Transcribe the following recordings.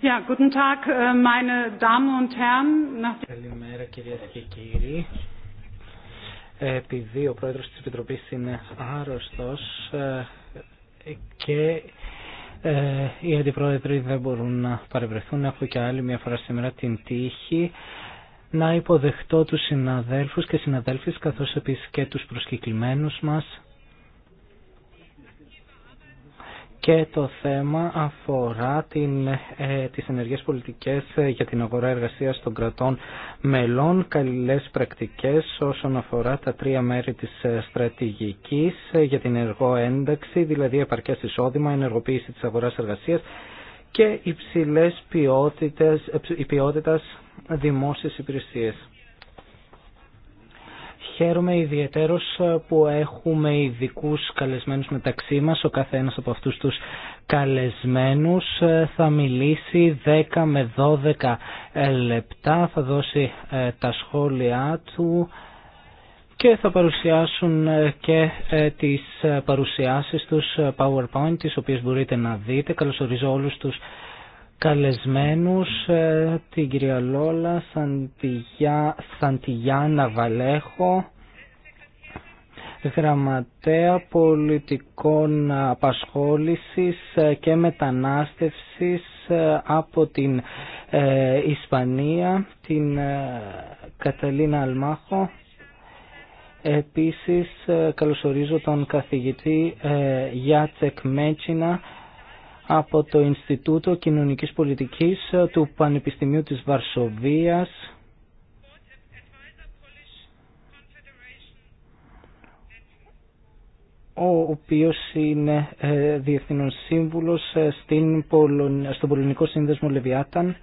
Καλημέρα κυρίε και κύριοι. Επειδή ο Πρόεδρο τη Επιτροπή είναι άρρωστο, ε, και ε, οι αντιπρόεδροι δεν μπορούν να παρευρεθούν, έχω και άλλη μια φορά σήμερα την τύχη να υποδεχτώ τους συναδέλφους και συναδέλφες καθώς επίσης και τους προσκεκλημένους μας και το θέμα αφορά την, ε, τις ενεργές πολιτικές ε, για την αγορά εργασίας των κρατών μελών, καλές πρακτικές όσον αφορά τα τρία μέρη της ε, στρατηγικής ε, για την ενεργό ένταξη, δηλαδή επαρκές εισόδημα, ενεργοποίηση της αγοράς εργασίας και υψηλές ποιότητες, ποιότητας δημόσιες υπηρεσίες. Χαίρομαι ιδιαίτερος που έχουμε ειδικού καλεσμένους μεταξύ μα Ο καθένας από αυτού τους καλεσμένους θα μιλήσει 10 με 12 λεπτά, θα δώσει ε, τα σχόλιά του και θα παρουσιάσουν ε, και ε, τις παρουσιάσεις τους PowerPoint, τις οποίες μπορείτε να δείτε. Καλωσορίζω όλους τους καλεσμένους ε, την κυρία Λόλα Σαντιγιάννα Βαλέχο γραμματέα πολιτικών απασχόλησης ε, και μετανάστευσης ε, από την Ισπανία, την Καταλίνα Αλμάχο. Επίσης καλωσορίζω τον καθηγητή Γιάτσεκ Μέτσινα από το Ινστιτούτο Κοινωνικής Πολιτικής ε, του Πανεπιστημίου της Βαρσοβίας ο οποίος είναι ε, διευθυνών σύμβουλος ε, στην στον Πολωνικό Σύνδεσμο Λεβιάταν.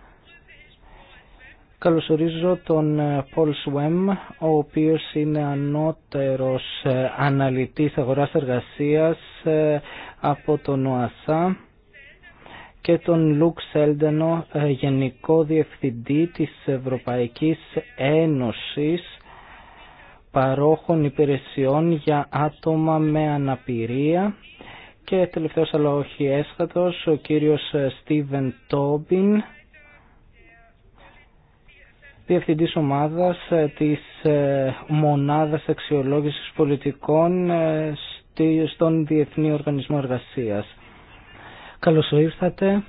Καλωσορίζω τον Πολ Σουέμ, ο οποίος είναι ανώτερος αναλυτής αγοράς εργασίας από τον ΟΑΣΑ και τον Λουκ Σέλντενο, ε, Γενικό Διευθυντή της Ευρωπαϊκής Ένωσης Παρόχων Υπηρεσιών για Άτομα με Αναπηρία και τελευταίος αλλά όχι έσχατος, ο κύριος Στίβεν Τόμπιν, Διευθυντής Ομάδας ε, της ε, Μονάδας Αξιολόγησης Πολιτικών στον Διεθνή Οργανισμό Εργασίας. Καλώς ήρθατε.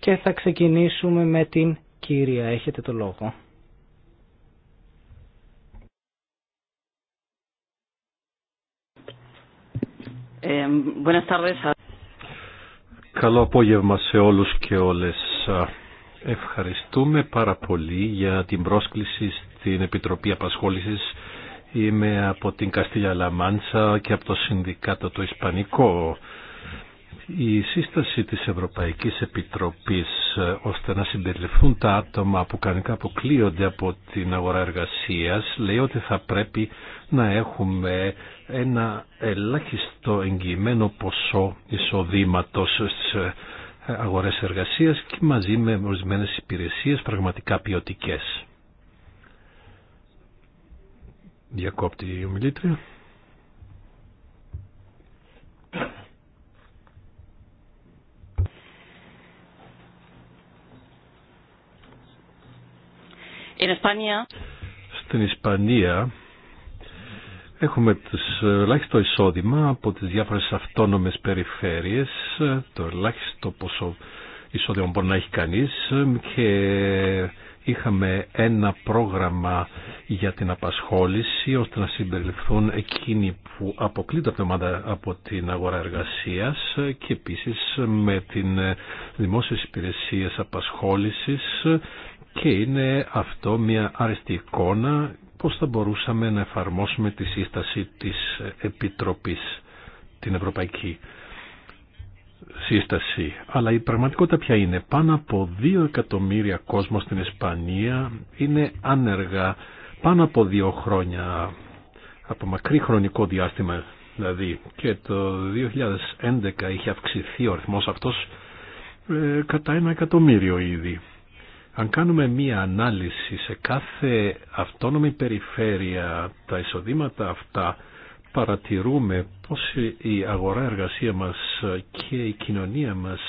Και θα ξεκινήσουμε με την κυρία. Έχετε το λόγο. Ε, Καλό απόγευμα σε όλους και όλες. Ευχαριστούμε πάρα πολύ για την πρόσκληση στην Επιτροπή Απασχόλησης Είμαι από την Καστήλια Λαμάντσα και από το Συνδικάτο το Ισπανικό. Η σύσταση της Ευρωπαϊκής Επιτροπής ε, ώστε να συμπεριληφθούν τα άτομα που κανονικά αποκλείονται από την αγορά εργασίας λέει ότι θα πρέπει να έχουμε ένα ελάχιστο εγγυημένο ποσό εισοδήματος στις ε, αγορές εργασίας και μαζί με ορισμένε υπηρεσίες πραγματικά ποιοτικές. Διακόπτη η ομιλήτρια. Στην Ισπανία έχουμε το ε, ελάχιστο εισόδημα από τις διάφορες αυτόνομες περιφέρειες, ε, το ελάχιστο ποσό εισόδημα μπορεί να έχει κανείς ε, και είχαμε ένα πρόγραμμα για την απασχόληση ώστε να συμπεριληφθούν εκείνοι που αποκλείται από την αγορά εργασίας και επίσης με την Δημόσια Υπηρεσία απασχόλησης και είναι αυτό μια αρεστή εικόνα πώς θα μπορούσαμε να εφαρμόσουμε τη σύσταση της Επιτροπής την Ευρωπαϊκή σύσταση. Αλλά η πραγματικότητα ποια είναι. Πάνω από 2 εκατομμύρια κόσμο στην Ισπανία είναι άνεργα πάνω από 2 χρόνια, από μακρύ χρονικό διάστημα δηλαδή. Και το 2011 είχε αυξηθεί ο αριθμό αυτός ε, κατά ένα εκατομμύριο ήδη. Αν κάνουμε μία ανάλυση σε κάθε αυτόνομη περιφέρεια τα εισοδήματα αυτά παρατηρούμε πώς η αγορά εργασία μας και η κοινωνία μας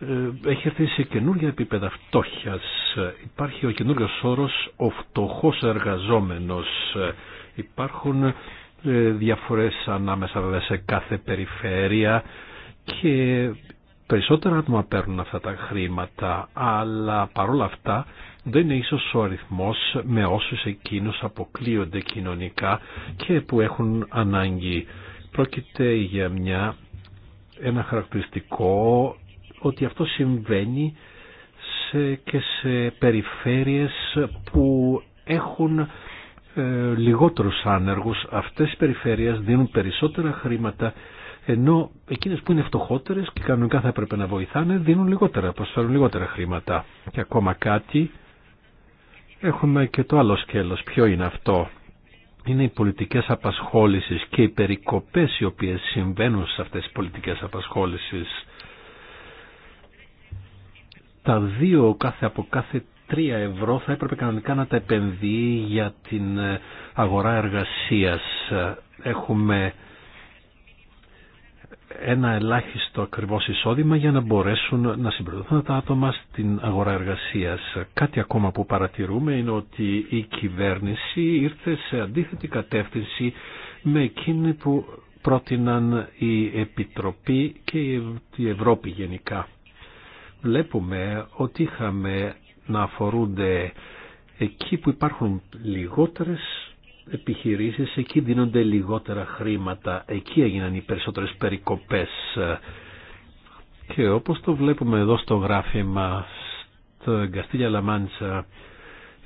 ε, έχει έρθει σε καινούργια επίπεδα φτώχεια. Υπάρχει ο καινούριο όρο ο φτωχό εργαζόμενο. Υπάρχουν ε, διαφορές ανάμεσα σε κάθε περιφέρεια και περισσότερα άτομα παίρνουν αυτά τα χρήματα αλλά παρόλα αυτά δεν είναι ίσως ο αριθμός με όσους εκείνους αποκλείονται κοινωνικά και που έχουν ανάγκη. Πρόκειται για μια, ένα χαρακτηριστικό ότι αυτό συμβαίνει και σε περιφέρειες που έχουν ε, λιγότερους άνεργους. Αυτές οι περιφέρειες δίνουν περισσότερα χρήματα ενώ εκείνες που είναι φτωχότερες και κανονικά θα έπρεπε να βοηθάνε δίνουν λιγότερα, προσφέρουν λιγότερα χρήματα. Και ακόμα κάτι Έχουμε και το άλλο σκέλος. Ποιο είναι αυτό. Είναι οι πολιτικές απασχόλησης και οι περικοπές οι οποίες συμβαίνουν σε αυτές τις πολιτικές απασχόλησης. Τα δύο κάθε από κάθε τρία ευρώ θα έπρεπε κανονικά να τα επενδύει για την ε, αγορά εργασίας. Έχουμε ένα ελάχιστο ακριβώς εισόδημα για να μπορέσουν να συμπληρωθούν τα άτομα στην αγορά εργασίας. Κάτι ακόμα που παρατηρούμε είναι ότι η κυβέρνηση ήρθε σε αντίθετη κατεύθυνση με εκείνη που πρότειναν η Επιτροπή και η Ευρώπη γενικά. Βλέπουμε ότι είχαμε να αφορούνται εκεί που υπάρχουν λιγότερες επιχειρήσεις, εκεί δίνονται λιγότερα χρήματα, εκεί έγιναν οι περισσότερες περικοπές. Και όπως το βλέπουμε εδώ στο γράφημα, στο Καστίλια Λαμάντσα,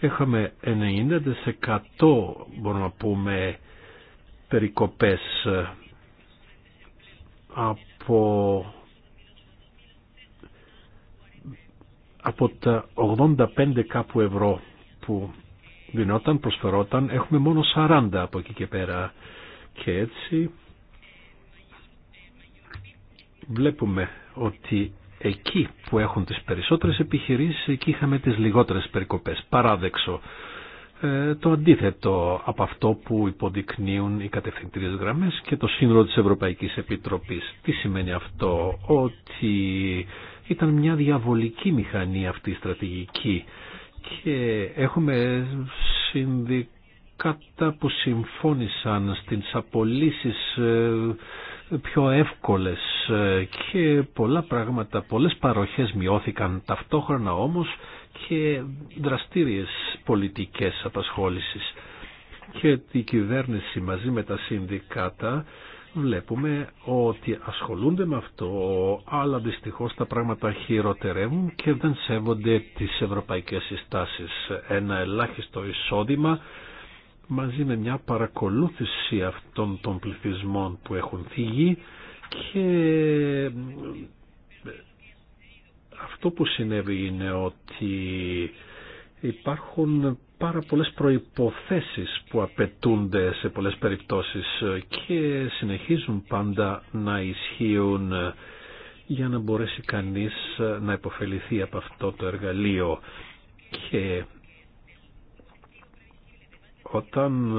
είχαμε 90% μπορούμε να πούμε περικοπές από από τα 85 κάπου ευρώ που δινόταν, προσφερόταν. Έχουμε μόνο 40 από εκεί και πέρα. Και έτσι βλέπουμε ότι εκεί που έχουν τις περισσότερες επιχειρήσεις, εκεί είχαμε τις λιγότερες περικοπές. Παράδεξο. Ε, το αντίθετο από αυτό που υποδεικνύουν οι κατευθυντήριες γραμμές και το σύνολο της Ευρωπαϊκής Επιτροπής. Τι σημαίνει αυτό, ότι ήταν μια διαβολική μηχανή αυτή η στρατηγική και έχουμε συνδικάτα που συμφώνησαν στις απολύσεις ε, πιο εύκολες ε, και πολλά πράγματα, πολλές παροχές μειώθηκαν ταυτόχρονα όμως και δραστήριες πολιτικές απασχόλησης και η κυβέρνηση μαζί με τα συνδικάτα βλέπουμε ότι ασχολούνται με αυτό, αλλά δυστυχώς τα πράγματα χειροτερεύουν και δεν σέβονται τις ευρωπαϊκές συστάσεις. Ένα ελάχιστο εισόδημα μαζί με μια παρακολούθηση αυτών των πληθυσμών που έχουν φύγει και αυτό που συνέβη είναι ότι υπάρχουν πάρα πολλές προϋποθέσεις που απαιτούνται σε πολλές περιπτώσεις και συνεχίζουν πάντα να ισχύουν για να μπορέσει κανείς να υποφεληθεί από αυτό το εργαλείο και όταν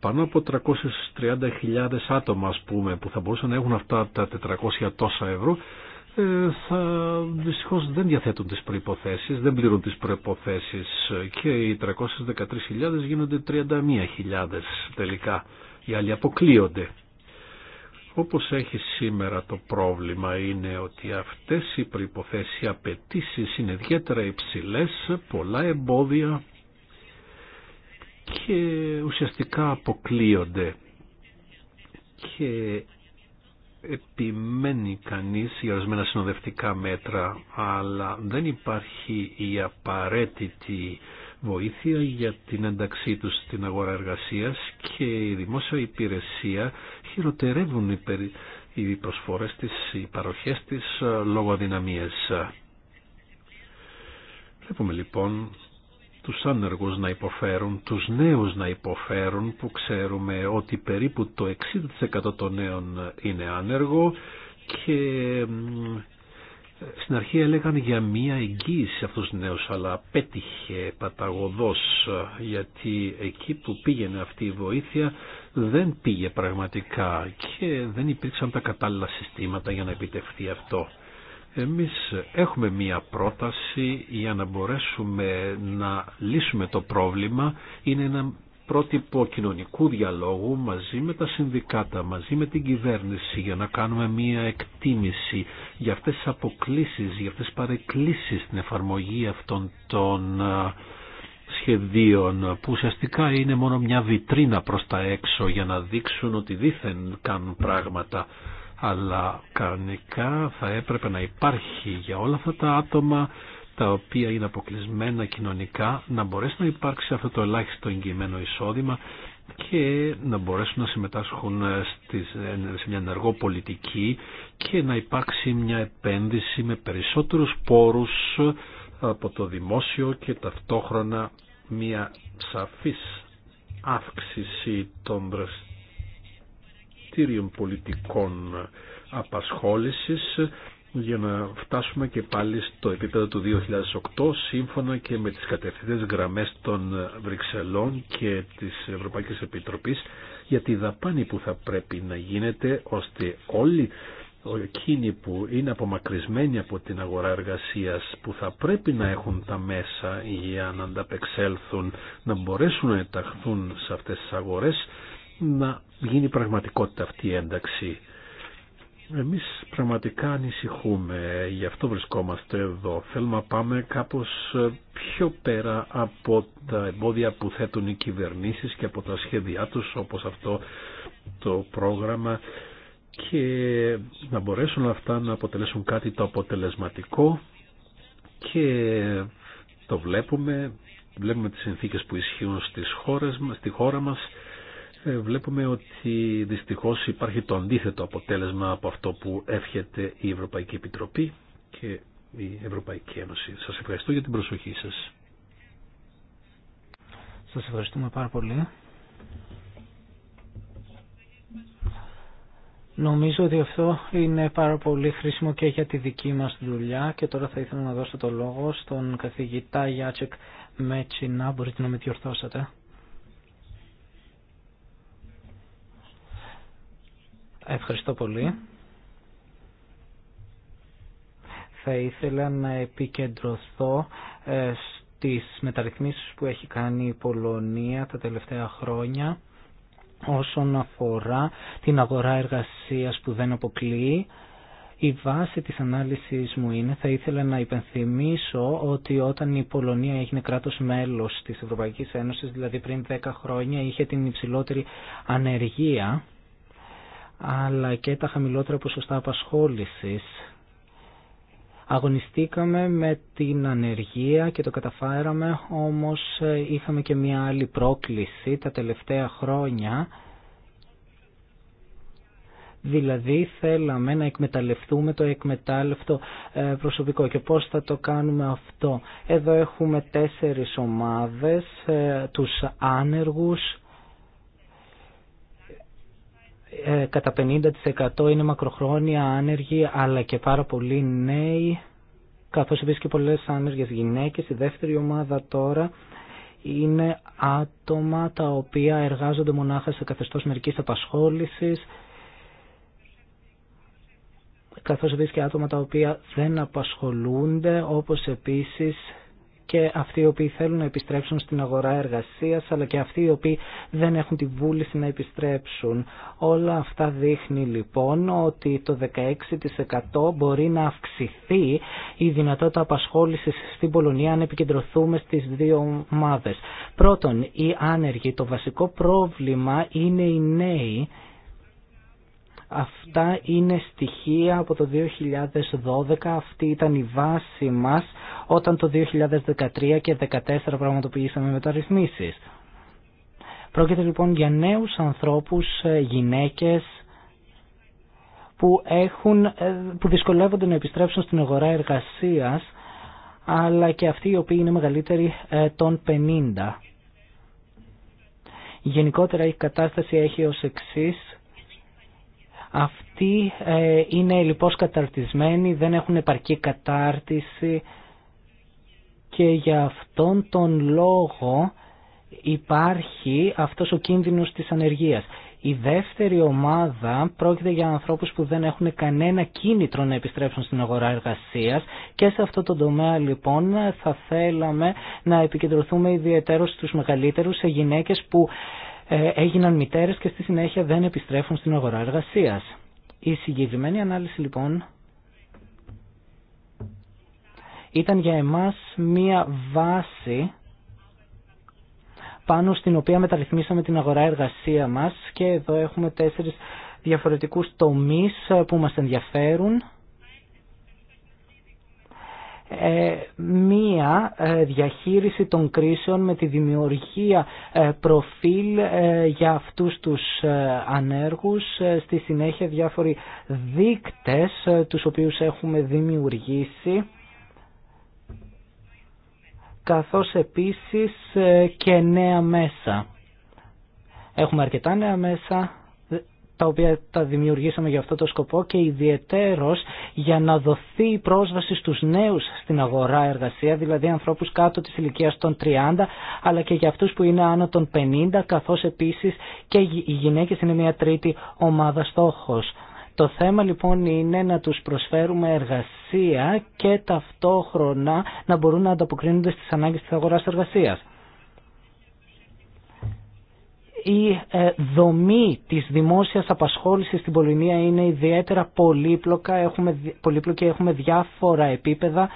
πάνω από 330.000 άτομα πούμε που θα μπορούσαν να έχουν αυτά τα 400 τόσα ευρώ ε, θα δυστυχώ δεν διαθέτουν τι προποθέσει. δεν πληρούν τι προποθέσει και οι 313.000 γίνονται 31.000 τελικά. Οι άλλοι αποκλείονται. Όπως έχει σήμερα το πρόβλημα είναι ότι αυτέ οι προποθέσει οι απαιτήσει είναι ιδιαίτερα υψηλές, πολλά εμπόδια και ουσιαστικά αποκλείονται. Και επιμένει κανείς για ορισμένα συνοδευτικά μέτρα, αλλά δεν υπάρχει η απαραίτητη βοήθεια για την ένταξή τους στην αγορά εργασίας και η δημόσια υπηρεσία χειροτερεύουν οι προσφορές της, οι παροχές της ε, λόγω αδυναμίες. Βλέπουμε λοιπόν τους άνεργους να υποφέρουν, τους νέους να υποφέρουν που ξέρουμε ότι περίπου το 60% των νέων είναι άνεργο και στην αρχή έλεγαν για μία εγγύηση αυτούς τους νέους, αλλά πέτυχε παταγωδός γιατί εκεί που πήγαινε αυτή η βοήθεια δεν πήγε πραγματικά και δεν υπήρξαν τα κατάλληλα συστήματα για να επιτευχθεί αυτό. Εμείς έχουμε μία πρόταση για να μπορέσουμε να λύσουμε το πρόβλημα. Είναι ένα πρότυπο κοινωνικού διαλόγου μαζί με τα συνδικάτα, μαζί με την κυβέρνηση για να κάνουμε μία εκτίμηση για αυτές τις αποκλήσεις, για αυτές τις παρεκκλήσεις στην εφαρμογή αυτών των σχεδίων που ουσιαστικά είναι μόνο μια βιτρίνα προς τα έξω για να δείξουν ότι δήθεν κάνουν πράγματα αλλά κανονικά θα έπρεπε να υπάρχει για όλα αυτά τα άτομα τα οποία είναι αποκλεισμένα κοινωνικά να μπορέσει να υπάρξει αυτό το ελάχιστο εγγυημένο εισόδημα και να μπορέσουν να συμμετάσχουν στις, σε μια ενεργό πολιτική και να υπάρξει μια επένδυση με περισσότερους πόρους από το δημόσιο και ταυτόχρονα μια σαφής αύξηση των δραστηριοτήτων δικαστήριων πολιτικών απασχόλησης για να φτάσουμε και πάλι στο επίπεδο του 2008 σύμφωνα και με τις κατευθυντές γραμμές των Βρυξελών και της Ευρωπαϊκής Επιτροπής για τη δαπάνη που θα πρέπει να γίνεται ώστε όλοι εκείνοι που είναι απομακρυσμένοι από την αγορά εργασίας που θα πρέπει να έχουν τα μέσα για να ανταπεξέλθουν, να μπορέσουν να εταχθούν σε αυτές τις αγορές να γίνει πραγματικότητα αυτή η ένταξη. Εμείς πραγματικά ανησυχούμε, γι' αυτό βρισκόμαστε εδώ. Θέλουμε να πάμε κάπως ε, πιο πέρα από τα εμπόδια που θέτουν οι κυβερνήσεις και από τα σχέδιά τους όπως αυτό το πρόγραμμα και να μπορέσουν αυτά να αποτελέσουν κάτι το αποτελεσματικό και το βλέπουμε, βλέπουμε τις συνθήκες που ισχύουν στις χώρες, στη χώρα μας ε, βλέπουμε ότι δυστυχώς υπάρχει το αντίθετο αποτέλεσμα από αυτό που εύχεται η Ευρωπαϊκή Επιτροπή και η Ευρωπαϊκή Ένωση. Σας ευχαριστώ για την προσοχή σας. Σας ευχαριστούμε πάρα πολύ. Νομίζω ότι αυτό είναι πάρα πολύ χρήσιμο και για τη δική μας δουλειά και τώρα θα ήθελα να δώσω το λόγο στον καθηγητά Γιάτσεκ Μέτσινα. Μπορείτε να με διορθώσετε. Ευχαριστώ πολύ. Θα ήθελα να επικεντρωθώ ε, στις μεταρρυθμίσεις που έχει κάνει η Πολωνία τα τελευταία χρόνια όσον αφορά την αγορά εργασίας που δεν αποκλείει. Η βάση της ανάλυσης μου είναι, θα ήθελα να υπενθυμίσω ότι όταν η Πολωνία έγινε κράτος μέλος της Ευρωπαϊκής Ένωσης, δηλαδή πριν 10 χρόνια, είχε την υψηλότερη ανεργία αλλά και τα χαμηλότερα ποσοστά απασχόλησης. Αγωνιστήκαμε με την ανεργία και το καταφέραμε, όμως ε, είχαμε και μια άλλη πρόκληση τα τελευταία χρόνια. Δηλαδή θέλαμε να εκμεταλλευτούμε το εκμετάλλευτο ε, προσωπικό και πώς θα το κάνουμε αυτό. Εδώ έχουμε τέσσερις ομάδες, ε, τους άνεργους, ε, κατά 50% είναι μακροχρόνια άνεργοι αλλά και πάρα πολλοί νέοι καθώς επίσης και πολλές άνεργες γυναίκες. Η δεύτερη ομάδα τώρα είναι άτομα τα οποία εργάζονται μονάχα σε καθεστώς μερικής απασχόλησης καθώς επίσης και άτομα τα οποία δεν απασχολούνται όπως επίσης και αυτοί οι οποίοι θέλουν να επιστρέψουν στην αγορά εργασίας αλλά και αυτοί οι οποίοι δεν έχουν τη βούληση να επιστρέψουν. Όλα αυτά δείχνει λοιπόν ότι το 16% μπορεί να αυξηθεί η δυνατότητα απασχόλησης στην Πολωνία αν επικεντρωθούμε στις δύο ομάδες. Πρώτον, οι άνεργοι, το βασικό πρόβλημα είναι οι νέοι Αυτά είναι στοιχεία από το 2012, αυτή ήταν η βάση μας όταν το 2013 και 2014 πραγματοποιήσαμε μεταρρυθμίσεις. Πρόκειται λοιπόν για νέους ανθρώπους, ε, γυναίκες, που, έχουν, ε, που δυσκολεύονται να επιστρέψουν στην αγορά εργασίας, αλλά και αυτοί οι οποίοι είναι μεγαλύτεροι ε, των 50. Γενικότερα η κατάσταση έχει ως εξής αυτοί ε, είναι λοιπόν καταρτισμένοι, δεν έχουν επαρκή κατάρτιση και για αυτόν τον λόγο υπάρχει αυτός ο κίνδυνος της ανεργίας. Η δεύτερη ομάδα πρόκειται για ανθρώπους που δεν έχουν κανένα κίνητρο να επιστρέψουν στην αγορά εργασίας και σε αυτό το τομέα λοιπόν θα θέλαμε να επικεντρωθούμε ιδιαίτερως στους μεγαλύτερους σε γυναίκες που ε, έγιναν μητέρες και στη συνέχεια δεν επιστρέφουν στην αγορά εργασίας. Η συγκεκριμένη ανάλυση λοιπόν ήταν για εμάς μία βάση πάνω στην οποία μεταρρυθμίσαμε την αγορά εργασία μας και εδώ έχουμε τέσσερις διαφορετικούς τομείς που μας ενδιαφέρουν ε, μία ε, διαχείριση των κρίσεων με τη δημιουργία ε, προφίλ για αυτούς τους ανέργους, στη συνέχεια διάφοροι δείκτες τους οποίους έχουμε δημιουργήσει καθώς επίσης και νέα μέσα. Έχουμε αρκετά νέα μέσα τα οποία τα δημιουργήσαμε για αυτό το σκοπό και ιδιαιτέρως για να δοθεί η πρόσβαση στους νέους στην αγορά εργασία, δηλαδή ανθρώπους κάτω της ηλικίας των 30, αλλά και για αυτούς που είναι άνω των 50, καθώς επίσης και οι γυναίκες είναι μια τρίτη ομάδα στόχος. Το θέμα λοιπόν είναι να τους προσφέρουμε εργασία και ταυτόχρονα να μπορούν να ανταποκρίνονται στις ανάγκες της αγοράς εργασίας η ε, δομή της δημόσιας απασχόλησης στην Πολωνία είναι ιδιαίτερα πολύπλοκα, έχουμε, πολύπλοκη, έχουμε διάφορα επίπεδα.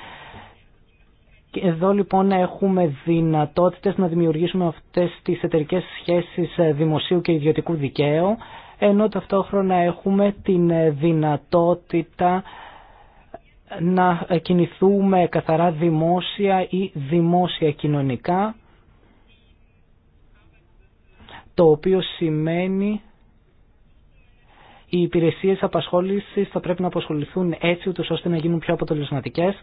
Και εδώ λοιπόν έχουμε δυνατότητες να δημιουργήσουμε αυτές τις εταιρικέ σχέσεις ε, δημοσίου και ιδιωτικού δικαίου, ενώ ταυτόχρονα έχουμε την ε, δυνατότητα να κινηθούμε καθαρά δημόσια ή δημόσια κοινωνικά το οποίο σημαίνει οι υπηρεσίες απασχόλησης θα πρέπει να απασχοληθούν έτσι ούτως ώστε να γίνουν πιο αποτελεσματικές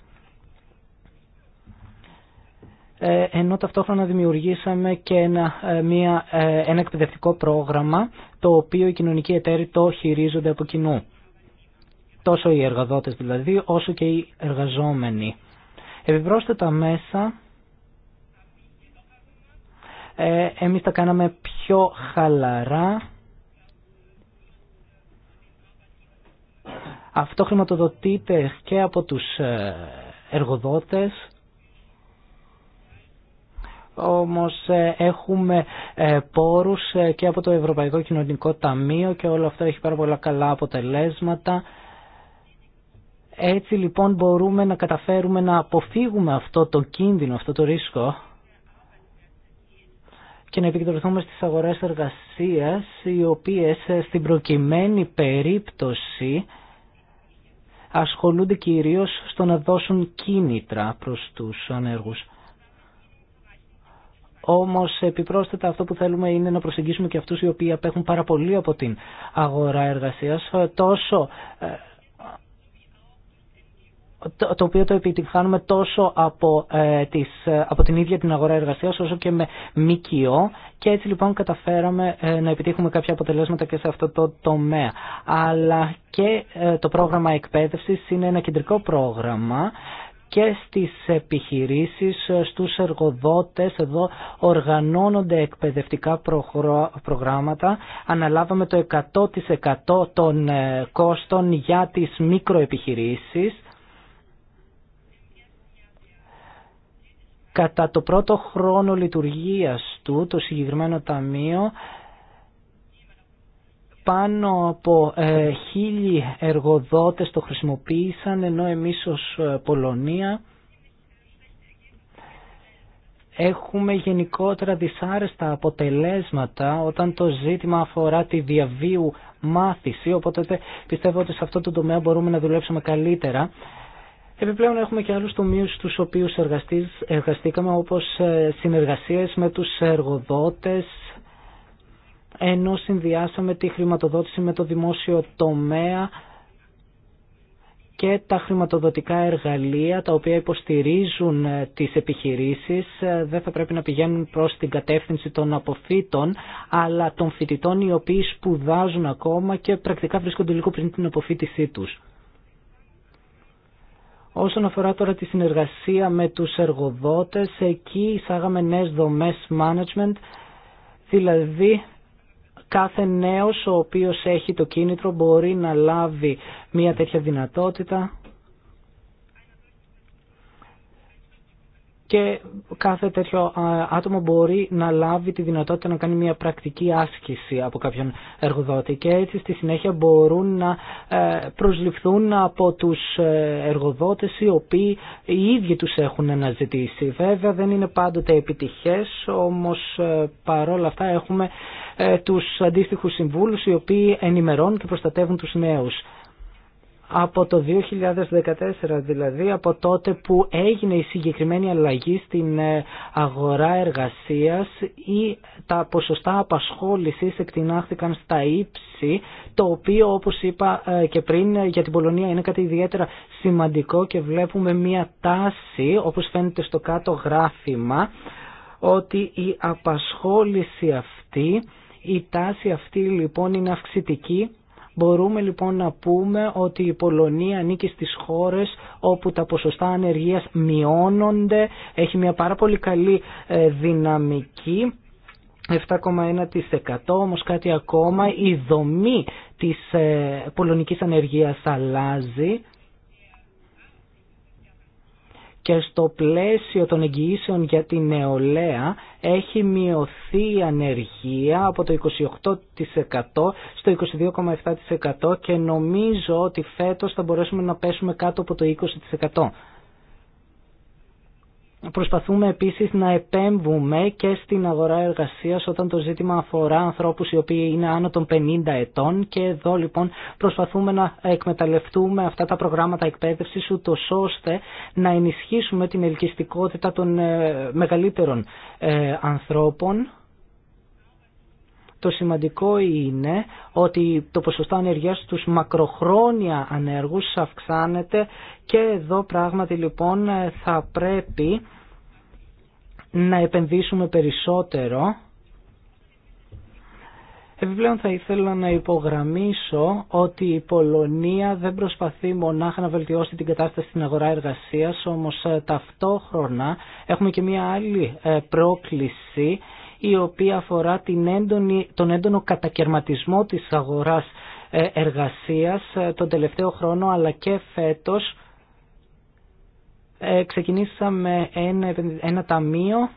ε, ενώ ταυτόχρονα δημιουργήσαμε και ένα, ε, μια, ε, ένα εκπαιδευτικό πρόγραμμα το οποίο οι κοινωνικοί εταίροι το χειρίζονται από κοινού. Τόσο οι εργαδότες δηλαδή όσο και οι εργαζόμενοι. Επιπρόσθετα μέσα εμείς τα κάναμε πιο χαλαρά. Αυτό χρηματοδοτείται και από τους ε, εργοδότες όμως ε, έχουμε ε, πόρους και από το Ευρωπαϊκό Κοινωνικό Ταμείο και όλο αυτό έχει πάρα πολλά καλά αποτελέσματα. Έτσι λοιπόν μπορούμε να καταφέρουμε να αποφύγουμε αυτό το κίνδυνο, αυτό το ρίσκο και να επικεντρωθούμε στις αγορές εργασίας οι οποίες ε, στην προκειμένη περίπτωση ασχολούνται κυρίως στο να δώσουν κίνητρα προς τους ανέργους. Όμως επιπρόσθετα αυτό που θέλουμε είναι να προσεγγίσουμε και αυτούς οι οποίοι απέχουν πάρα πολύ από την αγορά εργασίας ε, τόσο ε, το οποίο το επιτυγχάνουμε τόσο από, ε, ε, από την ίδια την αγορά εργασίας όσο και με ΜΚΟ και έτσι λοιπόν καταφέραμε ε, να επιτύχουμε κάποια αποτελέσματα και σε αυτό το τομέα. Αλλά και το πρόγραμμα εκπαίδευσης είναι ένα κεντρικό πρόγραμμα και στις επιχειρήσεις, στους εργοδότες. Εδώ οργανώνονται εκπαιδευτικά προγράμματα. Αναλάβαμε το 100% των κόστων για τις μικροεπιχειρήσεις Κατά το πρώτο χρόνο λειτουργίας του, το συγκεκριμένο ταμείο, πάνω από ε, χίλιοι εργοδότες το χρησιμοποίησαν, ενώ εμείς ως ε, Πολωνία έχουμε γενικότερα δυσάρεστα αποτελέσματα όταν το ζήτημα αφορά τη διαβίου μάθηση, οπότε πιστεύω ότι σε αυτό το τομέα μπορούμε να δουλέψουμε καλύτερα. Επιπλέον έχουμε και άλλους τομείς στους οποίους εργαστήκαμε όπως ε, συνεργασίες με τους εργοδότες ενώ συνδυάσαμε τη χρηματοδότηση με το δημόσιο τομέα και τα χρηματοδοτικά εργαλεία τα οποία υποστηρίζουν ε, τις επιχειρήσεις ε, δεν θα πρέπει να πηγαίνουν προς την κατεύθυνση των αποφύτων αλλά των φοιτητών οι οποίοι σπουδάζουν ακόμα και πρακτικά βρίσκονται λίγο πριν την αποφύτησή τους. Όσον αφορά τώρα τη συνεργασία με τους εργοδότες, εκεί εισάγαμε νέες δομές management, δηλαδή κάθε νέος ο οποίος έχει το κίνητρο μπορεί να λάβει μια τέτοια δυνατότητα και κάθε τέτοιο άτομο μπορεί να λάβει τη δυνατότητα να κάνει μια πρακτική άσκηση από κάποιον εργοδότη και έτσι στη συνέχεια μπορούν να ε, προσληφθούν από τους ε, εργοδότες οι οποίοι οι ίδιοι τους έχουν αναζητήσει. Βέβαια δεν είναι πάντοτε επιτυχές, όμως ε, παρόλα αυτά έχουμε τους αντίστοιχους συμβούλους οι οποίοι ενημερώνουν και προστατεύουν τους νέους από το 2014 δηλαδή, από τότε που έγινε η συγκεκριμένη αλλαγή στην ε, αγορά εργασίας ή τα ποσοστά απασχόλησης εκτινάχθηκαν στα ύψη, το οποίο όπως είπα ε, και πριν ε, για την Πολωνία είναι κάτι ιδιαίτερα σημαντικό και βλέπουμε μια τάση όπως φαίνεται στο κάτω γράφημα ότι η απασχόληση αυτή, η τάση αυτή λοιπόν είναι αυξητική Μπορούμε λοιπόν να πούμε ότι η Πολωνία ανήκει στις χώρες όπου τα ποσοστά ανεργίας μειώνονται, έχει μια πάρα πολύ καλή ε, δυναμική. 7,1% όμως κάτι ακόμα η δομή της ε, πολωνικής ανεργίας αλλάζει και στο πλαίσιο των εγγυήσεων για την νεολαία έχει μειωθεί η ανεργία από το 28% στο 22,7% και νομίζω ότι φέτος θα μπορέσουμε να πέσουμε κάτω από το 20%. Προσπαθούμε επίσης να επέμβουμε και στην αγορά εργασίας όταν το ζήτημα αφορά ανθρώπους οι οποίοι είναι άνω των 50 ετών και εδώ λοιπόν προσπαθούμε να εκμεταλλευτούμε αυτά τα προγράμματα εκπαίδευσης ούτω ώστε να ενισχύσουμε την ελκυστικότητα των ε, μεγαλύτερων ε, ανθρώπων το σημαντικό είναι ότι το ποσοστό ανεργίας στους μακροχρόνια ανέργους αυξάνεται και εδώ πράγματι λοιπόν θα πρέπει να επενδύσουμε περισσότερο. Επιπλέον θα ήθελα να υπογραμμίσω ότι η Πολωνία δεν προσπαθεί μονάχα να βελτιώσει την κατάσταση στην αγορά εργασίας, όμως ε, ταυτόχρονα έχουμε και μια άλλη ε, πρόκληση η οποία αφορά την τον έντονο κατακαιρματισμό της αγοράς ε, εργασίας ε, τον τελευταίο χρόνο αλλά και φέτος. Ε, ξεκινήσαμε ένα, ένα ταμείο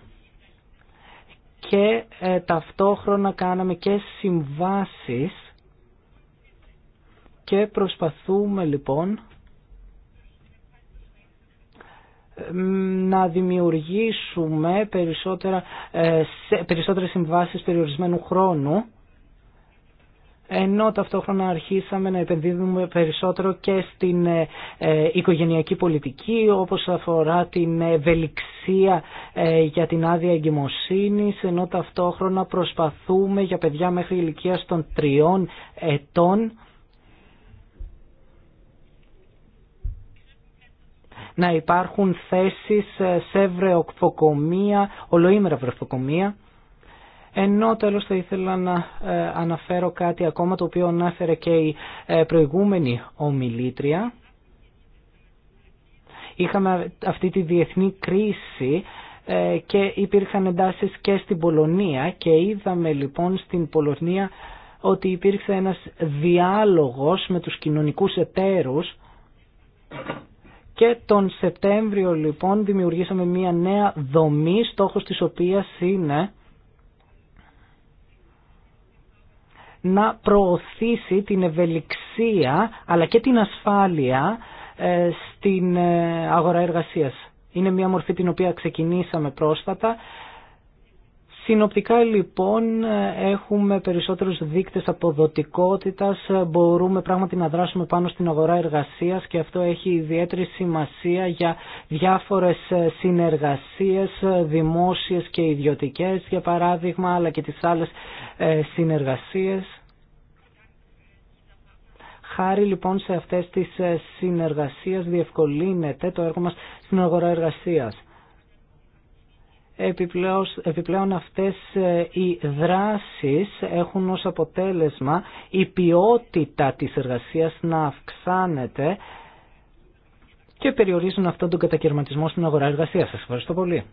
και ταυτόχρονα κάναμε και συμβάσεις και προσπαθούμε λοιπόν να δημιουργήσουμε περισσότερα, ε, περισσότερες συμβάσεις περιορισμένου χρόνου ενώ ταυτόχρονα αρχίσαμε να επενδύουμε περισσότερο και στην ε, ε, οικογενειακή πολιτική όπως αφορά την ευελιξία για την άδεια εγκυμοσύνης ενώ ταυτόχρονα προσπαθούμε για παιδιά μέχρι ηλικίας των τριών ετών να υπάρχουν θέσεις ε, σε βρεοκφοκομεία, ολοήμερα βρεοκφοκομεία. Ενώ τέλος θα ήθελα να ε, αναφέρω κάτι ακόμα το οποίο ανάφερε και η ε, προηγούμενη ομιλήτρια. Είχαμε αυτή τη διεθνή κρίση και υπήρχαν εντάσεις και στην Πολωνία και είδαμε λοιπόν στην Πολωνία ότι υπήρξε ένας διάλογος με τους κοινωνικούς εταίρους και τον Σεπτέμβριο λοιπόν δημιουργήσαμε μια νέα δομή, στόχος της οποίας είναι να προωθήσει την ευελιξία αλλά και την ασφάλεια ε, στην ε, αγορά εργασίας. Είναι μια μορφή την οποία ξεκινήσαμε πρόσφατα Συνοπτικά λοιπόν έχουμε περισσότερους δείκτες αποδοτικότητας, μπορούμε πράγματι να δράσουμε πάνω στην αγορά εργασίας και αυτό έχει ιδιαίτερη σημασία για διάφορες συνεργασίες δημόσιες και ιδιωτικές για παράδειγμα αλλά και τις άλλες ε, συνεργασίες. Χάρη λοιπόν σε αυτές τις ε, συνεργασίες διευκολύνεται το έργο μας στην αγορά εργασίας. Επιπλέον αυτές ε, οι δράσεις έχουν ως αποτέλεσμα η ποιότητα της εργασίας να αυξάνεται και περιορίζουν αυτόν τον κατακαιρματισμό στην αγορά εργασίας. Σας ευχαριστώ πολύ.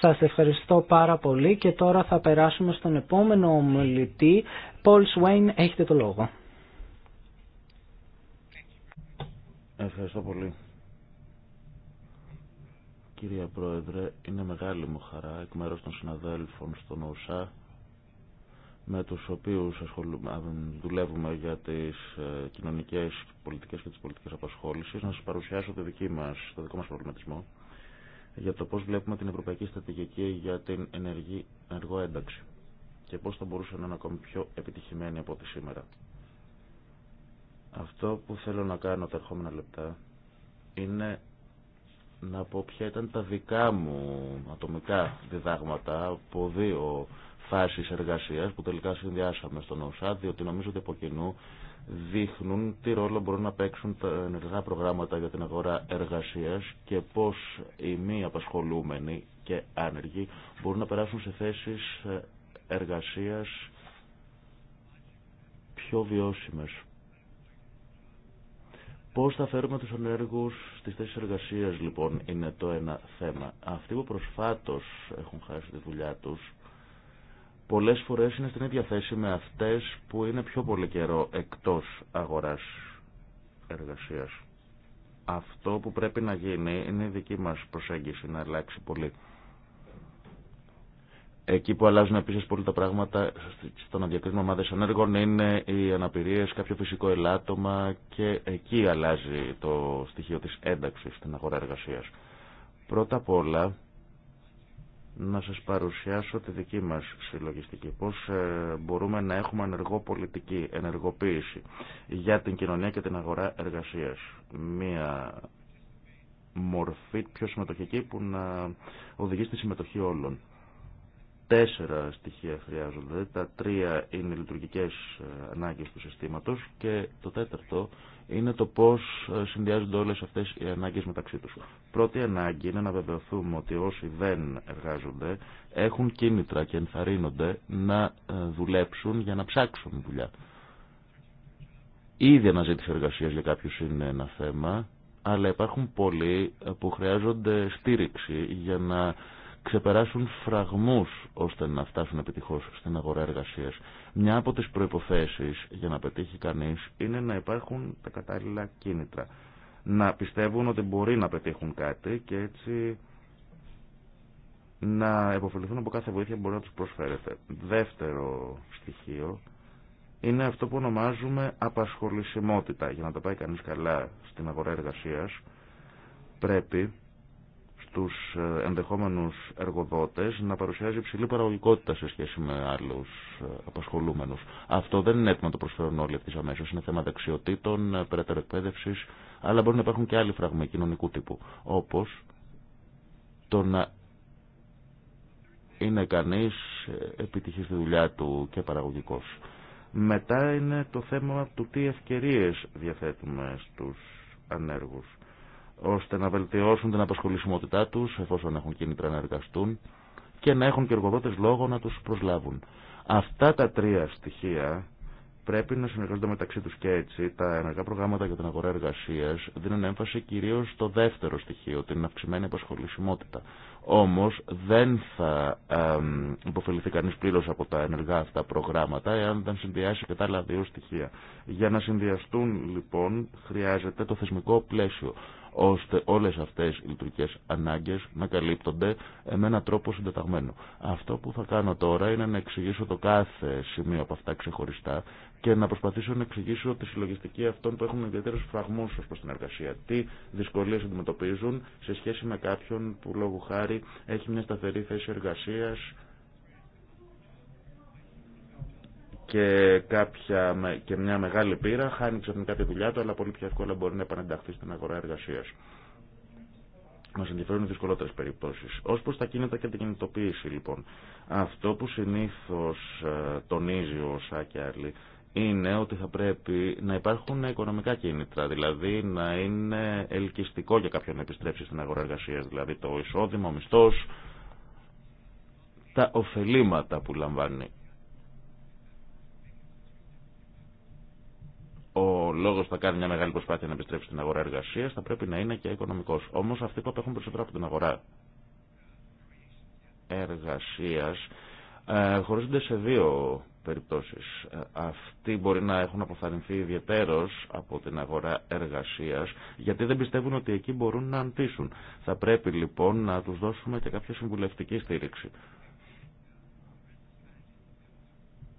Σας ευχαριστώ πάρα πολύ και τώρα θα περάσουμε στον επόμενο ομιλητή. Πολ Σουέιν, έχετε το λόγο. Ευχαριστώ πολύ. Κύριε Πρόεδρε, είναι μεγάλη μου χαρά εκ μέρους των συναδέλφων στον ΟΣΑ με τους οποίους δουλεύουμε για τις ε, κοινωνικές πολιτικές και τις πολιτικές απασχόλησεις να σας παρουσιάσω το, δική μας, το δικό μας προβληματισμό για το πώς βλέπουμε την Ευρωπαϊκή Στρατηγική για την ενεργή εργοένταξη και πώς θα μπορούσε να είναι ακόμη πιο επιτυχημένη από ό,τι σήμερα. Αυτό που θέλω να κάνω τα ερχόμενα λεπτά είναι να πω ποια ήταν τα δικά μου ατομικά διδάγματα από δύο φάσεις εργασίας που τελικά συνδυάσαμε στον ΟΣΑ, διότι νομίζω ότι από κοινού δείχνουν τι ρόλο μπορούν να παίξουν τα ενεργά προγράμματα για την αγορά εργασίας και πώς οι μη απασχολούμενοι και άνεργοι μπορούν να περάσουν σε θέσεις εργασίας πιο βιώσιμες. Πώς θα φέρουμε τους ανέργους στις θέσεις εργασίας λοιπόν είναι το ένα θέμα. Αυτοί που προσφάτως έχουν χάσει τη δουλειά τους πολλές φορές είναι στην ίδια θέση με αυτές που είναι πιο πολύ καιρό εκτός αγοράς εργασίας. Αυτό που πρέπει να γίνει είναι η δική μας προσέγγιση να αλλάξει πολύ. Εκεί που αλλάζουν επίση πολύ τα πράγματα στο να διακρίνουμε ομάδε ανέργων είναι οι αναπηρίε, κάποιο φυσικό ελάττωμα και εκεί αλλάζει το στοιχείο τη ένταξη στην αγορά εργασία. Πρώτα απ' όλα, να σας παρουσιάσω τη δική μας συλλογιστική, πώς ε, μπορούμε να έχουμε ενεργό πολιτική, ενεργοποίηση για την κοινωνία και την αγορά εργασίας. Μία μορφή πιο συμμετοχική που να οδηγεί στη συμμετοχή όλων. Τέσσερα στοιχεία χρειάζονται. Τα τρία είναι οι λειτουργικές ε, ανάγκες του συστήματος και το τέταρτο είναι το πώς ε, συνδυάζονται όλες αυτές οι ανάγκες μεταξύ τους. Πρώτη ανάγκη είναι να βεβαιωθούμε ότι όσοι δεν εργάζονται έχουν κίνητρα και ενθαρρύνονται να ε, δουλέψουν για να ψάξουν δουλειά. Ήδη αναζήτηση εργασίας για κάποιους είναι ένα θέμα, αλλά υπάρχουν πολλοί που χρειάζονται στήριξη για να ξεπεράσουν φραγμούς ώστε να φτάσουν επιτυχώς στην αγορά εργασίας. Μια από τι προποθέσει για να πετύχει κανεί είναι να υπάρχουν τα κατάλληλα κίνητρα. Να πιστεύουν ότι μπορεί να πετύχουν κάτι και έτσι να επωφεληθούν από κάθε βοήθεια που μπορεί να τους προσφέρεται. Δεύτερο στοιχείο είναι αυτό που ονομάζουμε απασχολησιμότητα. Για να τα πάει κανεί καλά στην αγορά εργασία πρέπει τους ε, ενδεχόμενους εργοδότες να παρουσιάζει υψηλή παραγωγικότητα σε σχέση με άλλους ε, απασχολούμενους. Αυτό δεν είναι έτοιμο να το προσφέρουν όλοι αυτοί αμέσως. Είναι θέμα δεξιοτήτων, ε, περαιτέρω εκπαίδευση, αλλά μπορεί να υπάρχουν και άλλοι φραγμοί κοινωνικού τύπου, όπως το να είναι κανείς επιτυχής στη δουλειά του και παραγωγικός. Μετά είναι το θέμα του τι ευκαιρίες διαθέτουμε στους ανέργους ώστε να βελτιώσουν την απασχολησιμότητά του, εφόσον έχουν κίνητρα να εργαστούν και να έχουν και εργοδότες λόγο να του προσλάβουν. Αυτά τα τρία στοιχεία πρέπει να συνεργάζονται μεταξύ του και έτσι. Τα ενεργά προγράμματα για την αγορά εργασία δίνουν έμφαση κυρίω στο δεύτερο στοιχείο, την αυξημένη απασχολησιμότητα. Όμω, δεν θα υποφεληθεί κανεί πλήρω από τα ενεργά αυτά προγράμματα εάν δεν συνδυάσει και τα άλλα δύο στοιχεία. Για να συνδυαστούν λοιπόν χρειάζεται το θεσμικό πλαίσιο ώστε όλες αυτές οι λειτουργικές ανάγκες να καλύπτονται με έναν τρόπο συντεταγμένο. Αυτό που θα κάνω τώρα είναι να εξηγήσω το κάθε σημείο από αυτά ξεχωριστά και να προσπαθήσω να εξηγήσω τη συλλογιστική αυτών που έχουν ιδιαίτερου φραγμού ω προ την εργασία. Τι δυσκολίε αντιμετωπίζουν σε σχέση με κάποιον που λόγω χάρη έχει μια σταθερή θέση εργασία και, κάποια, και μια μεγάλη πείρα χάνει ξαφνικά τη δουλειά του, αλλά πολύ πιο εύκολα μπορεί να επανενταχθεί στην αγορά εργασία. Μα ενδιαφέρουν οι δυσκολότερε περιπτώσει. Ω προ τα κίνητα και την κινητοποίηση, λοιπόν, αυτό που συνήθω ε, τονίζει ο Σάκη είναι ότι θα πρέπει να υπάρχουν οικονομικά κίνητρα, δηλαδή να είναι ελκυστικό για κάποιον να επιστρέψει στην αγορά εργασία, δηλαδή το εισόδημα, ο μισθό, τα ωφελήματα που λαμβάνει. ο λόγο που θα κάνει μια μεγάλη προσπάθεια να επιστρέψει στην αγορά εργασία θα πρέπει να είναι και οικονομικό. Όμω αυτοί που απέχουν περισσότερο από την αγορά εργασία ε, χωρίζονται σε δύο περιπτώσει. Ε, αυτοί μπορεί να έχουν αποθαρρυνθεί ιδιαίτερω από την αγορά εργασία γιατί δεν πιστεύουν ότι εκεί μπορούν να αντίσουν. Θα πρέπει λοιπόν να του δώσουμε και κάποια συμβουλευτική στήριξη.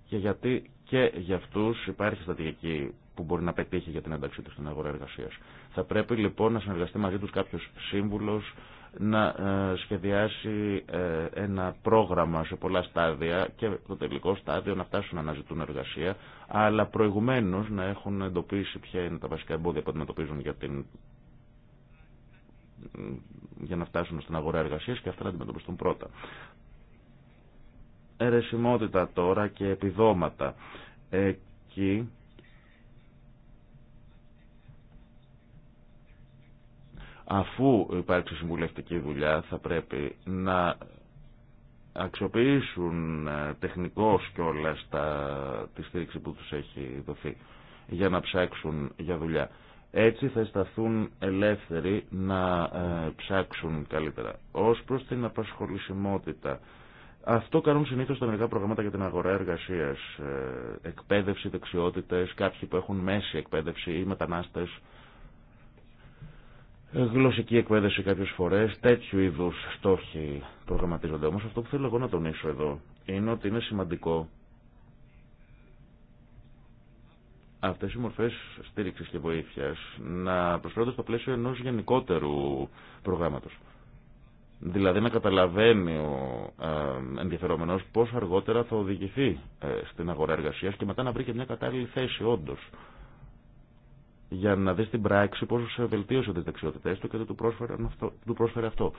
Και γιατί και για αυτούς υπάρχει στρατηγική που μπορεί να πετύχει για την ένταξή του στην αγορά εργασία. Θα πρέπει λοιπόν να συνεργαστεί μαζί του κάποιο σύμβουλο, να ε, σχεδιάσει ε, ένα πρόγραμμα σε πολλά στάδια και το τελικό στάδιο να φτάσουν να αναζητούν εργασία, αλλά προηγουμένω να έχουν εντοπίσει ποια είναι τα βασικά εμπόδια που αντιμετωπίζουν για, την... για να φτάσουν στην αγορά εργασία και αυτά να αντιμετωπιστούν πρώτα. Ερεσιμότητα τώρα και επιδόματα. Εκεί αφού υπάρξει συμβουλευτική δουλειά θα πρέπει να αξιοποιήσουν ε, τεχνικώς στα, τη στήριξη που τους έχει δοθεί για να ψάξουν για δουλειά. Έτσι θα σταθούν ελεύθεροι να ε, ψάξουν καλύτερα. Ως προς την απασχολησιμότητα. Αυτό κάνουν συνήθως τα μερικά προγράμματα για την αγορά εργασίας. Ε, εκπαίδευση, δεξιότητες, κάποιοι που έχουν μέση εκπαίδευση ή μετανάστες γλωσσική εκπαίδευση κάποιες φορές, τέτοιου είδους στόχοι προγραμματίζονται. Όμως αυτό που θέλω εγώ να τονίσω εδώ είναι ότι είναι σημαντικό αυτές οι μορφές στήριξης και βοήθειας να προσφέρονται στο πλαίσιο ενός γενικότερου προγράμματος. Δηλαδή να καταλαβαίνει ο ε, ενδιαφερόμενος αργότερα θα οδηγηθεί ε, στην αγορά εργασίας και μετά να βρει και μια κατάλληλη θέση όντως για να δει στην πράξη πόσο σε βελτίωσε τι δεξιότητέ του και δεν του πρόσφερε αυτό. Του πρόσφερε αυτό.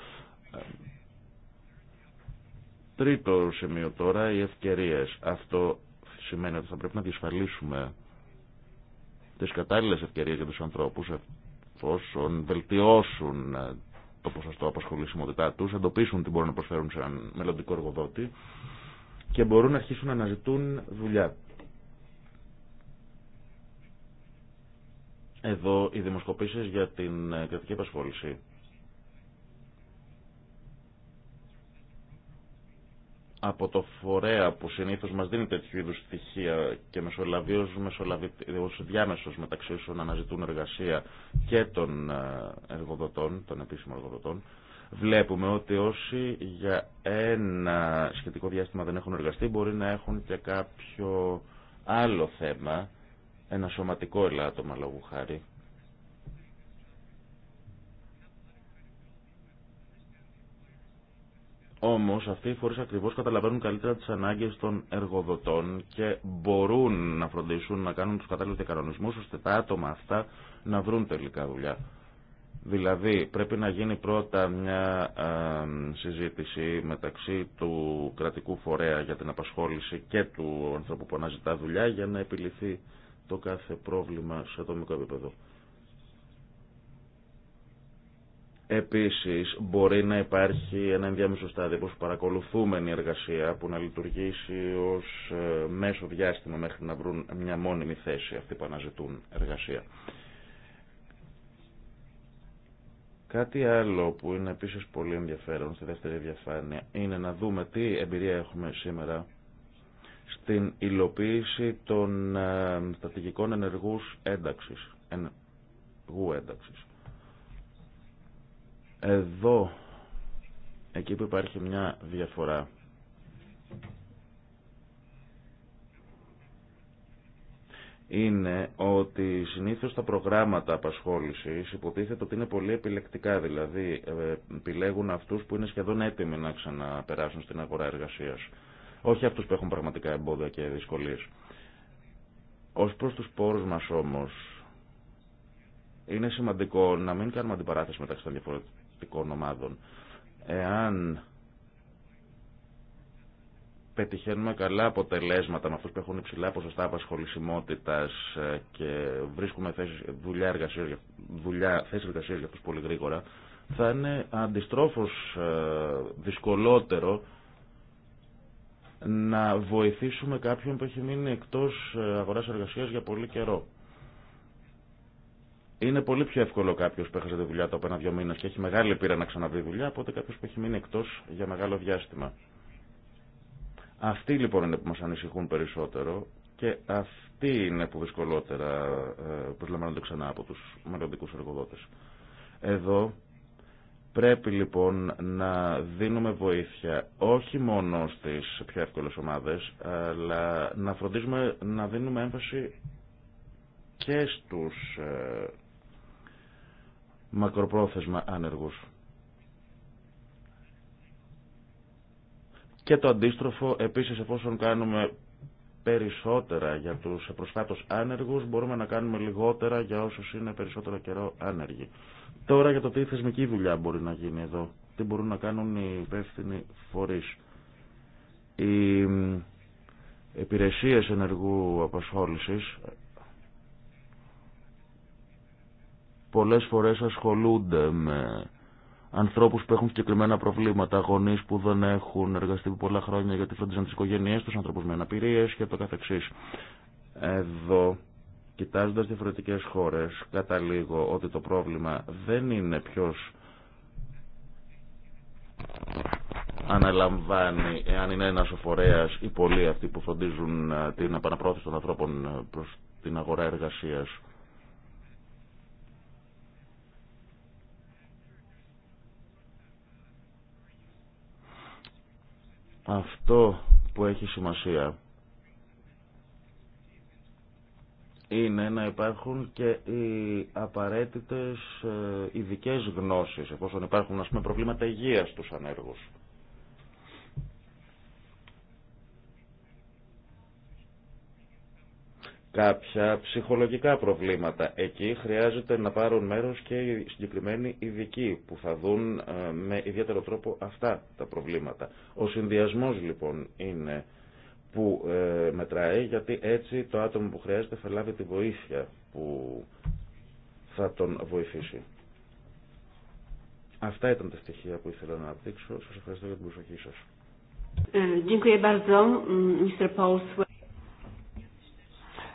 Τρίτο σημείο τώρα, οι ευκαιρίε. Αυτό σημαίνει ότι θα πρέπει να διασφαλίσουμε τι κατάλληλε ευκαιρίε για του ανθρώπου εφόσον βελτιώσουν ε, το ποσοστό απασχολησιμότητά του, εντοπίσουν τι μπορούν να προσφέρουν σε έναν μελλοντικό εργοδότη και μπορούν να αρχίσουν να αναζητούν δουλειά. Εδώ οι δημοσκοπήσεις για την ε, κρατική επασχόληση από το φορέα που συνήθως μας δίνει τέτοιου είδους στοιχεία και μεσολαβίως ως διάμεσος μεταξύ όσων αναζητούν εργασία και των ε, εργοδοτών, των επίσημων εργοδοτών, βλέπουμε ότι όσοι για ένα σχετικό διάστημα δεν έχουν εργαστεί μπορεί να έχουν και κάποιο άλλο θέμα ένα σωματικό ελάττωμα λόγου χάρη. Όμω αυτοί οι φορεί ακριβώ καταλαβαίνουν καλύτερα τις ανάγκες των εργοδοτών και μπορούν να φροντίσουν να κάνουν τους κατάλληλους διακανονισμού ώστε τα άτομα αυτά να βρουν τελικά δουλειά. Δηλαδή πρέπει να γίνει πρώτα μια συζήτηση μεταξύ του κρατικού φορέα για την απασχόληση και του ανθρώπου που αναζητά δουλειά για να επιληθεί το κάθε πρόβλημα σε ατομικό επίπεδο. Επίσης, μπορεί να υπάρχει ένα ενδιάμεσο στάδιο όπως παρακολουθούμενη εργασία που να λειτουργήσει ως ε, μέσο διάστημα μέχρι να βρουν μια μόνιμη θέση αυτοί που αναζητούν εργασία. Κάτι άλλο που είναι επίσης πολύ ενδιαφέρον στη δεύτερη διαφάνεια είναι να δούμε τι εμπειρία έχουμε σήμερα την υλοποίηση των ε, στρατηγικών ενεργούς ένταξης, ενεργού ένταξης. Εδώ, εκεί που υπάρχει μια διαφορά, είναι ότι συνήθως τα προγράμματα απασχόλησης υποτίθεται ότι είναι πολύ επιλεκτικά, δηλαδή ε, επιλέγουν αυτούς που είναι σχεδόν έτοιμοι να ξαναπεράσουν στην αγορά εργασίας όχι αυτούς που έχουν πραγματικά εμπόδια και δυσκολίες. Ως προς τους πόρους μας όμως, είναι σημαντικό να μην κάνουμε αντιπαράθεση μεταξύ των διαφορετικών ομάδων. Εάν πετυχαίνουμε καλά αποτελέσματα με αυτούς που έχουν υψηλά ποσοστά απασχολησιμότητας ε, και βρίσκουμε θέσεις, δουλειά, δουλειά, θέσεις για αυτούς πολύ γρήγορα, θα είναι αντιστρόφως ε, δυσκολότερο να βοηθήσουμε κάποιον που έχει μείνει εκτός ε, αγοράς εργασίας για πολύ καιρό. Είναι πολύ πιο εύκολο κάποιο που έχασε τη δουλειά του από ένα-δύο μήνε και έχει μεγάλη πείρα να ξαναβρει δουλειά από ότι κάποιο που έχει μείνει εκτό για μεγάλο διάστημα. Αυτοί λοιπόν είναι που μα ανησυχούν περισσότερο και αυτοί είναι που δυσκολότερα ε, προσλαμβάνονται ξανά από του μελλοντικού εργοδότε. Εδώ Πρέπει λοιπόν να δίνουμε βοήθεια όχι μόνο στις πιο εύκολες ομάδες, αλλά να φροντίζουμε να δίνουμε έμφαση και στους ε, μακροπρόθεσμα άνεργους. Και το αντίστροφο, επίσης εφόσον κάνουμε περισσότερα για τους προσφάτως άνεργους, μπορούμε να κάνουμε λιγότερα για όσους είναι περισσότερο καιρό άνεργοι. Τώρα για το τι θεσμική δουλειά μπορεί να γίνει εδώ. Τι μπορούν να κάνουν οι υπεύθυνοι φορεί. Οι υπηρεσίε ενεργού απασχόλησης Πολλέ φορές ασχολούνται με ανθρώπους που έχουν συγκεκριμένα προβλήματα, γονεί που δεν έχουν εργαστεί πολλά χρόνια γιατί φρόντιζαν τις οικογένειέ τους, ανθρώπους με αναπηρίε και το καθεξή. Εδώ Κοιτάζοντας διαφορετικές χώρες, καταλήγω ότι το πρόβλημα δεν είναι ποιος αναλαμβάνει, εάν είναι ένας ο φορέας ή πολλοί αυτοί που φροντίζουν ε, την επαναπρόθεση των ανθρώπων ε, προς την αγορά εργασίας. Αυτό που έχει σημασία είναι να υπάρχουν και οι απαραίτητες ε, ειδικέ γνώσεις, εφόσον υπάρχουν ας πούμε, προβλήματα υγείας στους ανέργους. Κάποια ψυχολογικά προβλήματα. Εκεί χρειάζεται να πάρουν μέρος και οι συγκεκριμένοι ειδικοί που θα δουν ε, με ιδιαίτερο τρόπο αυτά τα προβλήματα. Ο συνδυασμός λοιπόν είναι που ε, μετράει, γιατί έτσι το άτομο που χρειάζεται θα λάβει τη βοήθεια που θα τον βοηθήσει. Αυτά ήταν τα στοιχεία που ήθελα να αναπτύξω. Σας ευχαριστώ για την προσοχή σας. Ε, mm,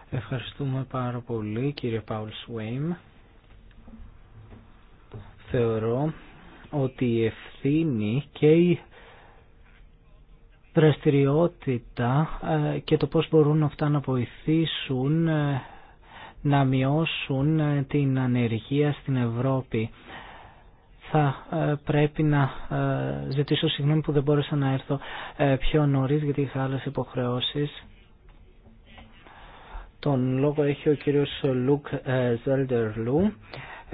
Ευχαριστούμε πάρα πολύ κύριε Πάουλ Σουέιμ. Θεωρώ ότι η ευθύνη και η δραστηριότητα ε, και το πώς μπορούν αυτά να βοηθήσουν ε, να μειώσουν ε, την ανεργία στην Ευρώπη. Θα πρέπει να ζητήσω συγγνώμη που δεν μπόρεσα να έρθω πιο νωρίς γιατί είχα άλλες υποχρεώσεις. Τον λόγο έχει ο κύριος Λουκ Λου.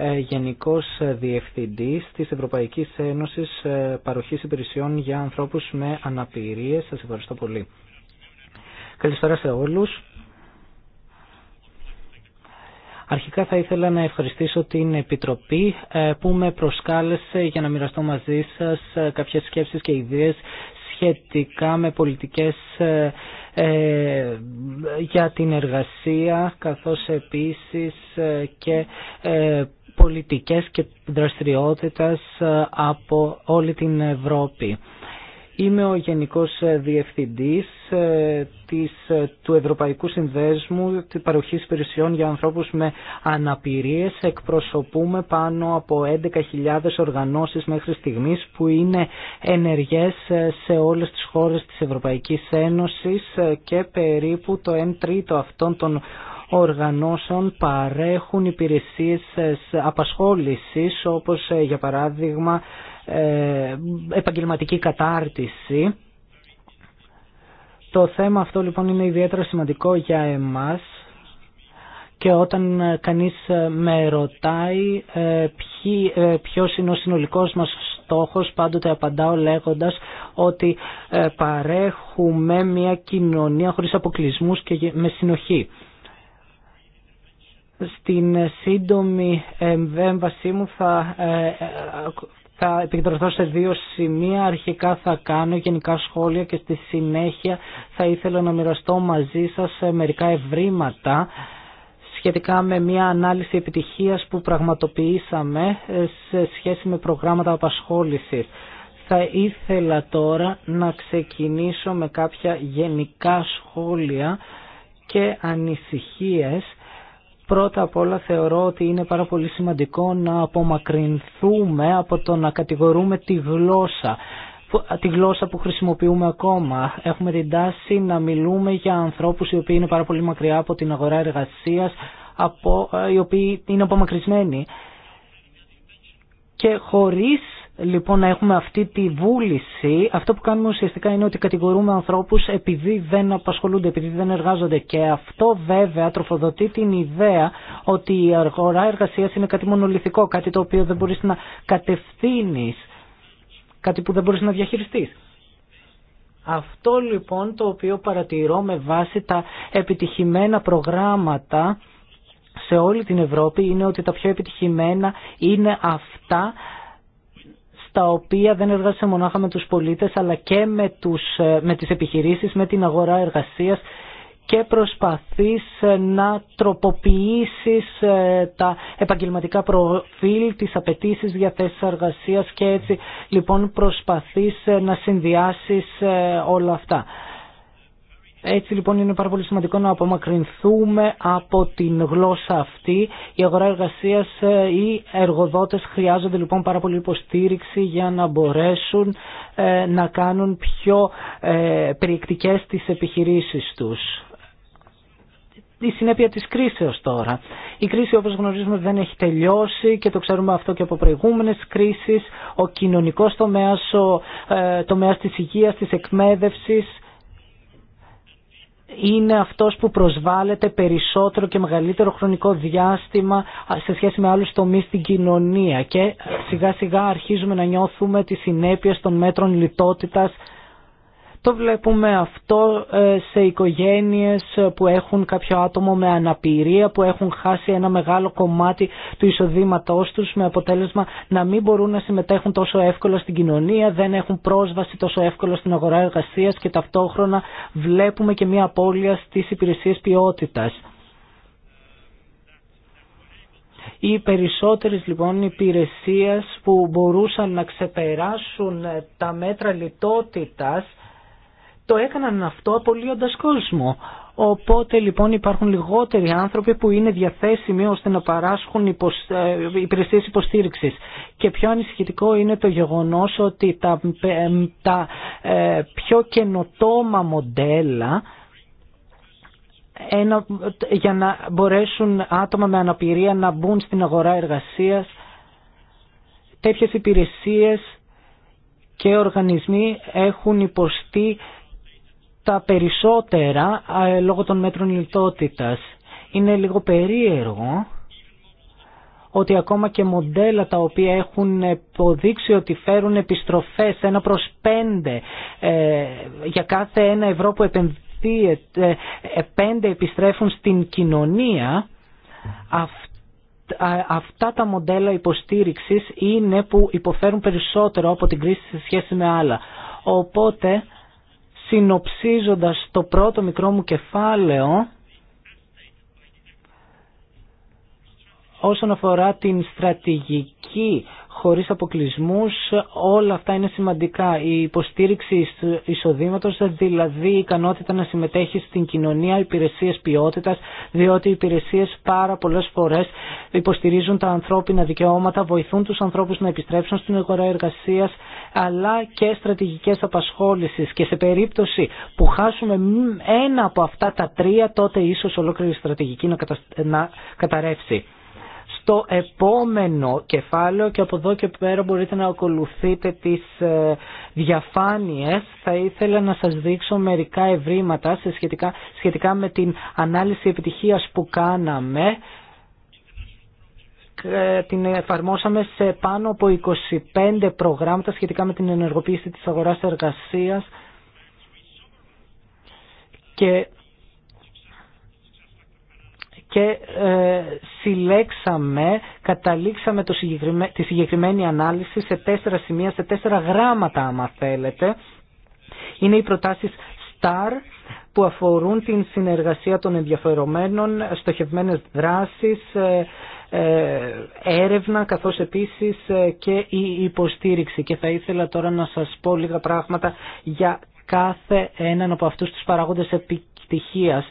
Ε, Γενικός Διευθυντής της Ευρωπαϊκής Ένωσης ε, Παροχής Υπηρεσιών για Ανθρώπους με Αναπηρίες. Σας ευχαριστώ πολύ. Καλησπέρα σε όλους. Αρχικά θα ήθελα να ευχαριστήσω την Επιτροπή ε, που με προσκάλεσε για να μοιραστώ μαζί σας κάποιες σκέψεις και ιδέες σχετικά με πολιτικές για την εργασία καθώς επίσης και πολιτικές και δραστηριότητας ε, από όλη την Ευρώπη. Είμαι ο Γενικός Διευθυντής ε, της, ε, του Ευρωπαϊκού Συνδέσμου της Παροχής Υπηρεσιών για Ανθρώπους με Αναπηρίες. Εκπροσωπούμε πάνω από 11.000 οργανώσεις μέχρι στιγμής που είναι ενεργές σε όλες τις χώρες της Ευρωπαϊκής Ένωσης και περίπου το 1 τρίτο αυτών των οργανώσεων παρέχουν υπηρεσίες απασχόλησης όπως ε, για παράδειγμα ε, επαγγελματική κατάρτιση. Το θέμα αυτό λοιπόν είναι ιδιαίτερα σημαντικό για εμάς και όταν ε, κανείς με ρωτάει ποιος είναι ο συνολικός μας στόχος πάντοτε απαντάω λέγοντας ότι παρέχουμε μια κοινωνία χωρίς αποκλεισμούς και με συνοχή. Στην σύντομη εμβέμβασή μου θα, ε, θα επικεντρωθώ σε δύο σημεία. Αρχικά θα κάνω γενικά σχόλια και στη συνέχεια θα ήθελα να μοιραστώ μαζί σας ε, μερικά ευρήματα σχετικά με μια ανάλυση επιτυχίας που πραγματοποιήσαμε ε, σε σχέση με προγράμματα απασχόλησης. Θα ήθελα τώρα να ξεκινήσω με κάποια γενικά σχόλια και ανησυχίες Πρώτα απ' όλα θεωρώ ότι είναι πάρα πολύ σημαντικό να απομακρυνθούμε από το να κατηγορούμε τη γλώσσα τη γλώσσα που χρησιμοποιούμε ακόμα. Έχουμε την τάση να μιλούμε για ανθρώπους οι οποίοι είναι πάρα πολύ μακριά από την αγορά εργασίας, από, ε, οι οποίοι είναι απομακρυσμένοι. Και χωρίς λοιπόν να έχουμε αυτή τη βούληση, αυτό που κάνουμε ουσιαστικά είναι ότι κατηγορούμε ανθρώπους επειδή δεν απασχολούνται, επειδή δεν εργάζονται και αυτό βέβαια τροφοδοτεί την ιδέα ότι η αγορά εργασίας είναι κάτι μονολυθικό, κάτι το οποίο δεν μπορείς να κατευθύνεις, κάτι που δεν μπορείς να διαχειριστείς. Αυτό λοιπόν το οποίο παρατηρώ με βάση τα επιτυχημένα προγράμματα σε όλη την Ευρώπη είναι ότι τα πιο επιτυχημένα είναι αυτά τα οποία δεν έργασε μονάχα με τους πολίτες αλλά και με, τους, ε, με τις επιχειρήσεις, με την αγορά εργασίας και προσπαθείς ε, να τροποποιήσεις ε, τα επαγγελματικά προφίλ, τις απαιτήσεις, για θέσεις εργασίας και έτσι λοιπόν προσπαθείς να συνδυάσεις όλα αυτά. Έτσι λοιπόν είναι πάρα πολύ σημαντικό να απομακρυνθούμε από την γλώσσα αυτή. Η αγορά εργασία ή ε, εργοδότες χρειάζονται λοιπόν πάρα πολύ υποστήριξη για να μπορέσουν ε, να κάνουν πιο ε, περιεκτικέ τις επιχειρήσεις τους η συνέπεια της κρίσεως τώρα. Η κρίση όπως γνωρίζουμε δεν έχει τελειώσει και το ξέρουμε αυτό και από προηγούμενες κρίσεις. Ο κοινωνικός τομέας, ο ε, τομέας της υγείας, της εκμέδευσης είναι αυτός που προσβάλλεται περισσότερο και μεγαλύτερο χρονικό διάστημα σε σχέση με άλλους τομείς στην κοινωνία και σιγά σιγά αρχίζουμε να νιώθουμε τις συνέπειες των μέτρων λιτότητας το βλέπουμε αυτό ε, σε οικογένειες που έχουν κάποιο άτομο με αναπηρία, που έχουν χάσει ένα μεγάλο κομμάτι του εισοδήματός τους με αποτέλεσμα να μην μπορούν να συμμετέχουν τόσο εύκολα στην κοινωνία, δεν έχουν πρόσβαση τόσο εύκολα στην αγορά εργασίας και ταυτόχρονα βλέπουμε και μια απώλεια στις υπηρεσίες ποιότητας. Οι περισσότερες λοιπόν υπηρεσίες που μπορούσαν να ξεπεράσουν τα μέτρα λιτότητας το έκαναν αυτό απολύοντας κόσμο. Οπότε λοιπόν υπάρχουν λιγότεροι άνθρωποι που είναι διαθέσιμοι ώστε να παράσχουν ε, υπηρεσίες υποστήριξης. Και πιο ανησυχητικό είναι το γεγονός ότι τα, ε, τα ε, πιο καινοτόμα μοντέλα ένα, για να μπορέσουν άτομα με αναπηρία να μπουν στην αγορά εργασίας τέτοιες υπηρεσίες και οργανισμοί έχουν υποστεί τα περισσότερα λόγω των μέτρων λιτότητας. Είναι λίγο περίεργο ότι ακόμα και μοντέλα τα οποία έχουν αποδείξει ότι φέρουν επιστροφές ένα προς 5 ε, για κάθε ένα ευρώ που επενδύεται ε, ε, πέντε επιστρέφουν στην κοινωνία αυτά τα μοντέλα υποστήριξης είναι που υποφέρουν περισσότερο από την κρίση σε σχέση με άλλα. Οπότε Συνοψίζοντας το πρώτο μικρό μου κεφάλαιο, όσον αφορά την στρατηγική χωρίς αποκλεισμούς, όλα αυτά είναι σημαντικά. Η υποστήριξη εισοδήματος, δηλαδή η ικανότητα να συμμετέχει στην κοινωνία, υπηρεσίες ποιότητας, διότι οι υπηρεσίες πάρα πολλές φορές υποστηρίζουν τα ανθρώπινα δικαιώματα, βοηθούν τους ανθρώπους να επιστρέψουν στην αγορά εργασίας, αλλά και στρατηγικές απασχόλησης. Και σε περίπτωση που χάσουμε ένα από αυτά τα τρία, τότε ίσως ολόκληρη στρατηγική να καταρρεύσει. Το επόμενο κεφάλαιο και από εδώ και πέρα μπορείτε να ακολουθείτε τις ε, διαφάνειες. Θα ήθελα να σας δείξω μερικά ευρήματα σε σχετικά, σχετικά με την ανάλυση επιτυχίας που κάναμε ε, την εφαρμόσαμε σε πάνω από 25 προγράμματα σχετικά με την ενεργοποίηση της αγοράς εργασίας και και ε, συλλέξαμε, καταλήξαμε το τη συγκεκριμένη ανάλυση σε τέσσερα σημεία, σε τέσσερα γράμματα άμα θέλετε. Είναι οι προτάσεις STAR που αφορούν την συνεργασία των ενδιαφερομένων, στοχευμένες δράσεις, ε, ε, έρευνα καθώς επίσης και η υποστήριξη. Και θα ήθελα τώρα να σας πω λίγα πράγματα για κάθε έναν από αυτούς τους παραγόντες επιτυχίας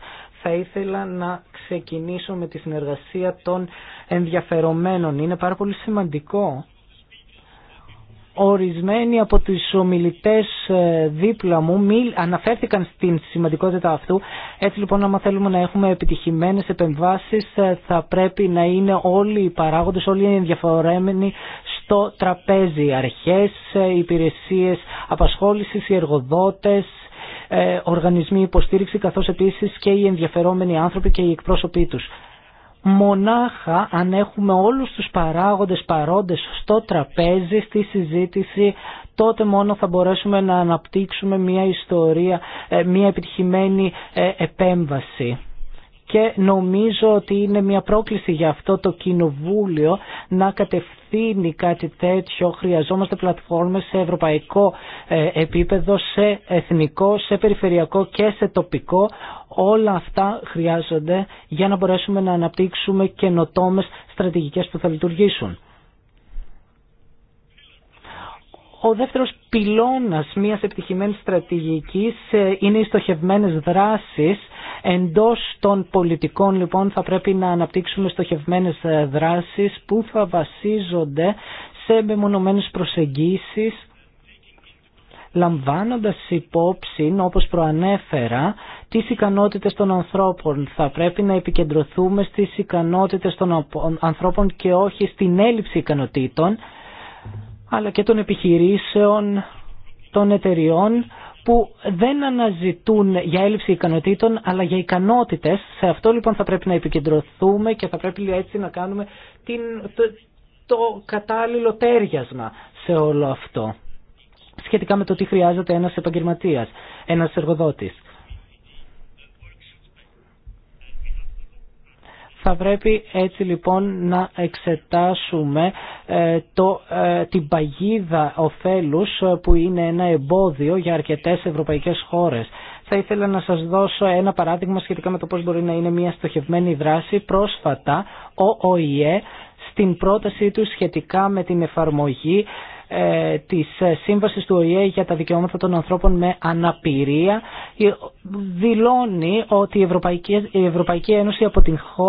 θα ήθελα να ξεκινήσω με τη συνεργασία των ενδιαφερομένων. Είναι πάρα πολύ σημαντικό ορισμένοι από τους ομιλητές ε, δίπλα μου αναφέρθηκαν στην σημαντικότητα αυτού. Έτσι λοιπόν, άμα θέλουμε να έχουμε επιτυχημένες επεμβάσεις, ε, θα πρέπει να είναι όλοι οι παράγοντες, όλοι οι ενδιαφορέμενοι στο τραπέζι. Αρχές, ε, υπηρεσίες απασχόλησης, οι εργοδότες, ε, οργανισμοί υποστήριξη καθώς επίσης και οι ενδιαφερόμενοι άνθρωποι και οι εκπρόσωποι τους. Μονάχα αν έχουμε όλους τους παράγοντες παρόντες στο τραπέζι, στη συζήτηση, τότε μόνο θα μπορέσουμε να αναπτύξουμε μια ιστορία, ε, μια επιτυχημένη ε, επέμβαση και νομίζω ότι είναι μια πρόκληση για αυτό το κοινοβούλιο να κατευθύνει κάτι τέτοιο. Χρειαζόμαστε πλατφόρμες σε ευρωπαϊκό ε, επίπεδο, σε εθνικό, σε περιφερειακό και σε τοπικό. Όλα αυτά χρειάζονται για να μπορέσουμε να αναπτύξουμε καινοτόμες στρατηγικές που θα λειτουργήσουν. Ο δεύτερος πυλώνας μιας επιτυχημένης στρατηγικής ε, είναι οι στοχευμένες δράσεις. Εντός των πολιτικών λοιπόν θα πρέπει να αναπτύξουμε στοχευμένες ε, δράσεις που θα βασίζονται σε μεμονωμένες προσεγγίσεις λαμβάνοντας υπόψη, όπως προανέφερα, τις ικανότητες των ανθρώπων. Θα πρέπει να επικεντρωθούμε στις ικανότητες των ανθρώπων και όχι στην έλλειψη ικανοτήτων αλλά και των επιχειρήσεων, των εταιριών που δεν αναζητούν για έλλειψη ικανοτήτων αλλά για ικανότητες. Σε αυτό λοιπόν θα πρέπει να επικεντρωθούμε και θα πρέπει έτσι να κάνουμε την, το, το κατάλληλο τέριασμα σε όλο αυτό σχετικά με το τι χρειάζεται ένας επαγγελματίας, ένας εργοδότης. Θα πρέπει έτσι λοιπόν να εξετάσουμε ε, το, ε, την παγίδα ωφέλους ε, που είναι ένα εμπόδιο για αρκετές ευρωπαϊκές χώρες. Θα ήθελα να σας δώσω ένα παράδειγμα σχετικά με το πώς μπορεί να είναι μια στοχευμένη δράση. Πρόσφατα ο ΟΗΕ στην πρότασή του σχετικά με την εφαρμογή ε, της Σύμβασης του ΟΗΕ για τα δικαιώματα των ανθρώπων με αναπηρία δηλώνει ότι η Ευρωπαϊκή, η Ευρωπαϊκή Ένωση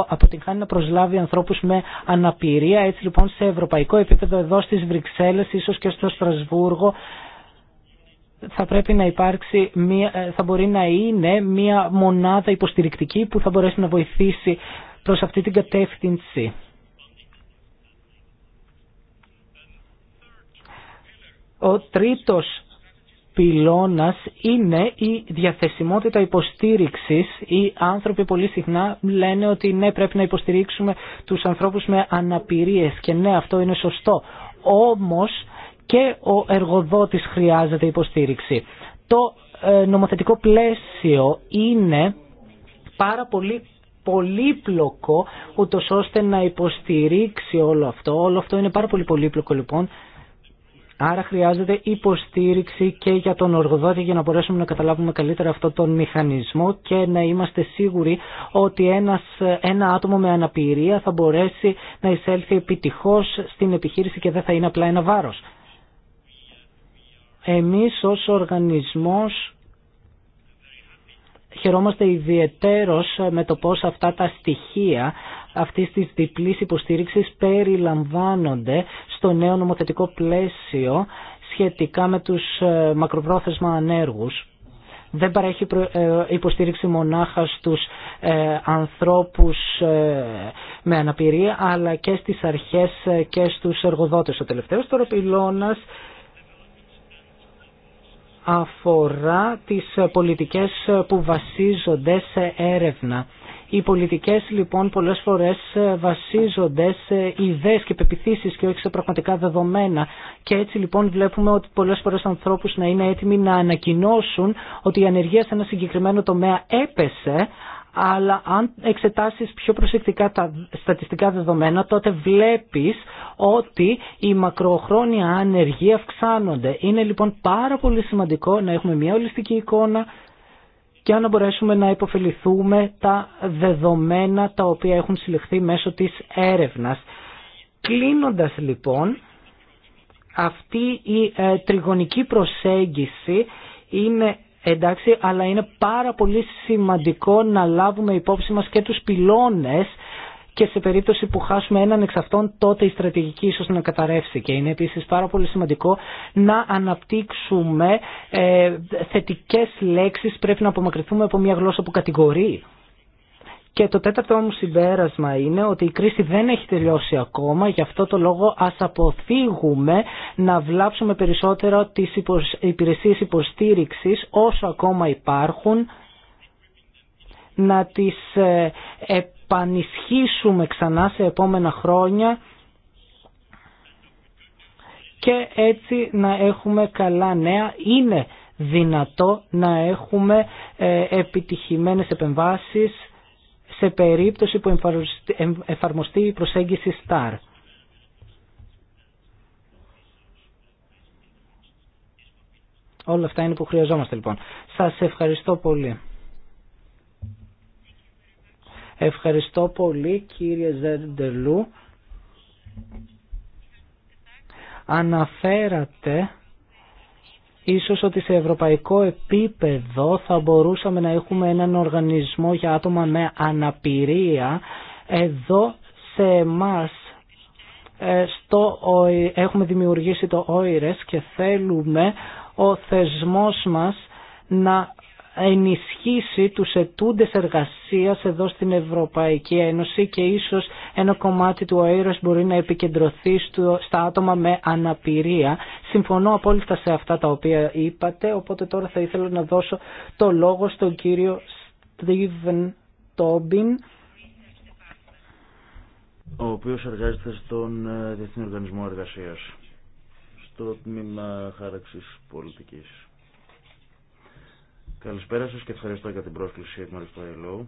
αποτυγχάνει να προσλάβει ανθρώπους με αναπηρία. Έτσι λοιπόν σε ευρωπαϊκό επίπεδο εδώ στις Βρυξέλλες ίσως και στο Στρασβούργο θα πρέπει να υπάρξει μια, ε, θα μπορεί να είναι μια μονάδα υποστηρικτική που θα μπορέσει να βοηθήσει προς αυτή την κατεύθυνση. Ο τρίτος πυλώνας είναι η διαθεσιμότητα υποστήριξης. Οι άνθρωποι πολύ συχνά λένε ότι ναι πρέπει να υποστηρίξουμε τους ανθρώπους με αναπηρίες και ναι αυτό είναι σωστό. Όμως και ο εργοδότης χρειάζεται υποστήριξη. Το ε, νομοθετικό πλαίσιο είναι πάρα πολύ πολύπλοκο ούτως ώστε να υποστηρίξει όλο αυτό. Όλο αυτό είναι πάρα πολύ πολύπλοκο λοιπόν Άρα χρειάζεται υποστήριξη και για τον οργοδότη για να μπορέσουμε να καταλάβουμε καλύτερα αυτό τον μηχανισμό και να είμαστε σίγουροι ότι ένας, ένα άτομο με αναπηρία θα μπορέσει να εισέλθει επιτυχώς στην επιχείρηση και δεν θα είναι απλά ένα βάρος. Εμείς ως οργανισμός χαιρόμαστε ιδιαιτέρως με το πώς αυτά τα στοιχεία αυτή τη διπλή υποστήριξη περιλαμβάνονται στο νέο νομοθετικό πλαίσιο σχετικά με τους ε, μακροπρόθεσμα ανέργους. Δεν παρέχει ε, υποστήριξη μονάχα στους ε, ανθρώπους με αναπηρία αλλά και στις αρχές και στους εργοδότες. Ο τελευταίο τώρα πυλώνας αφορά τις πολιτικές που βασίζονται σε έρευνα. Οι πολιτικές λοιπόν πολλές φορές βασίζονται σε ιδέες και πεπιθήσεις και όχι σε πραγματικά δεδομένα. Και έτσι λοιπόν βλέπουμε ότι πολλές φορές ανθρώπους να είναι έτοιμοι να ανακοινώσουν ότι η ανεργία σε ένα συγκεκριμένο τομέα έπεσε, αλλά αν εξετάσεις πιο προσεκτικά τα στατιστικά δεδομένα, τότε βλέπεις ότι η μακροχρόνια ανεργία αυξάνονται. Είναι λοιπόν πάρα πολύ σημαντικό να έχουμε μια ολιστική εικόνα και να μπορέσουμε να υποφεληθούμε τα δεδομένα τα οποία έχουν συλλεχθεί μέσω της έρευνας. Κλείνοντας λοιπόν, αυτή η ε, τριγωνική προσέγγιση είναι εντάξει, αλλά είναι πάρα πολύ σημαντικό να λάβουμε υπόψη μας και τους πυλώνες και σε περίπτωση που χάσουμε έναν εξ αυτών τότε η στρατηγική ίσως να καταρρεύσει και είναι επίσης πάρα πολύ σημαντικό να αναπτύξουμε ε, θετικές λέξεις πρέπει να απομακρυνθούμε από μια γλώσσα που κατηγορεί και το τέταρτο μου συμπέρασμα είναι ότι η κρίση δεν έχει τελειώσει ακόμα, γι' αυτό το λόγο ας αποφύγουμε να βλάψουμε περισσότερο τις υπηρεσίες υποστήριξης όσο ακόμα υπάρχουν, να τις ε, επανισχύσουμε ξανά σε επόμενα χρόνια και έτσι να έχουμε καλά νέα. Είναι δυνατό να έχουμε ε, επιτυχημένες επεμβάσεις σε περίπτωση που εφαρμοστεί η προσέγγιση STAR. Όλα αυτά είναι που χρειαζόμαστε λοιπόν. Σας ευχαριστώ πολύ. Ευχαριστώ πολύ κύριε Ζερντελού. Αναφέρατε ίσως ότι σε ευρωπαϊκό επίπεδο θα μπορούσαμε να έχουμε έναν οργανισμό για άτομα με αναπηρία εδώ σε εμάς ε, στο, έχουμε δημιουργήσει το ΟΗΡΕΣ και θέλουμε ο θεσμός μας να ενισχύσει τους ετούντες εργασίας εδώ στην Ευρωπαϊκή Ένωση και ίσως ένα κομμάτι του αέρας μπορεί να επικεντρωθεί στα άτομα με αναπηρία. Συμφωνώ απόλυτα σε αυτά τα οποία είπατε, οπότε τώρα θα ήθελα να δώσω το λόγο στον κύριο Στίβεν Τόμπιν ο οποίος εργάζεται στον ε, Διεθνή Οργανισμό Εργασίας, στο τμήμα χάραξης πολιτικής. Καλησπέρα σας και ευχαριστώ για την πρόσκληση εκ στο του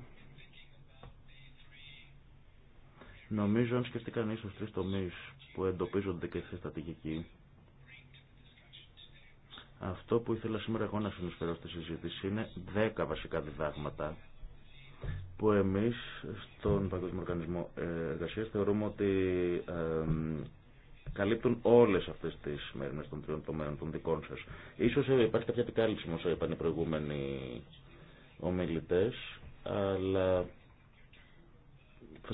Νομίζω αν σκεφτεί κανεί τους τρεις τομείς που εντοπίζονται και στη στρατηγική, αυτό που ήθελα σήμερα εγώ να συνεισφέρω στη συζήτηση είναι 10 βασικά διδάγματα που εμείς στον Παγκόσμιο Οργανισμό Εργασίας θεωρούμε ότι καλύπτουν όλε αυτέ τι μέρε των τριών τομέων των δικών σα. σω ε, υπάρχει κάποια επικάλυψη όπω είπαν οι προηγούμενοι ομιλητέ, αλλά θα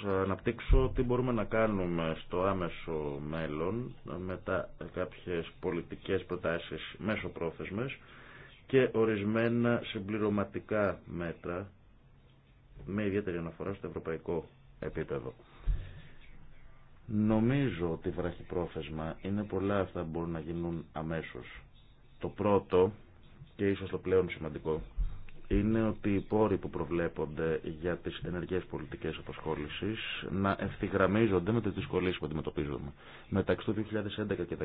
σα αναπτύξω τι μπορούμε να κάνουμε στο άμεσο μέλλον μετά κάποιε πολιτικέ προτάσει μέσω πρόθεσμε και ορισμένα συμπληρωματικά μέτρα με ιδιαίτερη αναφορά στο ευρωπαϊκό επίπεδο. Νομίζω ότι βραχυπρόθεσμα είναι πολλά αυτά που μπορούν να γίνουν αμέσως. Το πρώτο και ίσως το πλέον σημαντικό είναι ότι οι πόροι που προβλέπονται για τι ενεργέ πολιτικέ απασχόληση να ευθυγραμμίζονται με τι δυσκολίε που αντιμετωπίζουμε. Μεταξύ του 2011 και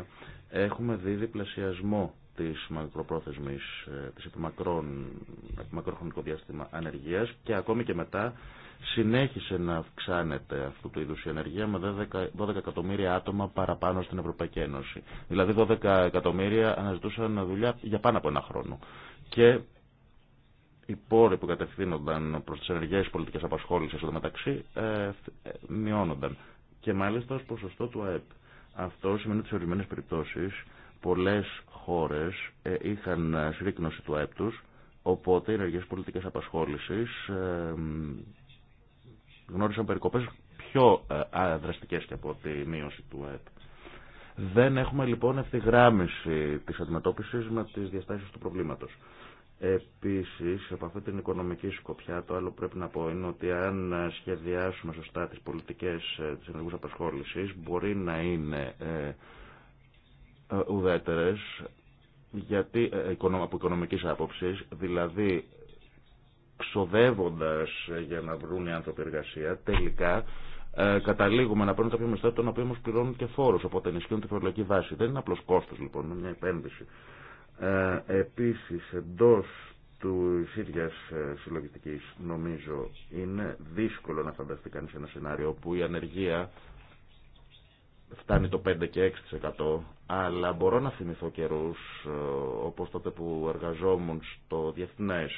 2013 έχουμε δει διπλασιασμό τη μακροπρόθεσμης, ε, της μακροχρονικό διάστημα ανεργία και ακόμη και μετά συνέχισε να αυξάνεται αυτού του είδου η ανεργία με 12 εκατομμύρια άτομα παραπάνω στην Ευρωπαϊκή Ένωση. Δηλαδή 12 εκατομμύρια αναζητούσαν δουλειά για πάνω από ένα χρόνο. Και οι πόροι που κατευθύνονταν προς τις ενεργές πολιτικές απασχόλησης εδώ μεταξύ ε, ε, μειώνονταν και μάλιστα ως ποσοστό του ΑΕΠ. Αυτό σημαίνει ότι σε ορισμένες περιπτώσεις πολλές χώρες ε, είχαν συρρήκνωση του ΑΕΠ τους, οπότε οι ενεργές πολιτικές απασχόλησης γνώρισαν περικοπές πιο δραστικές και από τη μείωση του ΑΕΠ. Δεν έχουμε λοιπόν ευθυγράμμιση της αντιμετώπισης με τις διαστάσεις του προβλήματος. Επίσης, από αυτή την οικονομική σκοπιά, το άλλο πρέπει να πω είναι ότι αν σχεδιάσουμε σωστά τις πολιτικές ε, της ενεργούς απασχόληση μπορεί να είναι ε, ε, ουδέτερες γιατί από οικονομικής άποψης, δηλαδή ξοδεύοντας για να βρουν οι άνθρωποι εργασία, τελικά ε, καταλήγουμε να παίρνουν κάποιο μισθό, τον οποίο όμω πληρώνουν και φόρου. Οπότε ενισχύουν τη φορολογική βάση. Δεν είναι απλώ κόστο λοιπόν, είναι μια επένδυση. Ε, επίσης, εντός του ίδια ε, συλλογιστική νομίζω είναι δύσκολο να φανταστεί κανείς ένα σενάριο που η ανεργία φτάνει το 5 και 6% αλλά μπορώ να θυμηθώ καιρούς ε, όπως τότε που εργαζόμουν στο διεθνές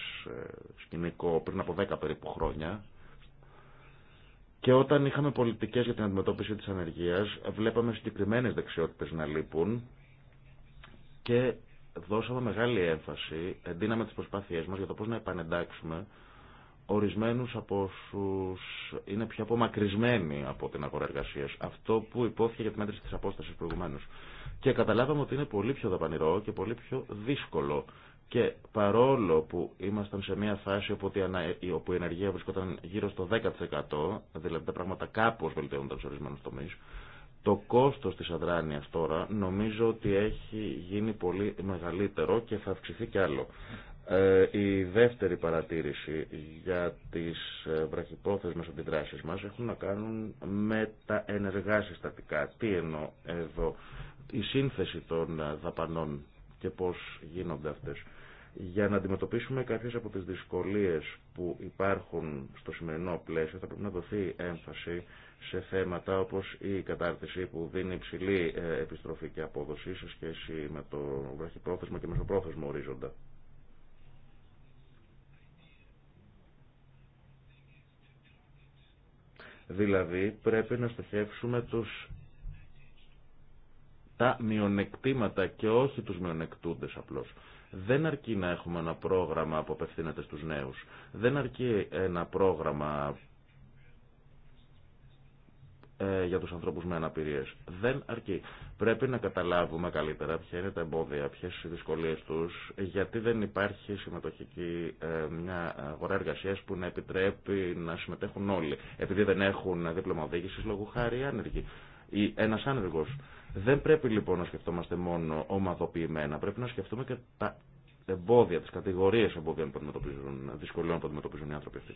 σκηνικό πριν από 10 περίπου χρόνια και όταν είχαμε πολιτικές για την αντιμετώπιση της ανεργίας βλέπαμε συγκεκριμένες δεξιότητες να λείπουν και δώσαμε μεγάλη έμφαση, εντείναμε τις προσπάθειές μας για το πώς να επανεντάξουμε ορισμένους από όσου είναι πιο απομακρυσμένοι από την αγορά εργασία. Αυτό που υπόθηκε για τη μέτρηση της απόστασης προηγουμένω. Και καταλάβαμε ότι είναι πολύ πιο δαπανηρό και πολύ πιο δύσκολο. Και παρόλο που ήμασταν σε μια φάση όπου η ενεργεία βρισκόταν γύρω στο 10%, δηλαδή τα πράγματα κάπως βελτιώνονταν σε ορισμένους τομείς, το κόστος της αδράνειας τώρα νομίζω ότι έχει γίνει πολύ μεγαλύτερο και θα αυξηθεί κι άλλο. Ε, η δεύτερη παρατήρηση για τις ε, βραχυπρόθεσμες αντιδράσεις μας έχουν να κάνουν με τα ενεργά συστατικά. Τι εννοώ εδώ, η σύνθεση των ε, δαπανών και πώς γίνονται αυτές. Για να αντιμετωπίσουμε κάποιες από τις δυσκολίες που υπάρχουν στο σημερινό πλαίσιο θα πρέπει να δοθεί έμφαση σε θέματα όπως η κατάρτιση που δίνει υψηλή ε, επιστροφή και απόδοση σε σχέση με το βραχυπρόθεσμο και μεσοπρόθεσμο ορίζοντα. Δηλαδή πρέπει να στοχεύσουμε τους τα μειονεκτήματα και όχι τους μειονεκτούντες απλώς. Δεν αρκεί να έχουμε ένα πρόγραμμα που απευθύνεται στους νέους. Δεν αρκεί ένα πρόγραμμα ε, για τους ανθρώπους με αναπηρίες. Δεν αρκεί. Πρέπει να καταλάβουμε καλύτερα ποια είναι τα εμπόδια, ποιες οι δυσκολίες τους, γιατί δεν υπάρχει συμμετοχική ε, μια αγορά εργασίας που να επιτρέπει να συμμετέχουν όλοι. Επειδή δεν έχουν δίπλωμα οδήγηση λόγω χάρη άνεργοι ή ένας άνεργος. Δεν πρέπει λοιπόν να σκεφτόμαστε μόνο ομαδοποιημένα, πρέπει να σκεφτούμε και τα εμπόδια, τι κατηγορίε εμπόδια που αντιμετωπίζουν, δυσκολιών που αντιμετωπίζουν οι άνθρωποι αυτοί.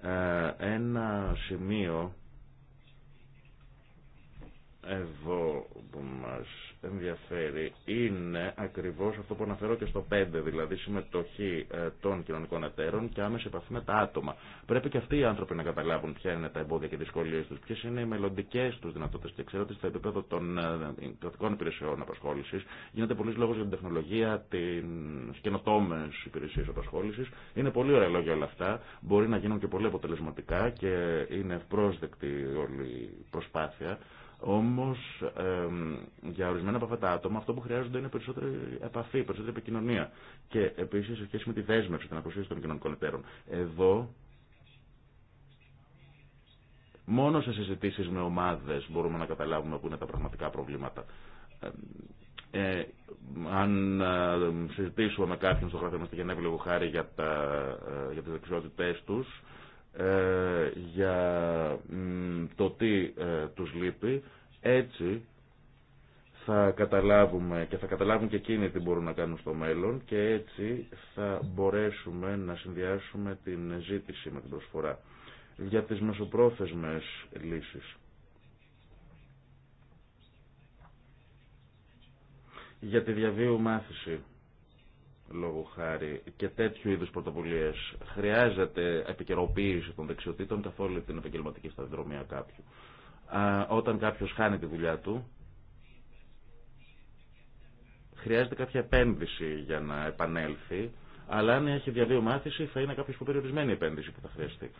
Ε, ένα σημείο εδώ που μας ενδιαφέρει είναι ακριβώς αυτό που αναφέρω και στο 5, δηλαδή συμμετοχή ε, των κοινωνικών εταίρων και άμεση επαφή με τα άτομα. Πρέπει και αυτοί οι άνθρωποι να καταλάβουν ποια είναι τα εμπόδια και δυσκολίε τους, ποιες είναι οι μελλοντικέ τους δυνατότητες και ξέρω ότι στο επίπεδο των ε, κρατικών υπηρεσιών απασχόλησης γίνεται πολλή λόγος για την τεχνολογία, τις καινοτόμες υπηρεσίες απασχόλησης. Είναι πολύ ωραία λόγια όλα αυτά, μπορεί να γίνουν και πολύ αποτελεσματικά και είναι ευπρόσδεκτη όλη η προσπάθεια. Όμω για ορισμένα από αυτά τα άτομα αυτό που χρειάζονται είναι περισσότερη επαφή, περισσότερη επικοινωνία. Και επίση σε σχέση με τη δέσμευση, την αποσύρση των κοινωνικών εταίρων. Εδώ μόνο σε συζητήσει με ομάδε μπορούμε να καταλάβουμε που είναι τα πραγματικά προβλήματα. Ε, αν ε, συζητήσουμε με κάποιον στο γραφείο μα στη Γενέβη λίγο χάρη για, τα, ε, για τις τους, ε, για το τι ε, τους λείπει, έτσι θα καταλάβουμε και θα καταλάβουν και εκείνοι τι μπορούν να κάνουν στο μέλλον και έτσι θα μπορέσουμε να συνδυάσουμε την ζήτηση με την προσφορά για τις μεσοπρόθεσμες λύσεις. Για τη διαβίου μάθηση λόγω χάρη και τέτοιου είδους πρωτοβουλίες χρειάζεται επικαιροποίηση των δεξιοτήτων καθ' όλη την επαγγελματική σταδιοδρομία κάποιου. όταν κάποιος χάνει τη δουλειά του, χρειάζεται κάποια επένδυση για να επανέλθει, αλλά αν έχει διαβίου μάθηση θα είναι κάποιος που περιορισμένη επένδυση που θα χρειαστεί.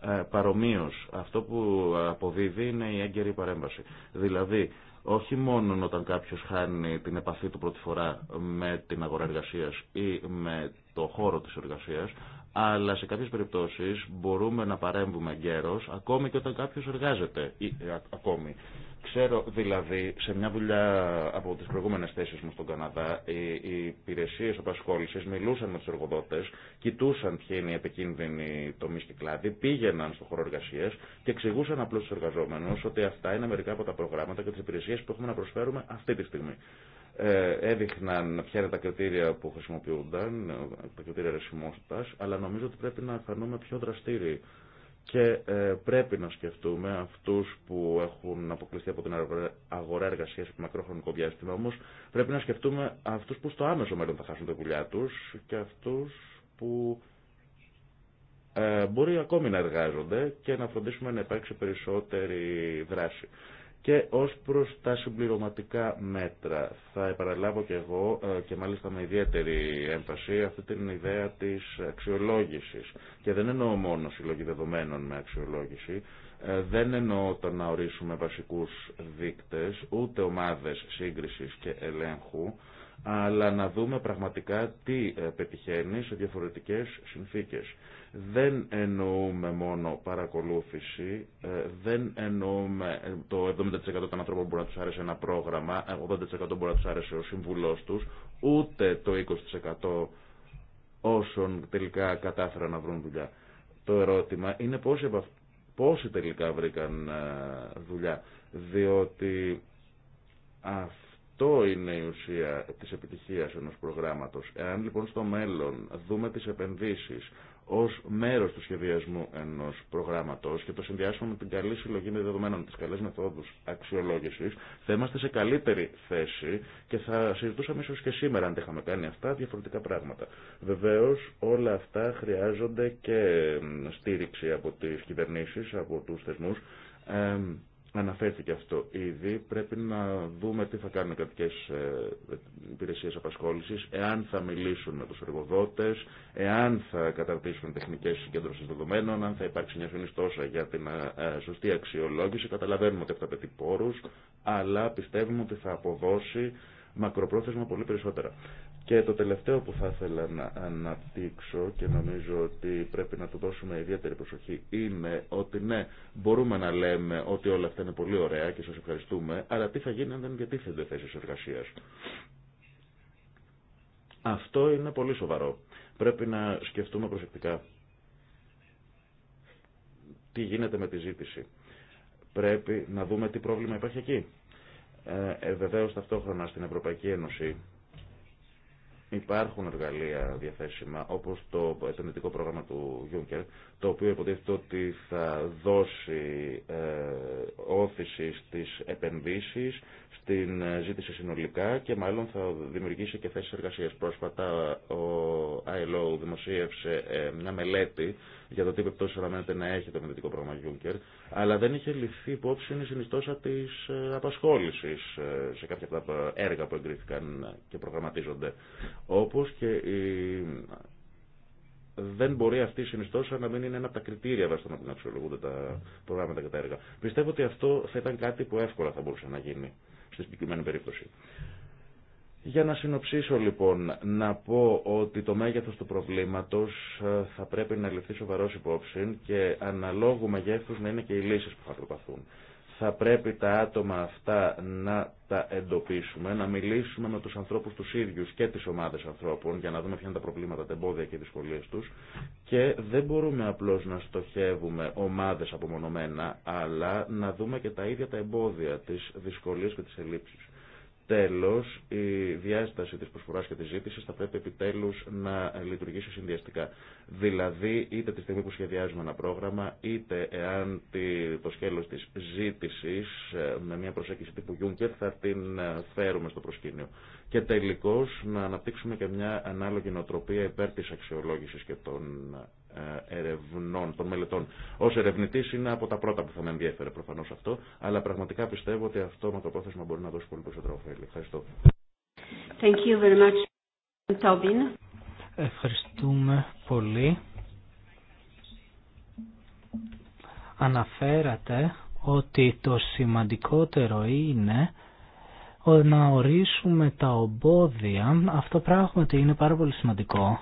Ε, Παρομοίω, αυτό που αποδίδει είναι η έγκαιρη παρέμβαση. Δηλαδή, όχι μόνο όταν κάποιος χάνει την επαφή του πρώτη φορά με την αγορά εργασίας ή με το χώρο της εργασίας, αλλά σε κάποιες περιπτώσεις μπορούμε να παρέμβουμε γέρος ακόμη και όταν κάποιος εργάζεται ή, ε, ακόμη. Ξέρω δηλαδή, σε μια δουλειά από τι προηγούμενε θέσει μου στον Καναδά, οι, οι υπηρεσίες απασχόλησης μιλούσαν με του εργοδότες, κοιτούσαν ποιοι είναι οι επικίνδυνοι τομεί και κλάδοι, πήγαιναν στο χώρο εργασία και εξηγούσαν απλώ του εργαζόμενου ότι αυτά είναι μερικά από τα προγράμματα και τι υπηρεσίε που έχουμε να προσφέρουμε αυτή τη στιγμή. Ε, έδειχναν ποια είναι τα κριτήρια που χρησιμοποιούνταν, τα κριτήρια ρεσιμότητα, αλλά νομίζω ότι πρέπει να φανούμε πιο δραστήριοι και ε, πρέπει να σκεφτούμε αυτούς που έχουν αποκλειστεί από την αγορά εργασίας με μακρόχρονικό διάστημα όμως πρέπει να σκεφτούμε αυτούς που στο άμεσο μέλλον θα χάσουν τη δουλειά τους και αυτούς που ε, μπορεί ακόμη να εργάζονται και να φροντίσουμε να υπάρξει περισσότερη δράση. Και ως προς τα συμπληρωματικά μέτρα θα επαναλάβω και εγώ ε, και μάλιστα με ιδιαίτερη έμφαση αυτή την ιδέα της αξιολόγησης. Και δεν εννοώ μόνο συλλογή δεδομένων με αξιολόγηση, ε, δεν εννοώ το να ορίσουμε βασικούς δείκτες, ούτε ομάδες σύγκρισης και ελέγχου, αλλά να δούμε πραγματικά τι ε, πετυχαίνει σε διαφορετικές συνθήκες. Δεν εννοούμε μόνο παρακολούθηση, ε, δεν εννοούμε ε, το 70% των ανθρώπων μπορεί να τους άρεσε ένα πρόγραμμα, 80% μπορεί να τους άρεσε ο συμβουλός τους, ούτε το 20% όσων τελικά κατάφεραν να βρουν δουλειά. Το ερώτημα είναι πόσοι, πόσοι τελικά βρήκαν δουλειά, διότι αυτό αυτό είναι η ουσία της επιτυχίας ενός προγράμματος. Εάν λοιπόν στο μέλλον δούμε τις επενδύσεις ως μέρος του σχεδιασμού ενός προγράμματος και το συνδυάσουμε με την καλή συλλογή με δεδομένων, τις καλές μεθόδους αξιολόγησης, θα είμαστε σε καλύτερη θέση και θα συζητούσαμε ίσως και σήμερα αν τα είχαμε κάνει αυτά διαφορετικά πράγματα. Βεβαίως όλα αυτά χρειάζονται και στήριξη από τις κυβερνήσεις, από τους θεσμούς, Αναφέρθηκε αυτό ήδη. Πρέπει να δούμε τι θα κάνουν οι κρατικέ ε, υπηρεσίε απασχόληση, εάν θα μιλήσουν με του εργοδότε, εάν θα καταρτήσουν τεχνικέ συγκέντρωση δεδομένων, αν θα υπάρξει μια τόσα για την ε, ε, σωστή αξιολόγηση. Καταλαβαίνουμε ότι θα απαιτεί πόρου, αλλά πιστεύουμε ότι θα αποδώσει μακροπρόθεσμα πολύ περισσότερα. Και το τελευταίο που θα ήθελα να αναπτύξω και νομίζω ότι πρέπει να του δώσουμε ιδιαίτερη προσοχή είναι ότι ναι, μπορούμε να λέμε ότι όλα αυτά είναι πολύ ωραία και σας ευχαριστούμε, αλλά τι θα γίνει αν δεν διατίθενται θέσεις εργασίας. Αυτό είναι πολύ σοβαρό. Πρέπει να σκεφτούμε προσεκτικά τι γίνεται με τη ζήτηση. Πρέπει να δούμε τι πρόβλημα υπάρχει εκεί. Ε, ε βεβαίως ταυτόχρονα στην Ευρωπαϊκή Ένωση Υπάρχουν εργαλεία διαθέσιμα, όπως το επενδυτικό πρόγραμμα του Juncker, το οποίο υποτίθεται ότι θα δώσει ε, όθηση στις επενδύσεις, στην ε, ζήτηση συνολικά και μάλλον θα δημιουργήσει και θέσει εργασίας. Πρόσφατα ο ILO δημοσίευσε ε, μια μελέτη για το τι επιπτώσει αναμένεται να έχει το επενδυτικό πρόγραμμα Juncker, αλλά δεν είχε ληφθεί υπόψη η συνιστόσα τη ε, απασχόληση ε, σε κάποια από τα έργα που εγκρίθηκαν και προγραμματίζονται. Όπω και δεν μπορεί αυτή η συνιστόσα να μην είναι ένα από τα κριτήρια βάσει των αξιολογούνται τα προγράμματα και τα έργα. Πιστεύω ότι αυτό θα ήταν κάτι που εύκολα θα μπορούσε να γίνει στη συγκεκριμένη περίπτωση. Για να συνοψίσω λοιπόν, να πω ότι το μέγεθος του προβλήματος ε, θα πρέπει να ληφθεί σοβαρός υπόψη και αναλόγου μεγέθους να είναι και οι λύσεις που θα προπαθούν. Θα πρέπει τα άτομα αυτά να τα εντοπίσουμε, να μιλήσουμε με τους ανθρώπους τους ίδιους και τις ομάδες ανθρώπων για να δούμε ποια είναι τα προβλήματα, τα εμπόδια και οι δυσκολίες τους και δεν μπορούμε απλώς να στοχεύουμε ομάδες απομονωμένα αλλά να δούμε και τα ίδια τα εμπόδια, τις δυσκολίες και τις ελλείψεις. Τέλος, η διάσταση της προσφοράς και της ζήτησης θα πρέπει επιτέλους να λειτουργήσει συνδυαστικά. Δηλαδή, είτε τη στιγμή που σχεδιάζουμε ένα πρόγραμμα, είτε εάν το σκέλος της ζήτησης ε, με μια προσέγγιση τύπου Juncker θα την ε, φέρουμε στο προσκήνιο. Και τελικώς να αναπτύξουμε και μια ανάλογη νοοτροπία υπέρ της αξιολόγησης και των ε, ε, ερευνών, των μελετών. Ω ερευνητής είναι από τα πρώτα που θα με ενδιέφερε προφανώς αυτό, αλλά πραγματικά πιστεύω ότι αυτό με το πρόθεσμα μπορεί να δώσει πολύ περισσότερο ωφέλη. Ευχαριστώ. Thank you very much, Ευχαριστούμε πολύ. Αναφέρατε ότι το σημαντικότερο είναι να ορίσουμε τα ομπόδια. Αυτό πράγματι είναι πάρα πολύ σημαντικό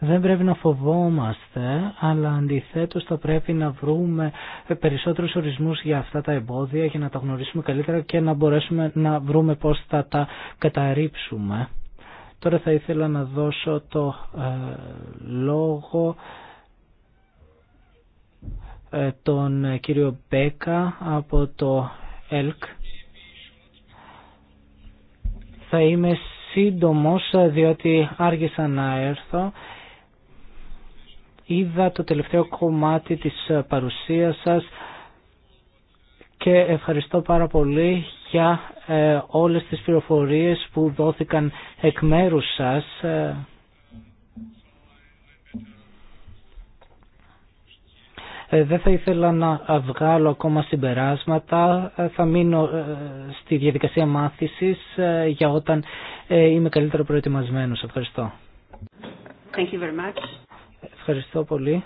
δεν πρέπει να φοβόμαστε, αλλά αντιθέτως θα πρέπει να βρούμε περισσότερους ορισμούς για αυτά τα εμπόδια, για να τα γνωρίσουμε καλύτερα και να μπορέσουμε να βρούμε πώς θα τα καταρρύψουμε. Τώρα θα ήθελα να δώσω το ε, λόγο ε, τον ε, κύριο Μπέκα από το ΕΛΚ. Θα είμαι σύντομος ε, διότι άργησα να έρθω είδα το τελευταίο κομμάτι της ε, παρουσίας σας και ευχαριστώ πάρα πολύ για ε, όλες τις πληροφορίες που δόθηκαν εκ μέρους σας. Ε. Δεν θα ήθελα να βγάλω ακόμα συμπεράσματα. Θα μείνω στη διαδικασία μάθησης για όταν είμαι καλύτερα προετοιμασμένος. Ευχαριστώ. Thank you very much. Ευχαριστώ πολύ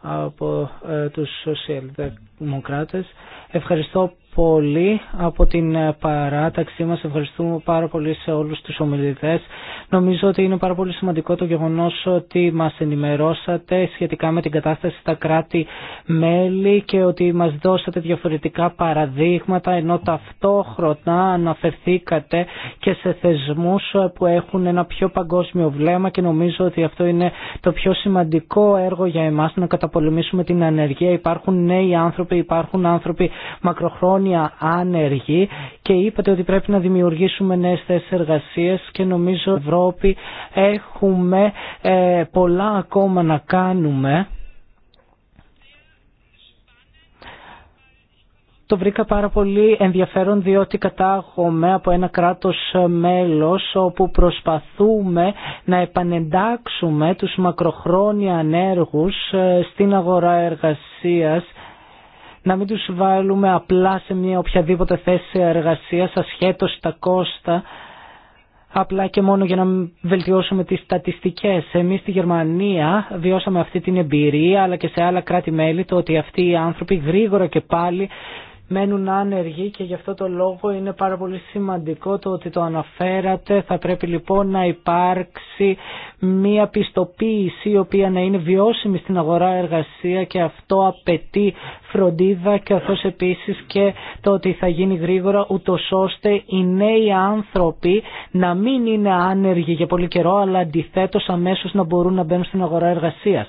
από ε, τους σοσιαλδημοκράτες. Ευχαριστώ πολύ από την παράταξή μας. Ευχαριστούμε πάρα πολύ σε όλους τους ομιλητές. Νομίζω ότι είναι πάρα πολύ σημαντικό το γεγονός ότι μας ενημερώσατε σχετικά με την κατάσταση στα κράτη-μέλη και ότι μας δώσατε διαφορετικά παραδείγματα ενώ ταυτόχρονα αναφερθήκατε και σε θεσμούς που έχουν ένα πιο παγκόσμιο βλέμμα και νομίζω ότι αυτό είναι το πιο σημαντικό έργο για εμάς να καταπολεμήσουμε την ανεργία. Υπάρχουν νέοι άνθρωποι, υπάρχουν άνθρωποι μακροχρόνια μια ανέργη και είπατε ότι πρέπει να δημιουργήσουμε νέες θέσεις εργασίας και νομίζω Ευρώπη έχουμε ε, πολλά ακόμα να κάνουμε. Το βρήκα πάρα πολύ ενδιαφέρον διότι κατάγομαι από ένα κράτος ε, μέλος όπου προσπαθούμε να επανεντάξουμε τους μακροχρόνια ανέργους ε, στην αγορά εργασίας να μην τους βάλουμε απλά σε μια οποιαδήποτε θέση εργασίας ασχέτως τα κόστα απλά και μόνο για να βελτιώσουμε τις στατιστικές. Εμείς στη Γερμανία βιώσαμε αυτή την εμπειρία αλλά και σε άλλα κράτη-μέλη το ότι αυτοί οι άνθρωποι γρήγορα και πάλι μένουν άνεργοι και γι' αυτό το λόγο είναι πάρα πολύ σημαντικό το ότι το αναφέρατε. Θα πρέπει λοιπόν να υπάρξει μια πιστοποίηση η οποία να είναι βιώσιμη στην αγορά εργασία και αυτό απαιτεί φροντίδα καθώς επίσης και το ότι θα γίνει γρήγορα ούτω ώστε οι νέοι άνθρωποι να μην είναι άνεργοι για πολύ καιρό αλλά αντιθέτως αμέσως να μπορούν να μπαίνουν στην αγορά εργασίας.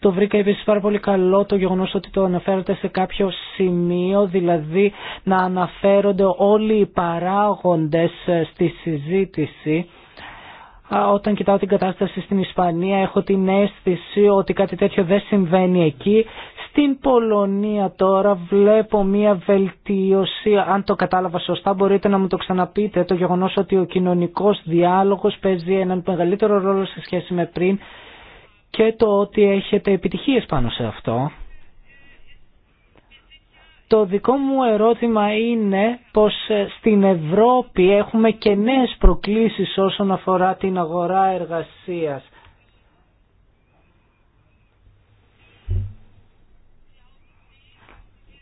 Το βρήκα επίσης πάρα πολύ καλό το γεγονός ότι το αναφέρεται σε κάποιο σημείο, δηλαδή να αναφέρονται όλοι οι παράγοντες ε, στη συζήτηση. Όταν κοιτάω την κατάσταση στην Ισπανία έχω την αίσθηση ότι κάτι τέτοιο δεν συμβαίνει εκεί. Στην Πολωνία τώρα βλέπω μία βελτίωση, αν το κατάλαβα σωστά μπορείτε να μου το ξαναπείτε, το γεγονός ότι ο κοινωνικός διάλογος παίζει έναν μεγαλύτερο ρόλο σε σχέση με πριν και το ότι έχετε επιτυχίες πάνω σε αυτό. Το δικό μου ερώτημα είναι πως ε, στην Ευρώπη έχουμε και νέες προκλήσεις όσον αφορά την αγορά εργασίας.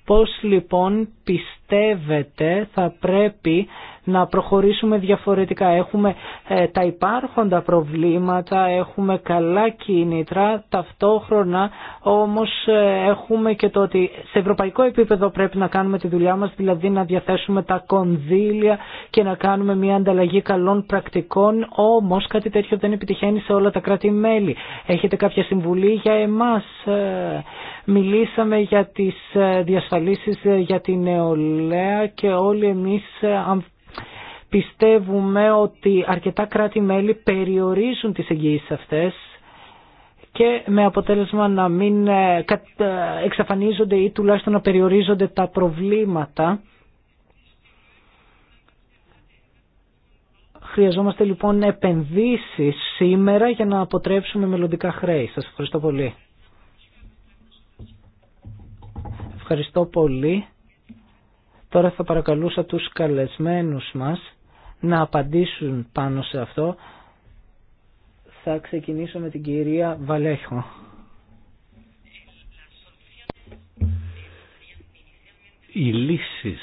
Πώς λοιπόν πιστεύετε θα πρέπει να προχωρήσουμε διαφορετικά. Έχουμε ε, τα υπάρχοντα προβλήματα, έχουμε καλά κίνητρα, ταυτόχρονα όμως ε, έχουμε και το ότι σε ευρωπαϊκό επίπεδο πρέπει να κάνουμε τη δουλειά μας, δηλαδή να διαθέσουμε τα κονδύλια και να κάνουμε μια ανταλλαγή καλών πρακτικών, όμως κάτι τέτοιο δεν επιτυχαίνει σε όλα τα κράτη-μέλη. Έχετε κάποια συμβουλή για εμάς. Ε, μιλήσαμε για τις διασφαλίσεις για την νεολαία και όλοι εμείς Πιστεύουμε ότι αρκετά κράτη-μέλη περιορίζουν τις εγγυήσεις αυτές και με αποτέλεσμα να μην ε, ε, εξαφανίζονται ή τουλάχιστον να περιορίζονται τα προβλήματα. Χρειαζόμαστε λοιπόν επενδύσεις σήμερα για να αποτρέψουμε μελλοντικά χρέη. Σας ευχαριστώ πολύ. Ευχαριστώ πολύ. Τώρα θα παρακαλούσα τους καλεσμένους μας να απαντήσουν πάνω σε αυτό. Θα ξεκινήσω με την κυρία Βαλέχο. Οι λύσεις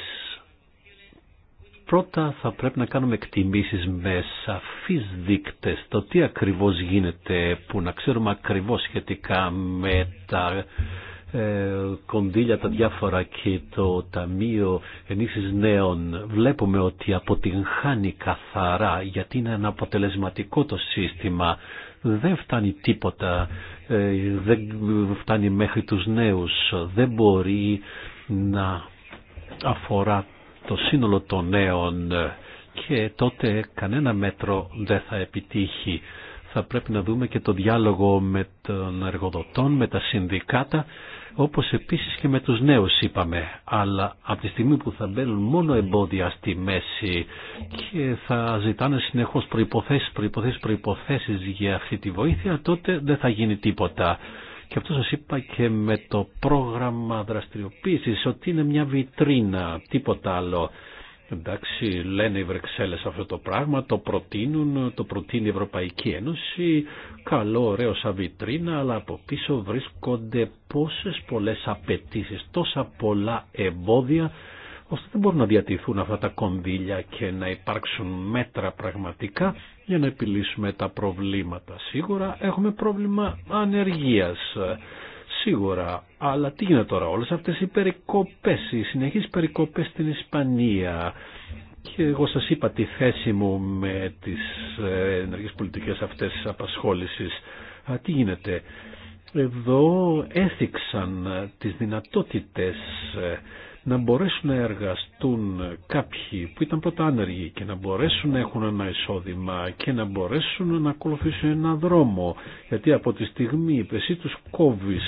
πρώτα θα πρέπει να κάνουμε εκτιμήσεις με σαφείς δείκτες το τι ακριβώς γίνεται που να ξέρουμε ακριβώς σχετικά με τα ε, κονδύλια τα διάφορα και το Ταμείο Ενίσχυσης Νέων βλέπουμε ότι αποτυγχάνει καθαρά γιατί είναι ένα αποτελεσματικό το σύστημα. Δεν φτάνει τίποτα, ε, δεν φτάνει μέχρι τους νέους, δεν μπορεί να αφορά το σύνολο των νέων και τότε κανένα μέτρο δεν θα επιτύχει. Θα πρέπει να δούμε και το διάλογο με τον εργοδοτών, με τα συνδικάτα όπως επίσης και με τους νέους είπαμε, αλλά από τη στιγμή που θα μπαίνουν μόνο εμπόδια στη μέση και θα ζητάνε συνεχώς προϋποθέσεις, προϋποθέσεις, προϋποθέσεις για αυτή τη βοήθεια, τότε δεν θα γίνει τίποτα. Και αυτό σας είπα και με το πρόγραμμα δραστηριοποίησης ότι είναι μια βιτρίνα, τίποτα άλλο. Εντάξει, λένε οι Βρεξέλλες αυτό το πράγμα, το προτείνουν, το προτείνει η Ευρωπαϊκή Ένωση, καλό, ωραίο σαν βιτρίνα, αλλά από πίσω βρίσκονται πόσες πολλές απαιτήσει, τόσα πολλά εμπόδια, ώστε δεν μπορούν να διατηθούν αυτά τα κονδύλια και να υπάρξουν μέτρα πραγματικά για να επιλύσουμε τα προβλήματα. Σίγουρα έχουμε πρόβλημα ανεργίας σίγουρα. Αλλά τι γίνεται τώρα, όλες αυτές οι περικοπές, οι συνεχείς περικοπές στην Ισπανία και εγώ σας είπα τη θέση μου με τις ε, ενεργές πολιτικές αυτές της απασχόλησης. τι γίνεται. Εδώ έθιξαν τις δυνατότητες ε, να μπορέσουν να εργαστούν κάποιοι που ήταν πρώτα άνεργοι και να μπορέσουν να έχουν ένα εισόδημα και να μπορέσουν να ακολουθήσουν ένα δρόμο. Γιατί από τη στιγμή εσύ τους κόβεις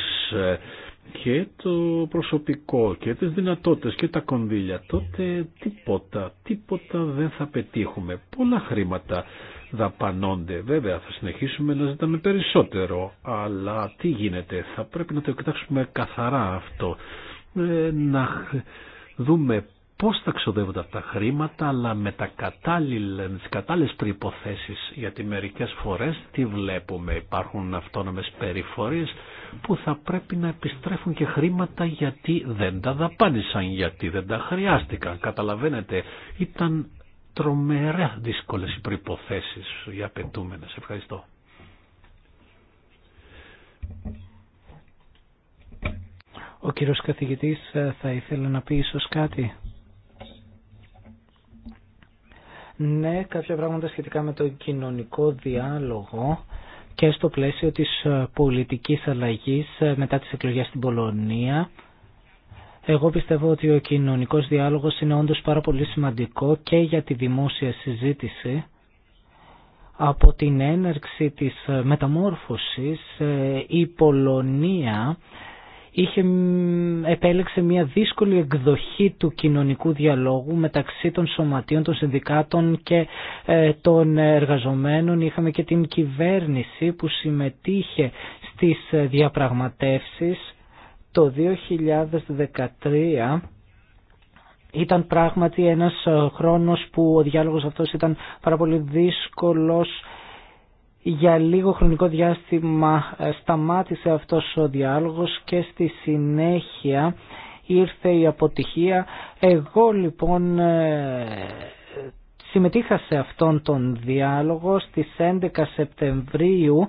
και το προσωπικό και τις δυνατότητες και τα κονδύλια τότε τίποτα, τίποτα δεν θα πετύχουμε. Πολλά χρήματα δαπανώνται. Βέβαια θα συνεχίσουμε να ζητάμε περισσότερο αλλά τι γίνεται θα πρέπει να το κοιτάξουμε καθαρά αυτό ε, να δούμε πώς θα ξοδεύονται αυτά τα χρήματα, αλλά με τα κατάλληλα, τις κατάλληλες προϋποθέσεις, γιατί μερικές φορές τι βλέπουμε, υπάρχουν αυτόνομες περιφορίες που θα πρέπει να επιστρέφουν και χρήματα γιατί δεν τα δαπάνησαν, γιατί δεν τα χρειάστηκαν. Καταλαβαίνετε, ήταν τρομερά δύσκολες οι προϋποθέσεις οι απαιτούμενες. Ευχαριστώ. Ο κύριος καθηγητής ε, θα ήθελε να πει ίσω κάτι. Ναι, κάποια πράγματα σχετικά με τον κοινωνικό διάλογο και στο πλαίσιο της ε, πολιτικής αλλαγής ε, μετά τις εκλογές στην Πολωνία. Εγώ πιστεύω ότι ο κοινωνικός διάλογος είναι όντως πάρα πολύ σημαντικό και για τη δημόσια συζήτηση. Από την έναρξη της μεταμόρφωσης η Πολωνία είχε, επέλεξε μια δύσκολη εκδοχή του κοινωνικού διαλόγου μεταξύ των σωματείων, των συνδικάτων και ε, των εργαζομένων. Είχαμε και την κυβέρνηση που συμμετείχε στις ε, διαπραγματεύσεις το 2013 ήταν πράγματι ένας ε, χρόνος που ο διάλογος αυτός ήταν πάρα πολύ δύσκολος για λίγο χρονικό διάστημα ε, σταμάτησε αυτός ο διάλογος και στη συνέχεια ήρθε η αποτυχία. Εγώ λοιπόν ε, συμμετείχα σε αυτόν τον διάλογο στις 11 Σεπτεμβρίου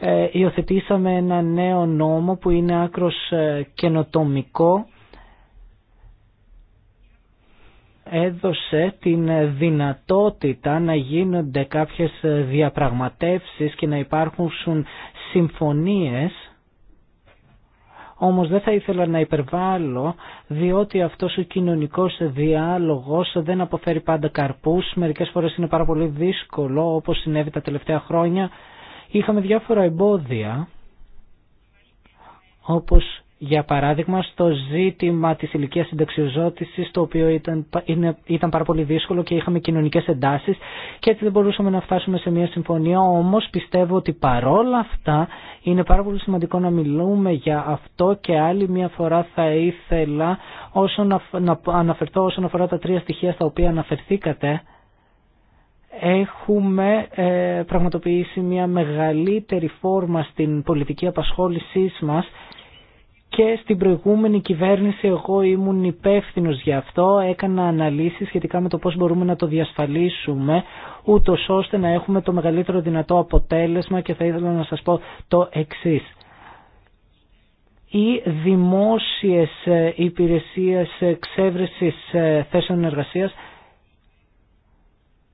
ε, υιοθετήσαμε ένα νέο νόμο που είναι άκρος καινοτομικό έδωσε την δυνατότητα να γίνονται κάποιες διαπραγματεύσεις και να υπάρχουν συμφωνίες όμως δεν θα ήθελα να υπερβάλλω διότι αυτός ο κοινωνικός διάλογος δεν αποφέρει πάντα καρπούς. Μερικές φορές είναι πάρα πολύ δύσκολο όπως συνέβη τα τελευταία χρόνια. Είχαμε διάφορα εμπόδια όπως για παράδειγμα στο ζήτημα της ηλικίας συνταξιοζώτησης το οποίο ήταν, ήταν πάρα πολύ δύσκολο και είχαμε κοινωνικές εντάσεις και έτσι δεν μπορούσαμε να φτάσουμε σε μια συμφωνία όμως πιστεύω ότι παρόλα αυτά είναι πάρα πολύ σημαντικό να μιλούμε για αυτό και άλλη μια φορά θα ήθελα όσο να, να αναφερθώ όσον αφορά τα τρία στοιχεία στα οποία αναφερθήκατε έχουμε ε, πραγματοποιήσει μια μεγαλύτερη φόρμα στην πολιτική απασχόλησή μας και στην προηγούμενη κυβέρνηση εγώ ήμουν υπεύθυνο γι' αυτό, έκανα αναλύσεις σχετικά με το πώς μπορούμε να το διασφαλίσουμε, ούτω ώστε να έχουμε το μεγαλύτερο δυνατό αποτέλεσμα και θα ήθελα να σας πω το εξής. Οι δημόσιες ε, υπηρεσίες ε, εξέβρεσης ε, θέσεων εργασίας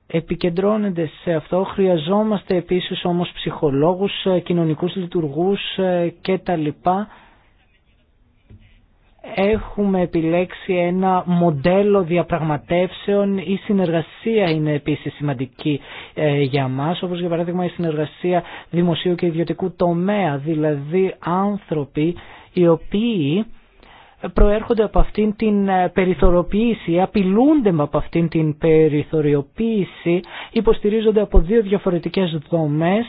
επικεντρώνεται σε αυτό. Χρειαζόμαστε επίσης όμως ψυχολόγους, κοινωνικούς λειτουργούς και τα λοιπά έχουμε επιλέξει ένα μοντέλο διαπραγματεύσεων. Η συνεργασία είναι επίσης σημαντική ε, για μας, όπως για παράδειγμα η συνεργασία δημοσίου και ιδιωτικού τομέα, δηλαδή άνθρωποι οι οποίοι προέρχονται από αυτήν την ε, περιθωριοποίηση, απειλούνται από αυτήν την περιθωριοποίηση, υποστηρίζονται από δύο διαφορετικές δομές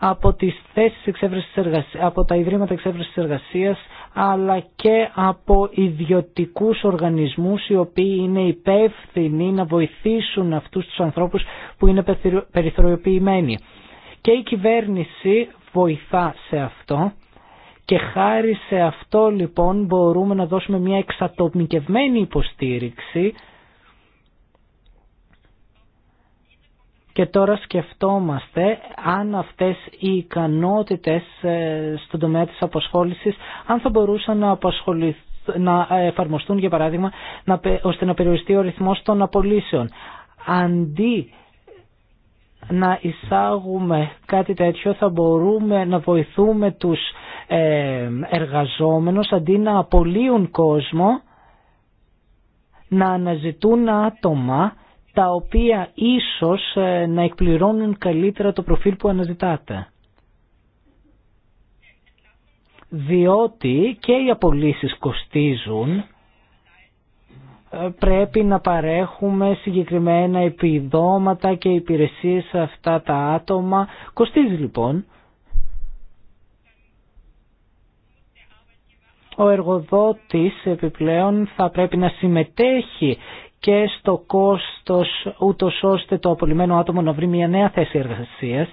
από τις θέσεις εξέβρεσης εργασίας, από τα ιδρύματα εξέβρεσης εργασίας, αλλά και από ιδιωτικούς οργανισμούς οι οποίοι είναι υπεύθυνοι να βοηθήσουν αυτούς τους ανθρώπους που είναι περιθωριοποιημένοι. Και η κυβέρνηση βοηθά σε αυτό και χάρη σε αυτό λοιπόν μπορούμε να δώσουμε μια εξατομικευμένη υποστήριξη και τώρα σκεφτόμαστε αν αυτές οι ικανότητες ε, στον τομέα της αποσχόλησης αν θα μπορούσαν να να ε, εφαρμοστούν για παράδειγμα να, ώστε να περιοριστεί ο ρυθμός των απολύσεων. Αντί να εισάγουμε κάτι τέτοιο θα μπορούμε να βοηθούμε τους ε, εργαζόμενους αντί να απολύουν κόσμο να αναζητούν άτομα τα οποία ίσως ε, να εκπληρώνουν καλύτερα το προφίλ που αναζητάτε. Διότι και οι απολύσεις κοστίζουν, ε, πρέπει να παρέχουμε συγκεκριμένα επιδόματα και υπηρεσίες σε αυτά τα άτομα. Κοστίζει λοιπόν. Ο εργοδότης επιπλέον θα πρέπει να συμμετέχει και στο κόστος ούτω ώστε το απολυμμένο άτομο να βρει μια νέα θέση εργασίας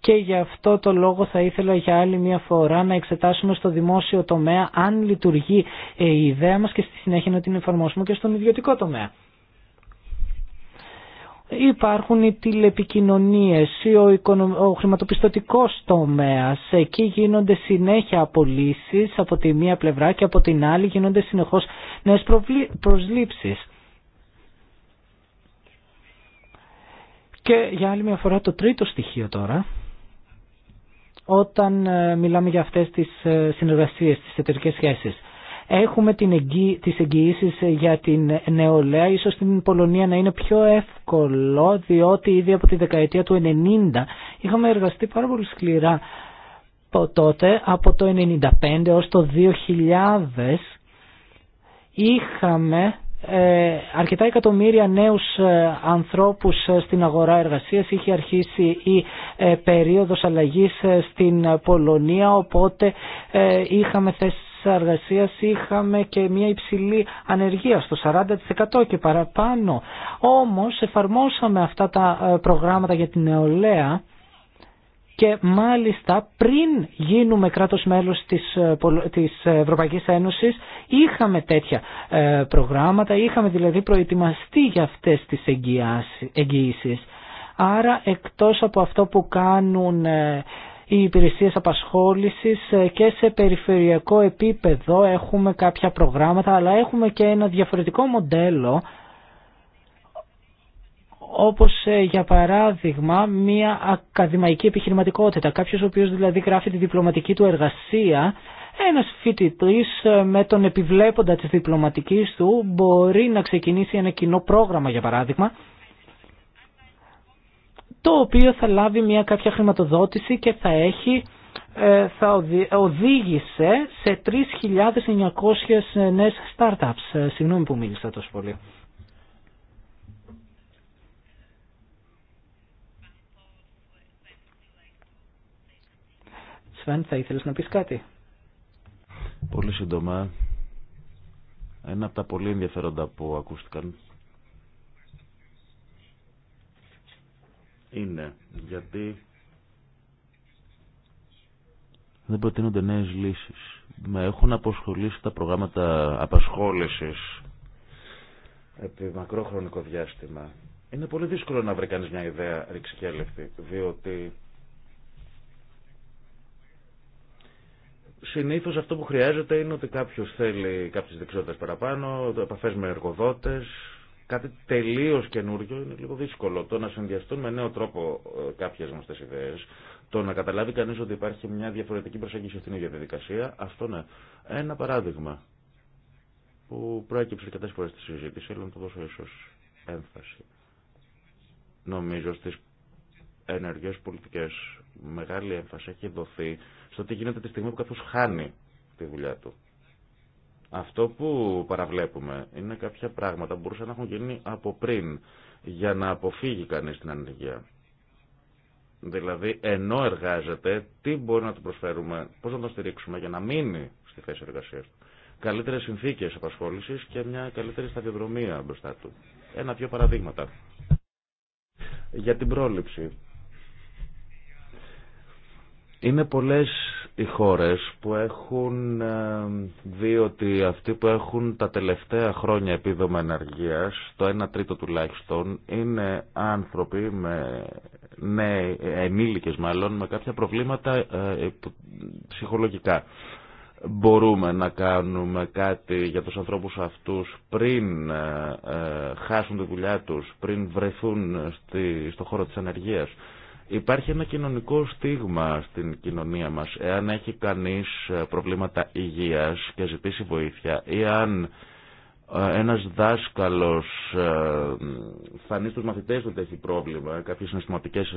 και γι' αυτό το λόγο θα ήθελα για άλλη μια φορά να εξετάσουμε στο δημόσιο τομέα αν λειτουργεί ε, η ιδέα μας και στη συνέχεια να την εφαρμόσουμε και στον ιδιωτικό τομέα. Υπάρχουν οι τηλεπικοινωνίες ή ο, ο χρηματοπιστωτικός τομέας. Εκεί γίνονται συνέχεια απολύσεις από τη μία πλευρά και από την άλλη γίνονται συνεχώς νέες προσλήψεις. Και για άλλη μια φορά το τρίτο στοιχείο τώρα, όταν ε, μιλάμε για αυτές τις ε, συνεργασίες, τις εταιρικές σχέσεις. Έχουμε την εγγυ... τις εγγυήσεις για την νεολαία, ίσως στην Πολωνία να είναι πιο εύκολο, διότι ήδη από τη δεκαετία του 90 είχαμε εργαστεί πάρα πολύ σκληρά από τότε, από το 95 έως το 2000, είχαμε ε, αρκετά εκατομμύρια νέους ε, ανθρώπους ε, στην αγορά εργασίας είχε αρχίσει η περίοδος αλλαγής στην Πολωνία οπότε είχαμε θέσεις εργασίας είχαμε και μια υψηλή ανεργία στο 40% και παραπάνω όμως εφαρμόσαμε αυτά τα προγράμματα για την νεολαία και μάλιστα πριν γίνουμε κράτος μέλος της, ε, της Ευρωπαϊκής Ένωσης είχαμε τέτοια ε, προγράμματα, είχαμε δηλαδή προετοιμαστεί για αυτές τις εγγυήσεις. Άρα εκτός από αυτό που κάνουν ε, οι υπηρεσίες απασχόλησης και σε περιφερειακό επίπεδο έχουμε κάποια προγράμματα αλλά έχουμε και ένα διαφορετικό μοντέλο όπως ε, για παράδειγμα μια ακαδημαϊκή επιχειρηματικότητα. Κάποιος ο οποίος δηλαδή γράφει τη διπλωματική του εργασία, ένας φοιτητής ε, με τον επιβλέποντα της διπλωματικής του μπορεί να ξεκινήσει ένα κοινό πρόγραμμα για παράδειγμα, το οποίο θα λάβει μια κάποια χρηματοδότηση και θα έχει ε, θα οδήγησε σε 3.900 νέες startups. Συγγνώμη που μίλησα τόσο πολύ. Σβέν, θα ήθελες να πεις κάτι. Πολύ σύντομα. Ένα από τα πολύ ενδιαφέροντα που ακούστηκαν είναι γιατί δεν προτείνονται νέε λύσει. Με έχουν αποσχολήσει τα προγράμματα απασχόληση επί μακρόχρονικό διάστημα. Είναι πολύ δύσκολο να βρει κανεί μια ιδέα ρηξικέλευτη, διότι Συνήθως αυτό που χρειάζεται είναι ότι κάποιος θέλει κάποιες δεξιότητες παραπάνω, επαφές με εργοδότες, κάτι τελείως καινούριο είναι λίγο δύσκολο. Το να συνδυαστούν με νέο τρόπο ε, κάποιες γνωστές ιδέες, το να καταλάβει κανείς ότι υπάρχει μια διαφορετική προσέγγιση στην ίδια διαδικασία, αυτό ναι. Ένα παράδειγμα που προέκυψε αρκετές φορές στη συζήτηση, αλλά να το δώσω ίσως έμφαση. Νομίζω στις Ενεργέ πολιτικέ. Μεγάλη έμφαση έχει δοθεί στο τι γίνεται τη στιγμή που καθώ χάνει τη δουλειά του. Αυτό που παραβλέπουμε είναι κάποια πράγματα που μπορούσαν να έχουν γίνει από πριν για να αποφύγει κανεί την ανεργία. Δηλαδή, ενώ εργάζεται, τι μπορεί να του προσφέρουμε, πώ να τον στηρίξουμε για να μείνει στη θέση εργασία του. Καλύτερε συνθήκε απασχόληση και μια καλύτερη σταδιοδρομία μπροστά του. Ένα-δυο παραδείγματα. Για την πρόληψη. Είναι πολλές οι χώρες που έχουν ε, δει ότι αυτοί που έχουν τα τελευταία χρόνια επίδομα ενεργείας, το 1 τρίτο τουλάχιστον, είναι άνθρωποι με ναι, ενήλικες μάλλον, με κάποια προβλήματα ε, ψυχολογικά. Μπορούμε να κάνουμε κάτι για τους ανθρώπους αυτούς πριν ε, χάσουν τη δουλειά τους, πριν βρεθούν στο χώρο της ενεργείας. Υπάρχει ένα κοινωνικό στίγμα στην κοινωνία μας. Εάν έχει κανείς ε, προβλήματα υγείας και ζητήσει βοήθεια ή αν ε, ένας δάσκαλος φανεί ε, στους μαθητές ότι έχει πρόβλημα, κάποιες συναισθηματικές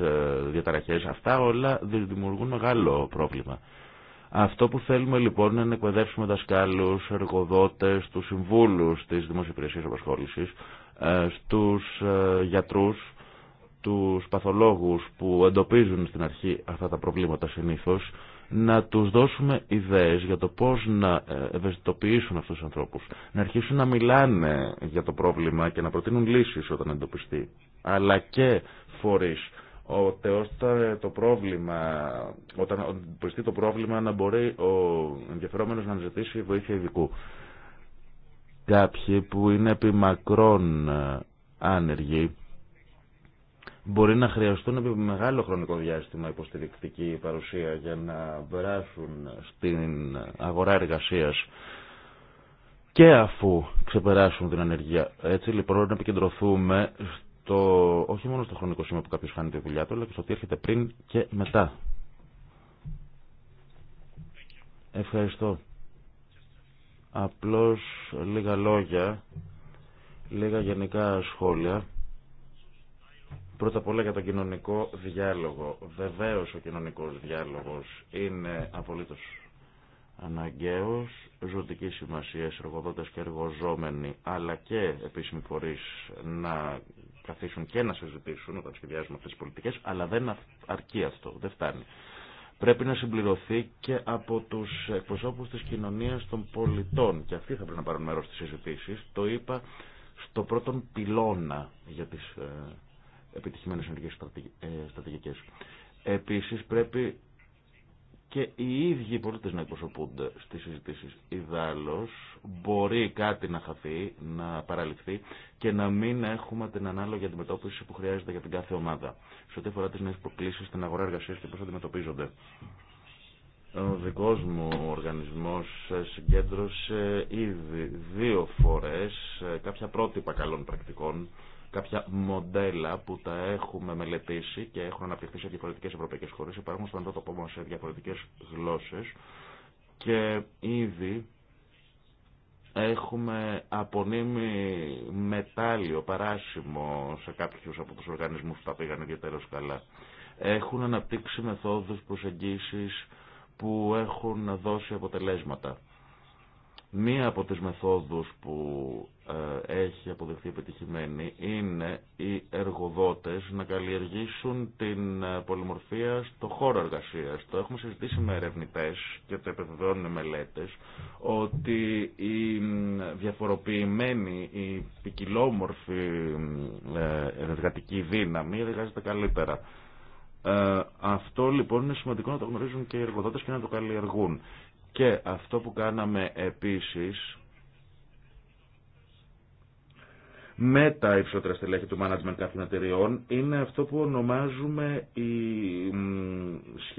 διαταραχές, αυτά όλα δημιουργούν μεγάλο πρόβλημα. Αυτό που θέλουμε λοιπόν είναι να εκπαιδεύσουμε δασκάλους, εργοδότες, τους συμβούλους της Δημόσιας Απασχόλησης, στους γιατρούς, τους παθολόγους που εντοπίζουν στην αρχή αυτά τα προβλήματα συνήθως να τους δώσουμε ιδέες για το πώς να ε, ευαισθητοποιήσουν αυτούς τους ανθρώπους. Να αρχίσουν να μιλάνε για το πρόβλημα και να προτείνουν λύσεις όταν εντοπιστεί. Αλλά και φορείς ώστε, το πρόβλημα, όταν εντοπιστεί το πρόβλημα να μπορεί ο ενδιαφερόμενος να ζητήσει βοήθεια ειδικού. Κάποιοι που είναι επιμακρών ε, άνεργοι μπορεί να χρειαστούν επί μεγάλο χρονικό διάστημα υποστηρικτική παρουσία για να περάσουν στην αγορά εργασίας και αφού ξεπεράσουν την ανεργία. Έτσι λοιπόν να επικεντρωθούμε στο, όχι μόνο στο χρονικό σήμα που κάποιο χάνει τη δουλειά του, αλλά και στο τι έρχεται πριν και μετά. Ευχαριστώ. Απλώς λίγα λόγια, λίγα γενικά σχόλια Πρώτα απ' όλα για τον κοινωνικό διάλογο. Βεβαίως ο κοινωνικός διάλογος είναι απολύτως αναγκαίος, ζωτική σημασία εργοδότες και εργοζόμενοι, αλλά και επίσημοι φορείς να καθίσουν και να συζητήσουν όταν σχεδιάζουμε αυτές τις πολιτικές, αλλά δεν αρκεί αυτό, δεν φτάνει. Πρέπει να συμπληρωθεί και από τους εκπροσώπους της κοινωνίας των πολιτών και αυτοί θα πρέπει να πάρουν μέρος στις συζητήσεις. Το είπα στο πρώτον πυλώνα για τι. Ε, επιτυχημένες ενεργές ε, στρατηγικές. Επίσης πρέπει και οι ίδιοι οι να εκπροσωπούνται στις συζητήσεις. Ιδάλλως μπορεί κάτι να χαθεί, να παραλυφθεί και να μην έχουμε την ανάλογη αντιμετώπιση που χρειάζεται για την κάθε ομάδα. Σε ό,τι αφορά τις νέες προκλήσεις στην αγορά εργασίας και πώς αντιμετωπίζονται. Ο δικός μου οργανισμός συγκέντρωσε ήδη δύο φορές ε, κάποια πρότυπα καλών πρακτικών κάποια μοντέλα που τα έχουμε μελετήσει και έχουν αναπτυχθεί σε διαφορετικές ευρωπαϊκές χώρες. Υπάρχουν στον τόπο μας σε διαφορετικές γλώσσες και ήδη έχουμε απονείμει μετάλλιο, παράσιμο σε κάποιους από τους οργανισμούς που τα πήγαν ιδιαίτερα καλά. Έχουν αναπτύξει μεθόδους προσεγγίσεις που έχουν δώσει αποτελέσματα. Μία από τις μεθόδους που ε, έχει αποδεχθεί επιτυχημένη είναι οι εργοδότες να καλλιεργήσουν την ε, πολυμορφία στο χώρο εργασίας. Το έχουμε συζητήσει με ερευνητές και το επιβεβαιώνουν μελέτες ότι η διαφοροποιημένη, η ποικιλόμορφη ε, εργατική δύναμη εργάζεται καλύτερα. αυτό λοιπόν είναι σημαντικό να το γνωρίζουν και οι εργοδότες και να το καλλιεργούν. Και αυτό που κάναμε επίσης με τα υψηλότερα στελέχη του management κάποιων εταιριών είναι αυτό που ονομάζουμε η,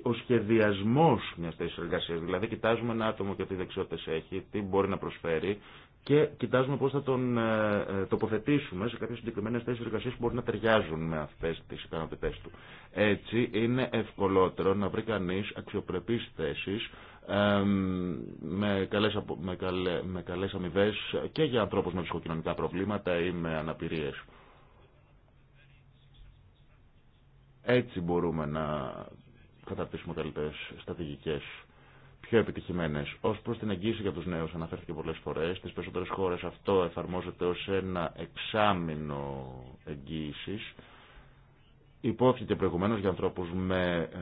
ο σχεδιασμός μιας θέσης εργασίας. Δηλαδή κοιτάζουμε ένα άτομο και τι δεξιότητες έχει, τι μπορεί να προσφέρει και κοιτάζουμε πώς θα τον ε, ε, τοποθετήσουμε σε κάποιες συγκεκριμένες θέσεις εργασίας που μπορεί να ταιριάζουν με αυτές τις ικανότητές του. Έτσι είναι ευκολότερο να βρει κανείς αξιοπρεπείς θέσεις με καλές, με, καλέ, με αμοιβές και για ανθρώπους με ψυχοκοινωνικά προβλήματα ή με αναπηρίες. Έτσι μπορούμε να καταρτήσουμε καλύτερες στρατηγικές πιο επιτυχημένε. Ω προ την εγγύηση για του νέου, αναφέρθηκε πολλέ φορέ. Στι περισσότερε χώρε αυτό εφαρμόζεται ω ένα εξάμεινο εγγύηση Υπόθηκε προηγουμένως για ανθρώπους με ε,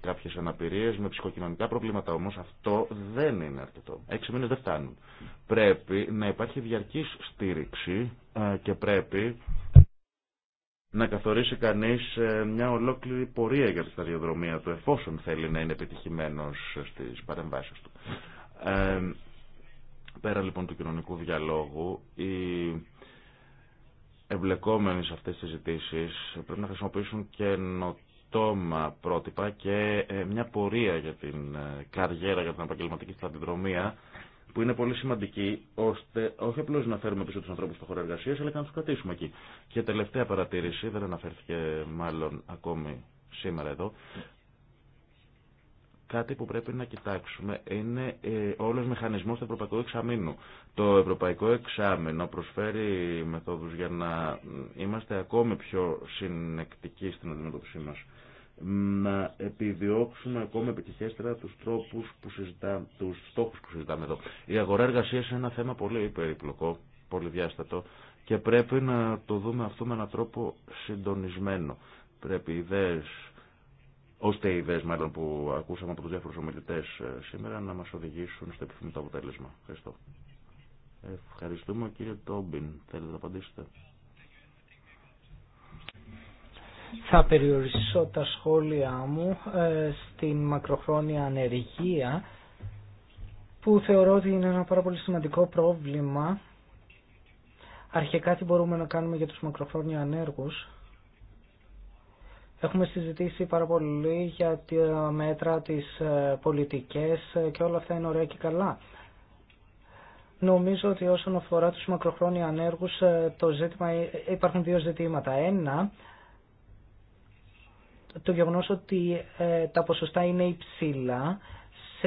κάποιες αναπηρίες, με ψυχοκοινωνικά προβλήματα όμως αυτό δεν είναι αρκετό. Έξι μήνες δεν φτάνουν. Πρέπει να υπάρχει διαρκής στήριξη ε, και πρέπει να καθορίσει κανείς ε, μια ολόκληρη πορεία για τη σταδιοδρομία του εφόσον θέλει να είναι επιτυχημένος στις παρεμβάσεις του. Ε, πέρα λοιπόν του κοινωνικού διαλόγου, η εμπλεκόμενοι σε αυτές τις συζητήσει πρέπει να χρησιμοποιήσουν και νοτόμα πρότυπα και ε, μια πορεία για την ε, καριέρα, για την επαγγελματική σταδιοδρομία που είναι πολύ σημαντική, ώστε όχι απλώ να φέρουμε πίσω του ανθρώπου στο χώρο εργασία, αλλά και να του κρατήσουμε εκεί. Και τελευταία παρατήρηση, δεν αναφέρθηκε μάλλον ακόμη σήμερα εδώ, κάτι που πρέπει να κοιτάξουμε είναι ε, όλο ο μηχανισμό του Ευρωπαϊκού Εξαμήνου. Το Ευρωπαϊκό Εξάμεινο προσφέρει μεθόδου για να είμαστε ακόμη πιο συνεκτικοί στην αντιμετώπιση μα. Να επιδιώξουμε ακόμη επιτυχέστερα του τρόπου που συζητάμε, του στόχου που συζητάμε εδώ. Η αγορά εργασία είναι ένα θέμα πολύ περίπλοκο, διάστατο και πρέπει να το δούμε αυτό με έναν τρόπο συντονισμένο. Πρέπει ιδέες ώστε οι ιδέες που ακούσαμε από τους διάφορους ομιλητές ε, σήμερα να μας οδηγήσουν στο επιθυμητό αποτέλεσμα. Ευχαριστώ. Ευχαριστούμε κύριε Τόμπιν. Θέλετε να απαντήσετε. Θα περιοριστώ τα σχόλια μου ε, στην μακροχρόνια ανεργία που θεωρώ ότι είναι ένα πάρα πολύ σημαντικό πρόβλημα. Αρχικά τι μπορούμε να κάνουμε για τους μακροχρόνια ανέργους Έχουμε συζητήσει πάρα πολύ για τα μέτρα, τις ε, πολιτικές ε, και όλα αυτά είναι ωραία και καλά. Νομίζω ότι όσον αφορά τους μακροχρόνια ανέργους ε, το ζήτημα, υπάρχουν δύο ζητήματα. Ένα, το γεγονός ότι τα ποσοστά είναι υψηλά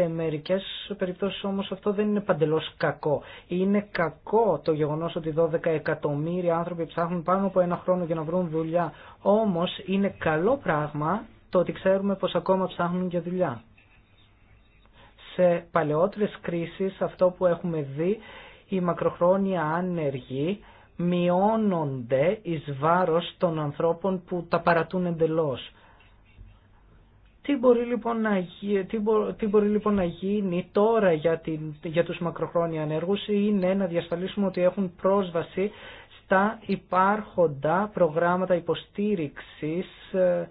σε μερικές περιπτώσεις όμως αυτό δεν είναι παντελώς κακό. Είναι κακό το γεγονός ότι 12 εκατομμύρια άνθρωποι ψάχνουν πάνω από ένα χρόνο για να βρουν δουλειά. Όμως είναι καλό πράγμα το ότι ξέρουμε πως ακόμα ψάχνουν για δουλειά. Σε παλαιότερες κρίσεις αυτό που έχουμε δει οι μακροχρόνια άνεργοι μειώνονται εις βάρος των ανθρώπων που τα παρατούν εντελώς. Τι μπορεί, λοιπόν να, τι, τι μπορεί λοιπόν να γίνει τώρα για, την, για τους μακροχρόνια ανέργους είναι να διασφαλίσουμε ότι έχουν πρόσβαση στα υπάρχοντα προγράμματα υποστήριξης ε,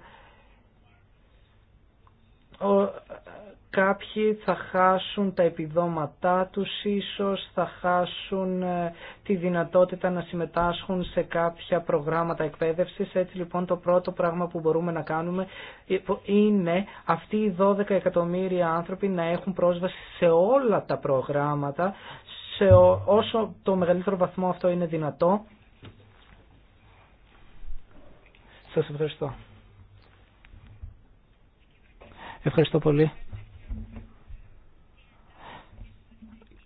Κάποιοι θα χάσουν τα επιδόματά τους, ίσως θα χάσουν ε, τη δυνατότητα να συμμετάσχουν σε κάποια προγράμματα εκπαίδευσης. Έτσι λοιπόν το πρώτο πράγμα που μπορούμε να κάνουμε είναι αυτοί οι 12 εκατομμύρια άνθρωποι να έχουν πρόσβαση σε όλα τα προγράμματα, σε όσο το μεγαλύτερο βαθμό αυτό είναι δυνατό. Σας ευχαριστώ. Ευχαριστώ πολύ.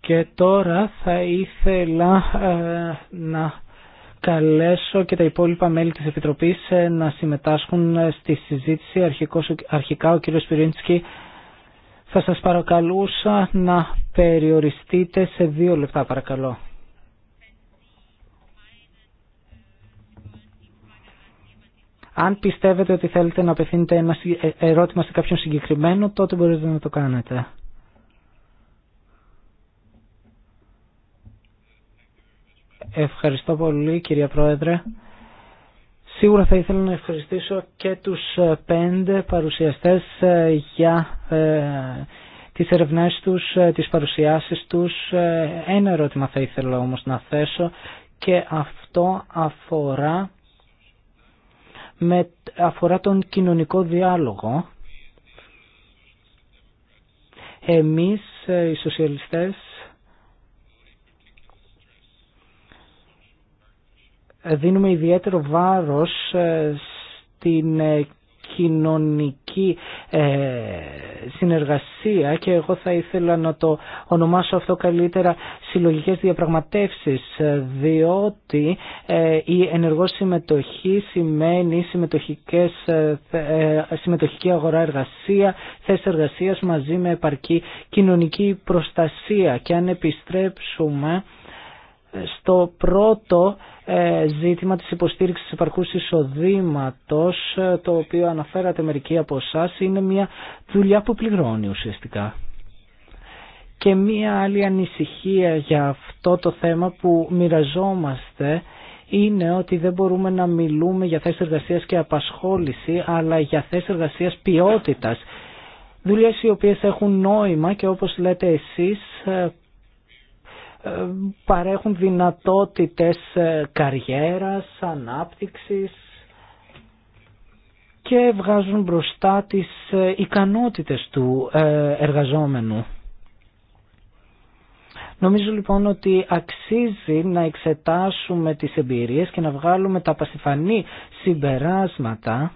Και τώρα θα ήθελα ε, να καλέσω και τα υπόλοιπα μέλη της Επιτροπής ε, να συμμετάσχουν ε, στη συζήτηση. Αρχικά ο κ. Πυρίντσκι θα σας παρακαλούσα να περιοριστείτε σε δύο λεπτά παρακαλώ. Αν πιστεύετε ότι θέλετε να απευθύνετε ένα ερώτημα σε κάποιον συγκεκριμένο, τότε μπορείτε να το κάνετε. Ευχαριστώ πολύ κυρία Πρόεδρε. Σίγουρα θα ήθελα να ευχαριστήσω και τους ε, πέντε παρουσιαστές ε, για ε, τις ερευνές τους, τις παρουσιάσεις τους. Ένα ερώτημα θα ήθελα όμως να θέσω και αυτό αφορά, με, αφορά τον κοινωνικό διάλογο. Εμείς οι σοσιαλιστές δίνουμε ιδιαίτερο βάρος ε, στην ε, κοινωνική ε, συνεργασία και εγώ θα ήθελα να το ονομάσω αυτό καλύτερα συλλογικές διαπραγματεύσεις διότι η ενεργό συμμετοχή σημαίνει συμμετοχική αγορά εργασία, θέση εργασίας μαζί με επαρκή κοινωνική προστασία και αν επιστρέψουμε στο πρώτο ε, ζήτημα της υποστήριξης επαρκούς εισοδήματο, ε, το οποίο αναφέρατε μερικοί από εσά, είναι μια δουλειά που πληρώνει ουσιαστικά. Και μία άλλη ανησυχία για αυτό το θέμα που μοιραζόμαστε είναι ότι δεν μπορούμε να μιλούμε για θέσεις εργασίας και απασχόληση, αλλά για θέσεις εργασίας ποιότητας. Δουλειές οι οποίες έχουν νόημα και όπως λέτε εσείς ε, ε, παρέχουν δυνατότητες ε, καριέρας, ανάπτυξης και βγάζουν μπροστά τις ε, ικανότητες του εργαζόμενου. Νομίζω λοιπόν ότι αξίζει να εξετάσουμε τις εμπειρίες και να βγάλουμε τα πασιφανή συμπεράσματα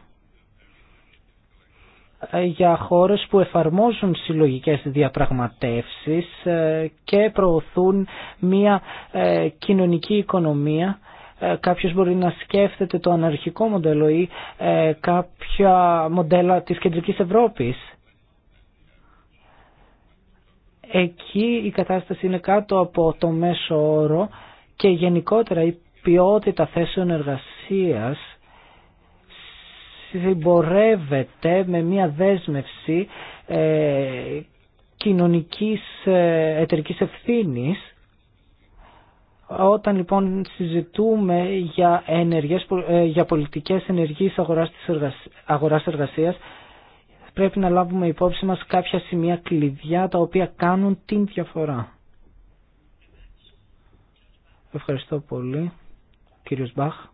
ε, για χώρες που εφαρμόζουν συλλογικές διαπραγματεύσεις ε, και προωθούν μια ε, κοινωνική οικονομία. Κάποιος μπορεί να σκέφτεται το αναρχικό μοντέλο ή κάποια μοντέλα της κεντρικής Ευρώπης. Εκεί η κατάσταση είναι κάτω από το μέσο όρο και γενικότερα η ποιότητα θέσεων εργασίας συμπορεύεται με μια δέσμευση ε, κοινωνικής ε, εταιρικής ευθύνης όταν λοιπόν συζητούμε για, ενεργές, ε, για πολιτικές ενεργής αγοράς, της αγοράς εργασίας πρέπει να λάβουμε υπόψη μας κάποια σημεία κλειδιά τα οποία κάνουν την διαφορά. Ευχαριστώ πολύ. Κύριος Μπαχ.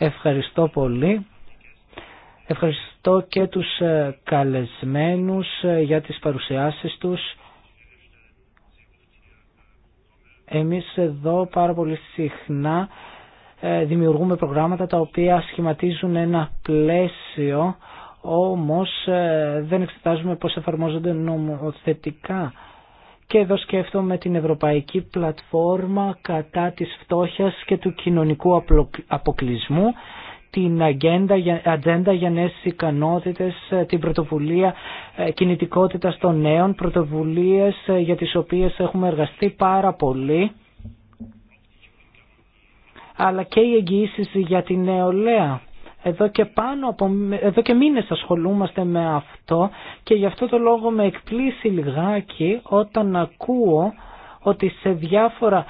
Ευχαριστώ πολύ. Ευχαριστώ και τους ε, καλεσμένους ε, για τις παρουσιάσεις τους. Εμείς εδώ πάρα πολύ συχνά ε, δημιουργούμε προγράμματα τα οποία σχηματίζουν ένα πλαίσιο, όμως δεν εξετάζουμε πώς εφαρμόζονται νομοθετικά και εδώ σκέφτομαι την Ευρωπαϊκή Πλατφόρμα κατά της φτώχειας και του κοινωνικού αποκλεισμού, την ατζέντα για νέες ικανότητες, ε, την πρωτοβουλία ε, κινητικότητας των νέων, πρωτοβουλίες ε, για τις οποίες έχουμε εργαστεί πάρα πολύ, αλλά και οι εγγυήσει για την νεολαία εδώ και, πάνω από, εδώ και μήνες ασχολούμαστε με αυτό και γι' αυτό το λόγο με εκπλήσει λιγάκι όταν ακούω ότι σε διάφορα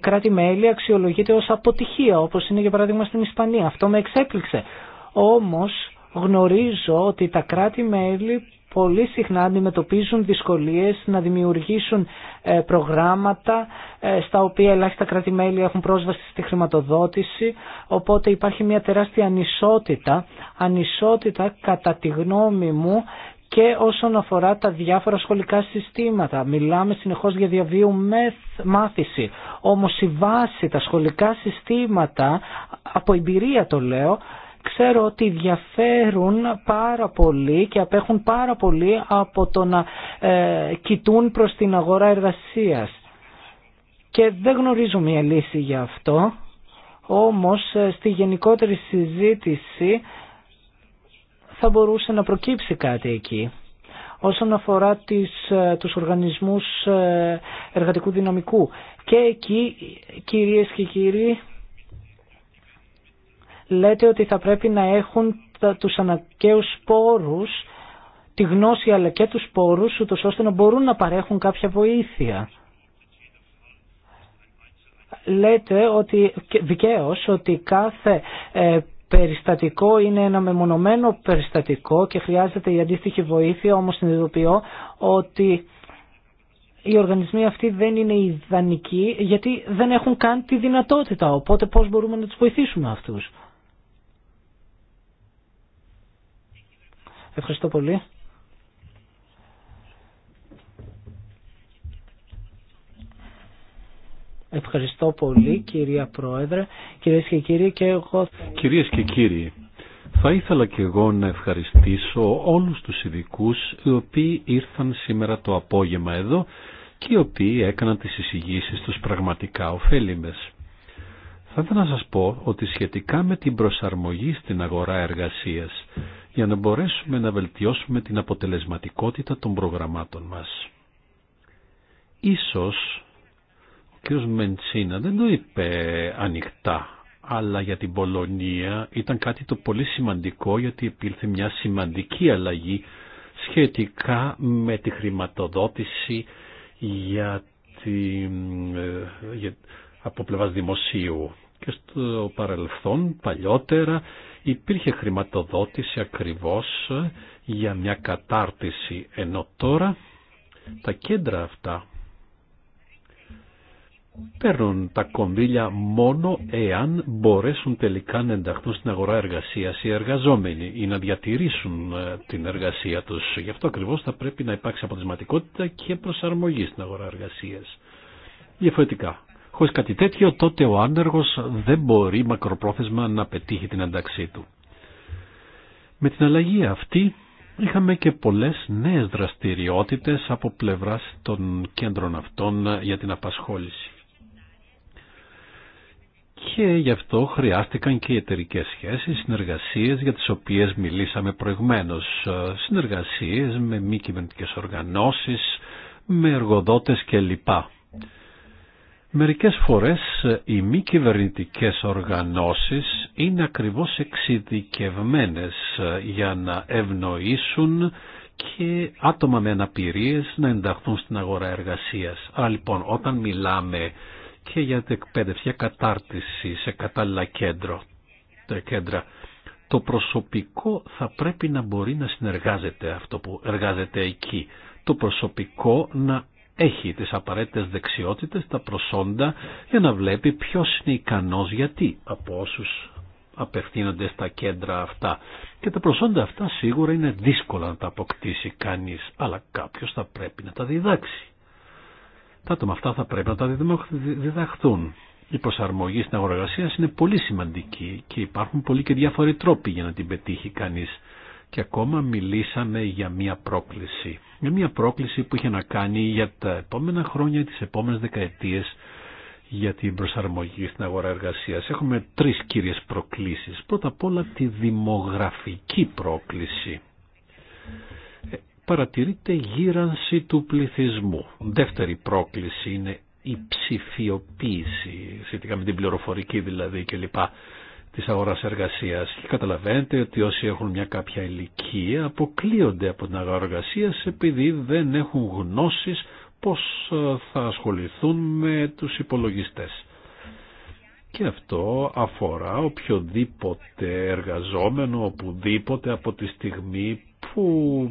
κράτη-μέλη αξιολογείται ως αποτυχία, όπως είναι για παράδειγμα στην Ισπανία. Αυτό με εξέπληξε. Όμως γνωρίζω ότι τα κράτη-μέλη πολύ συχνά αντιμετωπίζουν δυσκολίες να δημιουργήσουν ε, προγράμματα ε, στα οποία ελάχιστα κράτη-μέλη έχουν πρόσβαση στη χρηματοδότηση οπότε υπάρχει μια τεράστια ανισότητα, ανισότητα κατά τη γνώμη μου και όσον αφορά τα διάφορα σχολικά συστήματα. Μιλάμε συνεχώς για διαβίου μάθηση. Όμως η βάση, τα σχολικά συστήματα, από εμπειρία το λέω, ξέρω ότι διαφέρουν πάρα πολύ και απέχουν πάρα πολύ από το να ε, κοιτούν προς την αγορά εργασίας. Και δεν γνωρίζω μια λύση για αυτό, όμως ε, στη γενικότερη συζήτηση θα μπορούσε να προκύψει κάτι εκεί. Όσον αφορά τις, ε, τους οργανισμούς εργατικού δυναμικού. Και εκεί, κυρίες και κύριοι, λέτε ότι θα πρέπει να έχουν τους αναγκαίους πόρους, τη γνώση αλλά και τους πόρους, ούτως ώστε να μπορούν να παρέχουν κάποια βοήθεια. Λέτε ότι δικαίως ότι κάθε ε, περιστατικό είναι ένα μεμονωμένο περιστατικό και χρειάζεται η αντίστοιχη βοήθεια, όμως συνειδητοποιώ ότι οι οργανισμοί αυτοί δεν είναι ιδανικοί γιατί δεν έχουν καν τη δυνατότητα, οπότε πώς μπορούμε να τους βοηθήσουμε αυτούς. Ευχαριστώ πολύ. Ευχαριστώ πολύ κυρία Πρόεδρε, κυρίες και κύριοι και εγώ... Κυρίες και κύριοι, θα ήθελα και εγώ να ευχαριστήσω όλους τους ειδικού οι οποίοι ήρθαν σήμερα το απόγευμα εδώ και οι οποίοι έκαναν τις εισηγήσεις τους πραγματικά ωφέλιμες. Θα ήθελα να σας πω ότι σχετικά με την προσαρμογή στην αγορά εργασίας για να μπορέσουμε να βελτιώσουμε την αποτελεσματικότητα των προγραμμάτων μας. Ίσως ο κ. Μεντσίνα δεν το είπε ανοιχτά, αλλά για την Πολωνία ήταν κάτι το πολύ σημαντικό γιατί επήλθε μια σημαντική αλλαγή σχετικά με τη χρηματοδότηση για τη, ε, για, από πλευράς δημοσίου. Και στο παρελθόν, παλιότερα, υπήρχε χρηματοδότηση ακριβώς για μια κατάρτιση, ενώ τώρα τα κέντρα αυτά παίρνουν τα κονδύλια μόνο εάν μπορέσουν τελικά να ενταχθούν στην αγορά εργασίας οι εργαζόμενοι ή να διατηρήσουν ε, την εργασία τους. Γι' αυτό ακριβώς θα πρέπει να υπάρξει αποτελεσματικότητα και προσαρμογή στην αγορά εργασίας. Διαφορετικά Χωρίς κάτι τέτοιο τότε ο άνεργος δεν μπορεί μακροπρόθεσμα να πετύχει την ανταξή του. Με την αλλαγή αυτή είχαμε και πολλές νέες δραστηριότητες από πλευράς των κέντρων αυτών για την απασχόληση. Και γι' αυτό χρειάστηκαν και οι εταιρικές σχέσεις, συνεργασίες για τις οποίες μιλήσαμε προηγμένως. Συνεργασίες με μη κυβερνητικέ οργανώσεις, με εργοδότες κλπ. Μερικές φορές ε, οι μη κυβερνητικέ οργανώσεις είναι ακριβώς εξειδικευμένες ε, για να ευνοήσουν και άτομα με αναπηρίες να ενταχθούν στην αγορά εργασίας. Άρα λοιπόν όταν μιλάμε και για την εκπαίδευση, για κατάρτιση σε κατάλληλα κέντρο, κέντρα, το προσωπικό θα πρέπει να μπορεί να συνεργάζεται αυτό που εργάζεται εκεί. Το προσωπικό να έχει τις απαραίτητες δεξιότητες, τα προσόντα για να βλέπει ποιος είναι ικανός γιατί από όσους απευθύνονται στα κέντρα αυτά. Και τα προσόντα αυτά σίγουρα είναι δύσκολα να τα αποκτήσει κανείς, αλλά κάποιος θα πρέπει να τα διδάξει. Τα άτομα αυτά θα πρέπει να τα διδαχθούν. Η προσαρμογή στην αγοραγασία είναι πολύ σημαντική και υπάρχουν πολλοί και διάφοροι τρόποι για να την πετύχει κανείς και ακόμα μιλήσαμε για μία πρόκληση. Για μία πρόκληση που είχε να κάνει για τα επόμενα χρόνια, τις επόμενες δεκαετίες για την προσαρμογή στην αγορά εργασίας. Έχουμε τρεις κύριες προκλήσεις. Πρώτα απ' όλα τη δημογραφική πρόκληση. Ε, παρατηρείται γύρανση του πληθυσμού. Δεύτερη πρόκληση είναι η ψηφιοποίηση, σχετικά με την πληροφορική δηλαδή κλπ της αγοράς εργασίας και καταλαβαίνετε ότι όσοι έχουν μια κάποια ηλικία αποκλείονται από την αγορά εργασίας επειδή δεν έχουν γνώσεις πώς ε, θα ασχοληθούν με τους υπολογιστές. Και αυτό αφορά οποιοδήποτε εργαζόμενο, οπουδήποτε από τη στιγμή που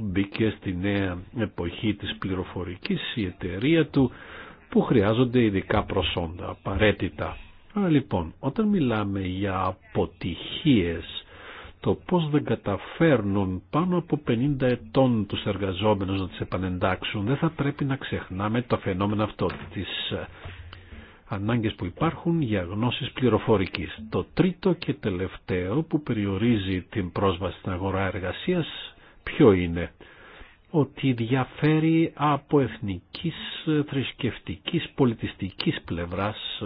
μπήκε στη νέα εποχή της πληροφορικής η εταιρεία του που χρειάζονται ειδικά προσόντα, απαραίτητα. Λοιπόν, όταν μιλάμε για αποτυχίες, το πώς δεν καταφέρνουν πάνω από 50 ετών τους εργαζόμενους να τις επανεντάξουν, δεν θα πρέπει να ξεχνάμε το φαινόμενο αυτό τις ε, ανάγκες που υπάρχουν για γνώσεις πληροφορικής. Το τρίτο και τελευταίο που περιορίζει την πρόσβαση στην αγορά εργασίας ποιο είναι ότι διαφέρει από εθνικής, θρησκευτικής, πολιτιστικής πλευράς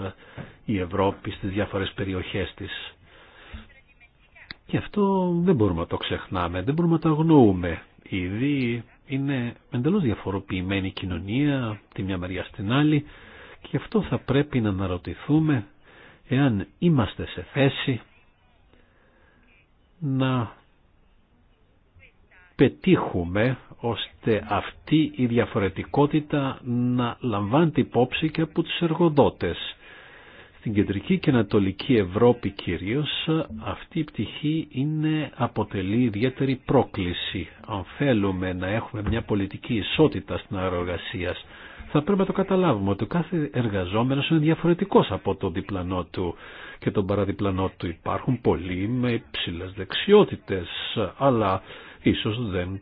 η Ευρώπη στις διάφορες περιοχές της. Και αυτό δεν μπορούμε να το ξεχνάμε, δεν μπορούμε να το αγνοούμε. Ήδη είναι εντελώς διαφοροποιημένη η κοινωνία, τη μια μεριά στην άλλη, και αυτό θα πρέπει να αναρωτηθούμε εάν είμαστε σε θέση να πετύχουμε ώστε αυτή η διαφορετικότητα να την υπόψη και από τους εργοδότες. Στην κεντρική και ανατολική Ευρώπη κυρίως αυτή η πτυχή είναι, αποτελεί ιδιαίτερη πρόκληση. Αν θέλουμε να έχουμε μια πολιτική ισότητα στην αεροργασία θα πρέπει να το καταλάβουμε ότι ο κάθε εργαζόμενος είναι διαφορετικός από τον διπλανό του και τον παραδιπλανό του. Υπάρχουν πολλοί με υψηλές δεξιότητες, αλλά Ίσως δεν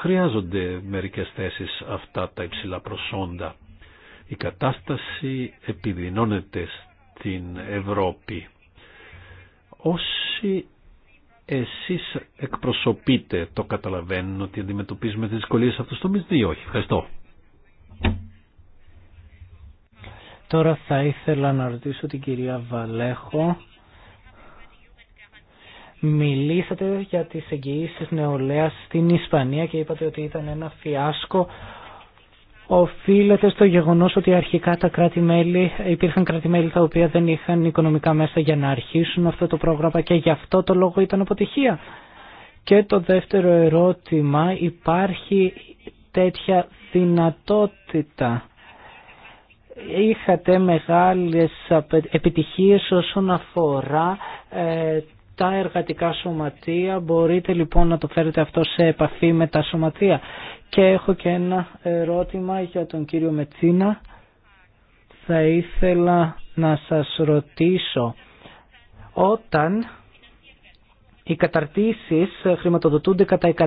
χρειάζονται μερικές θέσεις αυτά τα υψηλά προσόντα. Η κατάσταση επιδεινώνεται στην Ευρώπη. Όσοι εσείς εκπροσωπείτε, το καταλαβαίνουν ότι αντιμετωπίζουμε τις δυσκολίες αυτούς το μισθή, όχι. Ευχαριστώ. Τώρα θα ήθελα να ρωτήσω την κυρία Βαλέχο Μιλήσατε για τις εγγυήσεις νεολαίας στην Ισπανία και είπατε ότι ήταν ένα φιάσκο οφείλεται στο γεγονός ότι αρχικά τα κράτη-μέλη, υπήρχαν κράτη-μέλη τα οποία δεν είχαν οικονομικά μέσα για να αρχίσουν αυτό το πρόγραμμα και γι' αυτό το λόγο ήταν αποτυχία. Και το δεύτερο ερώτημα, υπάρχει τέτοια δυνατότητα. Είχατε μεγάλες επιτυχίες όσον αφορά ε, τα εργατικά σωματεία. Μπορείτε λοιπόν να το φέρετε αυτό σε επαφή με τα σωματεία. Και έχω και ένα ερώτημα για τον κύριο Μετσίνα. Θα ήθελα να σας ρωτήσω όταν οι καταρτήσεις χρηματοδοτούνται κατά 100%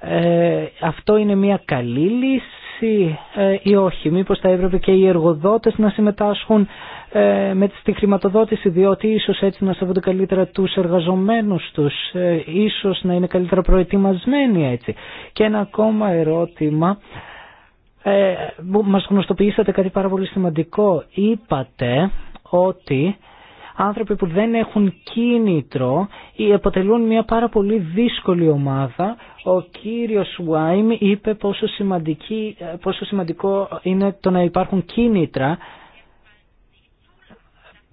ε, αυτό είναι μια καλή λύση ε, ή όχι. Μήπως θα έπρεπε και οι εργοδότες να συμμετάσχουν ε, με τη χρηματοδότηση διότι ίσως έτσι να σέβονται καλύτερα τους εργαζομένους τους, ε, ίσως να είναι καλύτερα προετοιμασμένοι έτσι. Και ένα ακόμα ερώτημα. Ε, μας γνωστοποιήσατε κάτι πάρα πολύ σημαντικό. Είπατε ότι άνθρωποι που δεν έχουν κίνητρο ή αποτελούν μια πάρα πολύ δύσκολη ομάδα. Ο κύριος Βάιμ είπε πόσο, πόσο σημαντικό είναι το να υπάρχουν κίνητρα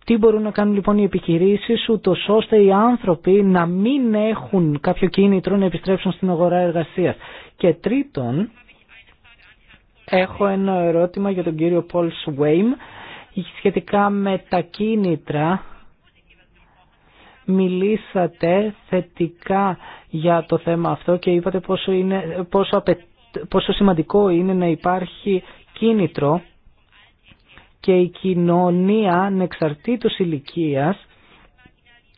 τι μπορούν να κάνουν λοιπόν οι επιχειρήσει, ούτω ώστε οι άνθρωποι να μην έχουν κάποιο κίνητρο να επιστρέψουν στην αγορά εργασία. Και τρίτον, έχω ένα ερώτημα για τον κύριο Πολ Σουέιμ σχετικά με τα κίνητρα μιλήσατε θετικά για το θέμα αυτό και είπατε πόσο, είναι, πόσο, απε, σημαντικό είναι να υπάρχει κίνητρο και η κοινωνία ανεξαρτήτως ηλικίας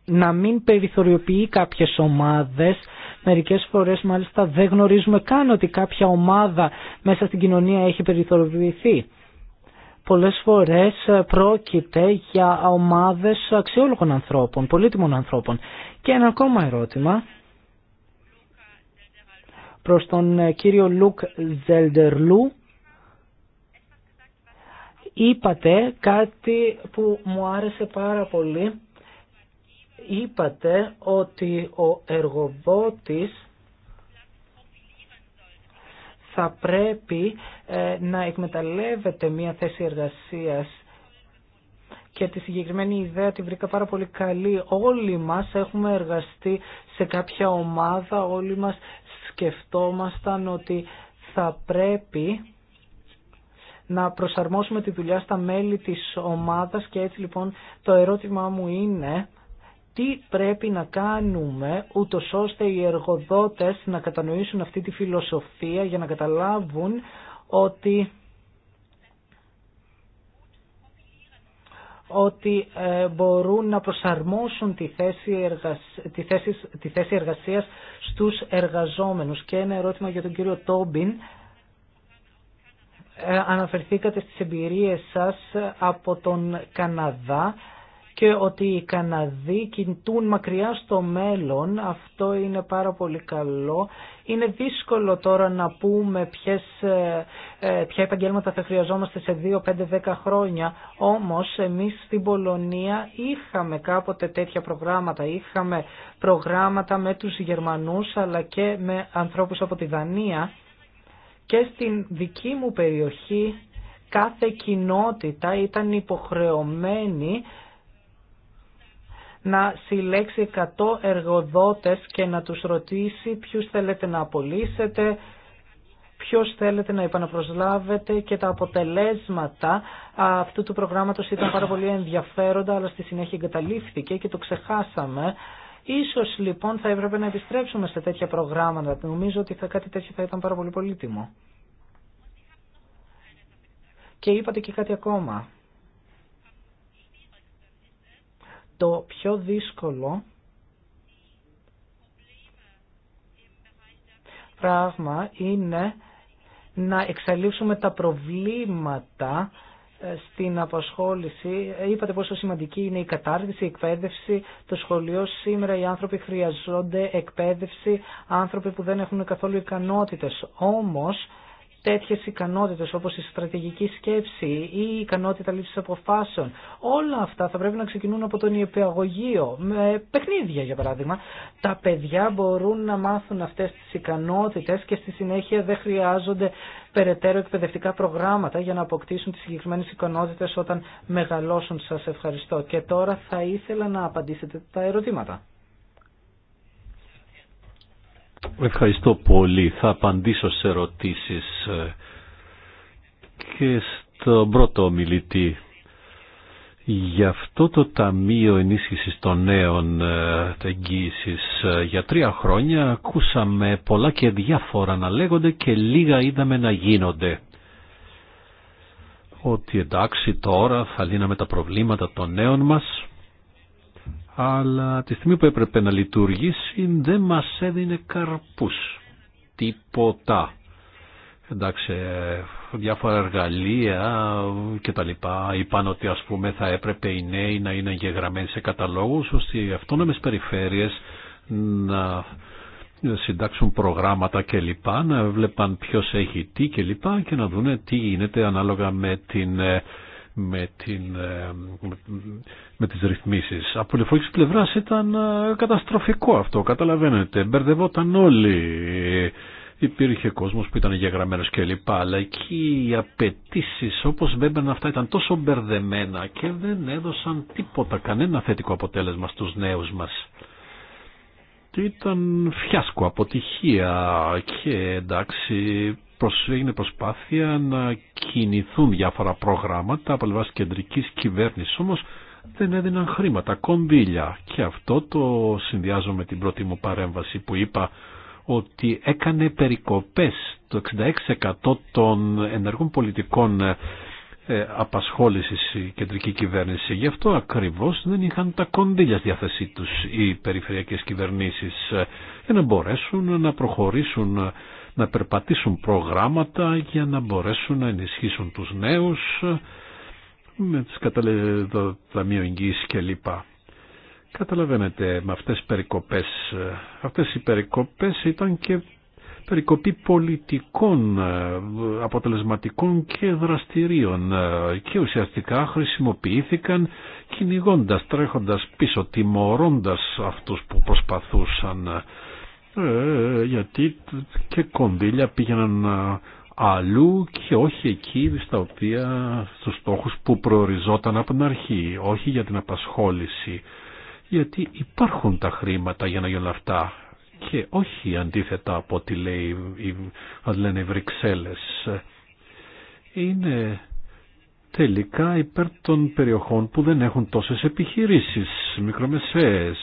να μην περιθωριοποιεί κάποιες ομάδες. Μερικές φορές μάλιστα δεν γνωρίζουμε καν ότι κάποια ομάδα μέσα στην κοινωνία έχει περιθωριοποιηθεί πολλές φορές ε, πρόκειται για ομάδες αξιόλογων ανθρώπων, πολύτιμων ανθρώπων. Και ένα ακόμα ερώτημα προς τον ε, κύριο Λουκ Ζελντερλού. Είπατε κάτι που μου άρεσε πάρα πολύ. Είπατε ότι ο εργοδότης θα πρέπει ε, να εκμεταλλεύεται μια θέση εργασίας και τη συγκεκριμένη ιδέα την βρήκα πάρα πολύ καλή. Όλοι μας έχουμε εργαστεί σε κάποια ομάδα, όλοι μας σκεφτόμασταν ότι θα πρέπει να προσαρμόσουμε τη δουλειά στα μέλη της ομάδας και έτσι λοιπόν το ερώτημά μου είναι τι πρέπει να κάνουμε ούτω ώστε οι εργοδότες να κατανοήσουν αυτή τη φιλοσοφία για να καταλάβουν ότι ότι ε, μπορούν να προσαρμόσουν τη θέση, εργασ... τη, θέση... τη θέση εργασίας στους εργαζόμενους. Και ένα ερώτημα για τον κύριο Τόμπιν. Ε, αναφερθήκατε στις εμπειρίες σας από τον Καναδά και ότι οι Καναδοί κινητούν μακριά στο μέλλον. Αυτό είναι πάρα πολύ καλό. Είναι δύσκολο τώρα να πούμε ε, ε, ποια επαγγέλματα θα χρειαζόμαστε σε 2, 5, 10 χρόνια. Όμως εμείς στην Πολωνία είχαμε κάποτε τέτοια προγράμματα. Είχαμε προγράμματα με τους Γερμανούς αλλά και με ανθρώπους από τη Δανία. Και στην δική μου περιοχή κάθε κοινότητα ήταν υποχρεωμένη να συλλέξει 100 εργοδότες και να τους ρωτήσει ποιους θέλετε να απολύσετε, ποιος θέλετε να επαναπροσλάβετε και τα αποτελέσματα αυτού του προγράμματος ήταν πάρα πολύ ενδιαφέροντα αλλά στη συνέχεια εγκαταλείφθηκε και το ξεχάσαμε. Ίσως λοιπόν θα έπρεπε να επιστρέψουμε σε τέτοια προγράμματα. Νομίζω ότι θα, κάτι τέτοιο θα ήταν πάρα πολύ πολύτιμο. Και είπατε και κάτι ακόμα. Το πιο δύσκολο πράγμα είναι να εξαλείψουμε τα προβλήματα ε, στην απασχόληση. Ε, είπατε πόσο σημαντική είναι η κατάρτιση, η εκπαίδευση. Το σχολείο σήμερα οι άνθρωποι χρειαζόνται εκπαίδευση, άνθρωποι που δεν έχουν καθόλου ικανότητες. Όμως τέτοιες ικανότητες όπως η στρατηγική σκέψη ή η ικανότητα λήψης αποφάσεων. Όλα αυτά θα πρέπει να ξεκινούν από τον υπηαγωγείο, με παιχνίδια για παράδειγμα. Τα παιδιά μπορούν να μάθουν αυτές τις ικανότητες και στη συνέχεια δεν χρειάζονται περαιτέρω εκπαιδευτικά προγράμματα για να αποκτήσουν τις συγκεκριμένες ικανότητες όταν μεγαλώσουν. Σας ευχαριστώ. Και τώρα θα ήθελα να απαντήσετε τα ερωτήματα. Ευχαριστώ πολύ. Θα απαντήσω σε ερωτήσεις ε, και στον πρώτο ομιλητή. Γι' αυτό το Ταμείο Ενίσχυσης των Νέων ε, Εγγύησης ε, για τρία χρόνια ακούσαμε πολλά και διάφορα να λέγονται και λίγα είδαμε να γίνονται. Ότι εντάξει τώρα θα λύναμε τα προβλήματα των νέων μας αλλά τη στιγμή που έπρεπε να λειτουργήσει δεν μας έδινε καρπούς. Τίποτα. Εντάξει, διάφορα εργαλεία και τα λοιπά είπαν ότι ας πούμε θα έπρεπε οι νέοι να είναι εγγεγραμμένοι σε καταλόγους ώστε οι αυτόνομες περιφέρειες να συντάξουν προγράμματα και λοιπά, να βλέπαν ποιος έχει τι και λοιπά και να δούνε τι γίνεται ανάλογα με την ε, με, την, ε, με τις ρυθμίσεις. Από λεωφορικής πλευράς ήταν ε, καταστροφικό αυτό, καταλαβαίνετε. Μπερδευόταν όλοι. Υπήρχε κόσμος που ήταν γεγραμμένος κλπ. Αλλά εκεί οι απαιτήσει όπως βέβαιναν αυτά ήταν τόσο μπερδεμένα και δεν έδωσαν τίποτα, κανένα θετικό αποτέλεσμα στους νέους μας. Και ήταν φιάσκο, αποτυχία και εντάξει έγινε προσπάθεια να κινηθούν διάφορα προγράμματα από λεβάς κεντρική κυβέρνηση. Όμω δεν έδιναν χρήματα, κονδύλια. Και αυτό το συνδυάζω με την πρώτη μου παρέμβαση που είπα ότι έκανε περικοπές το 66% των ενεργών πολιτικών ε, ε, απασχόλησης η κεντρική κυβέρνηση. Γι' αυτό ακριβώς δεν είχαν τα κονδύλια στη διάθεσή τους οι περιφερειακές κυβερνήσεις ε, για να μπορέσουν να προχωρήσουν να περπατήσουν προγράμματα για να μπορέσουν να ενισχύσουν τους νέους με τις καταλαβαίνετε ταμείο κλπ. Καταλαβαίνετε με αυτές τις περικοπές. Αυτές οι περικοπές ήταν και περικοπή πολιτικών, αποτελεσματικών και δραστηρίων και ουσιαστικά χρησιμοποιήθηκαν κυνηγώντα, τρέχοντας πίσω, τιμωρώντας αυτούς που προσπαθούσαν ε, γιατί και κονδύλια πήγαιναν ε, αλλού και όχι εκεί στα οποία, στους στόχους που προοριζόταν από την αρχή, όχι για την απασχόληση. Γιατί υπάρχουν τα χρήματα για να γίνουν αυτά και όχι αντίθετα από ό,τι λέει, λένε οι Βρυξέλλες. Είναι τελικά υπέρ των περιοχών που δεν έχουν τόσες επιχειρήσεις, μικρομεσαίες,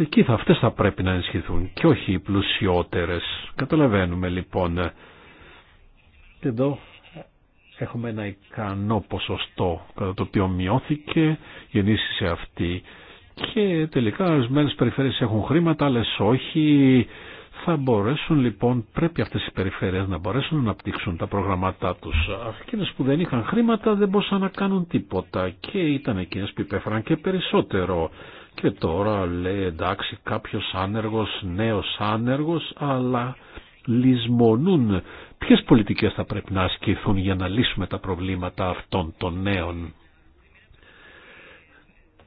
Εκεί θα, αυτές θα πρέπει να ενισχυθούν και όχι οι πλουσιότερες. Καταλαβαίνουμε λοιπόν. Εδώ έχουμε ένα ικανό ποσοστό κατά το οποίο μειώθηκε η ενίσχυση αυτή και τελικά ορισμένε περιφέρειες έχουν χρήματα, άλλε όχι. Θα μπορέσουν λοιπόν, πρέπει αυτές οι περιφέρειες να μπορέσουν να αναπτύξουν τα προγραμμάτά τους. Εκείνες που δεν είχαν χρήματα δεν μπορούσαν να κάνουν τίποτα και ήταν εκείνες που υπέφεραν και περισσότερο. Και τώρα λέει εντάξει κάποιος άνεργος, νέος άνεργος, αλλά λησμονούν ποιες πολιτικές θα πρέπει να ασκηθούν για να λύσουμε τα προβλήματα αυτών των νέων.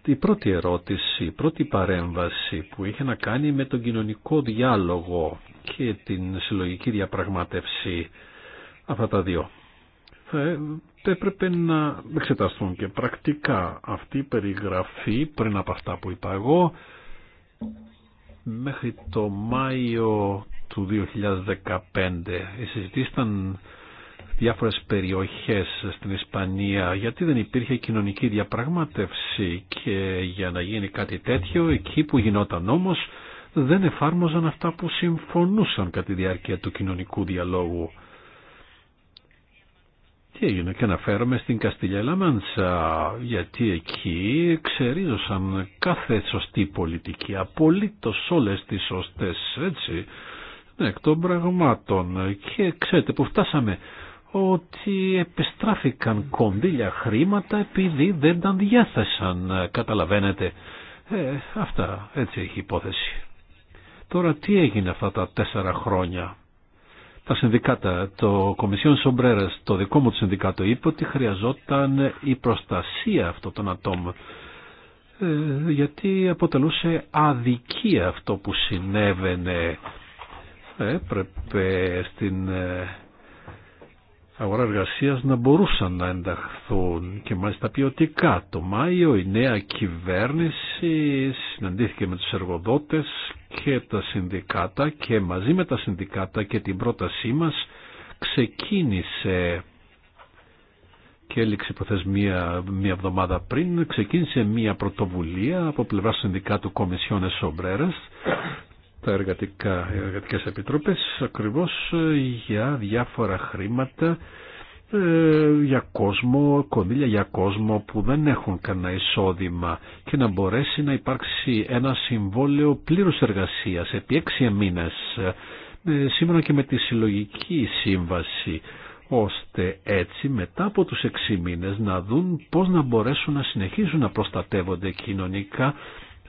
Η πρώτη ερώτηση, η πρώτη παρέμβαση που είχε να κάνει με τον κοινωνικό διάλογο και την συλλογική διαπραγμάτευση αυτά τα δύο έπρεπε να εξεταστούν και πρακτικά αυτή η περιγραφή πριν από αυτά που είπα εγώ μέχρι το Μάιο του 2015. Οι ήταν διάφορες περιοχές στην Ισπανία γιατί δεν υπήρχε κοινωνική διαπραγμάτευση και για να γίνει κάτι τέτοιο εκεί που γινόταν όμως δεν εφάρμοζαν αυτά που συμφωνούσαν κατά τη διάρκεια του κοινωνικού διαλόγου. Τι έγινε και αναφέρομαι στην Καστιλιά Λαμάντσα, γιατί εκεί ξερίζωσαν κάθε σωστή πολιτική, απολύτως όλες τις σωστές, έτσι, ναι, εκ των πραγμάτων. Και ξέρετε που φτάσαμε, ότι επιστράφηκαν κονδύλια χρήματα επειδή δεν τα διάθεσαν, καταλαβαίνετε. Ε, αυτά, έτσι έχει υπόθεση. Τώρα τι έγινε αυτά τα τέσσερα χρόνια τα συνδικάτα. Το Κομισιόν Σομπρέρα, το δικό μου το συνδικάτο, είπε ότι χρειαζόταν η προστασία αυτών των ατόμων. Ε, γιατί αποτελούσε αδικία αυτό που συνέβαινε. Ε, έπρεπε στην ε, αγορά εργασίας να μπορούσαν να ενταχθούν και μάλιστα ποιοτικά. Το Μάιο η νέα κυβέρνηση συναντήθηκε με τους εργοδότες και τα συνδικάτα και μαζί με τα συνδικάτα και την πρότασή μας ξεκίνησε και έληξε προθεσμία μία εβδομάδα πριν, ξεκίνησε μία πρωτοβουλία από πλευρά του Συνδικάτου Κομισιόνε Σομπρέρας τα εργατικά, εργατικές επιτροπές, ακριβώς ε, για διάφορα χρήματα ε, για κόσμο, κονδύλια για κόσμο που δεν έχουν κανένα εισόδημα και να μπορέσει να υπάρξει ένα συμβόλαιο πλήρους εργασίας επί έξι μήνες ε, σήμερα και με τη συλλογική σύμβαση ώστε έτσι μετά από τους έξι μήνες να δουν πώς να μπορέσουν να συνεχίσουν να προστατεύονται κοινωνικά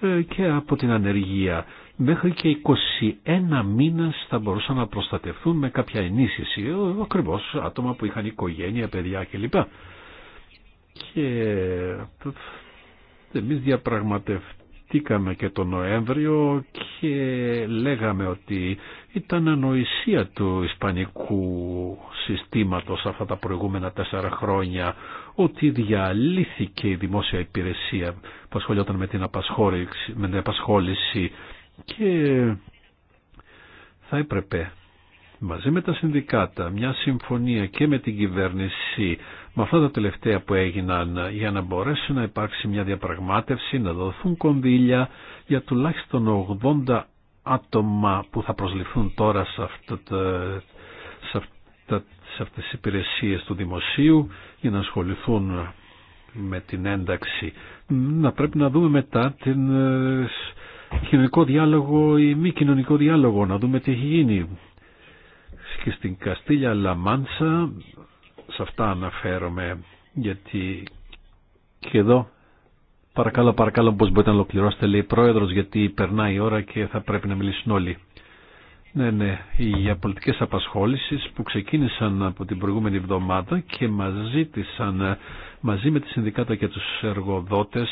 ε, και από την ανεργία μέχρι και 21 μήνες θα μπορούσαν να προστατευτούν με κάποια ενίσχυση, ακριβώς άτομα που είχαν οικογένεια, παιδιά κλπ. Και εμείς διαπραγματευτήκαμε και τον Νοέμβριο και λέγαμε ότι ήταν ανοησία του ισπανικού συστήματος αυτά τα προηγούμενα τέσσερα χρόνια ότι διαλύθηκε η δημόσια υπηρεσία που ασχολιόταν την, με την απασχόληση και θα έπρεπε μαζί με τα συνδικάτα μια συμφωνία και με την κυβέρνηση με αυτά τα τελευταία που έγιναν για να μπορέσει να υπάρξει μια διαπραγμάτευση, να δοθούν κονδύλια για τουλάχιστον 80 άτομα που θα προσληφθούν τώρα σε, αυτά τα, σε, αυτές τις υπηρεσίες του δημοσίου για να ασχοληθούν με την ένταξη. Να πρέπει να δούμε μετά την ε, κοινωνικό διάλογο ή μη κοινωνικό διάλογο, να δούμε τι έχει γίνει. Και στην Καστήλια Λαμάντσα, σε αυτά αναφέρομαι, γιατί και εδώ παρακαλώ, παρακαλώ πώς μπορείτε να ολοκληρώσετε, λέει πρόεδρος, γιατί περνάει η ώρα και θα πρέπει να μιλήσουν όλοι. Ναι, ναι, οι πολιτικές απασχόλησεις που ξεκίνησαν από την προηγούμενη εβδομάδα και μας ζήτησαν μαζί με τη συνδικάτα και τους εργοδότες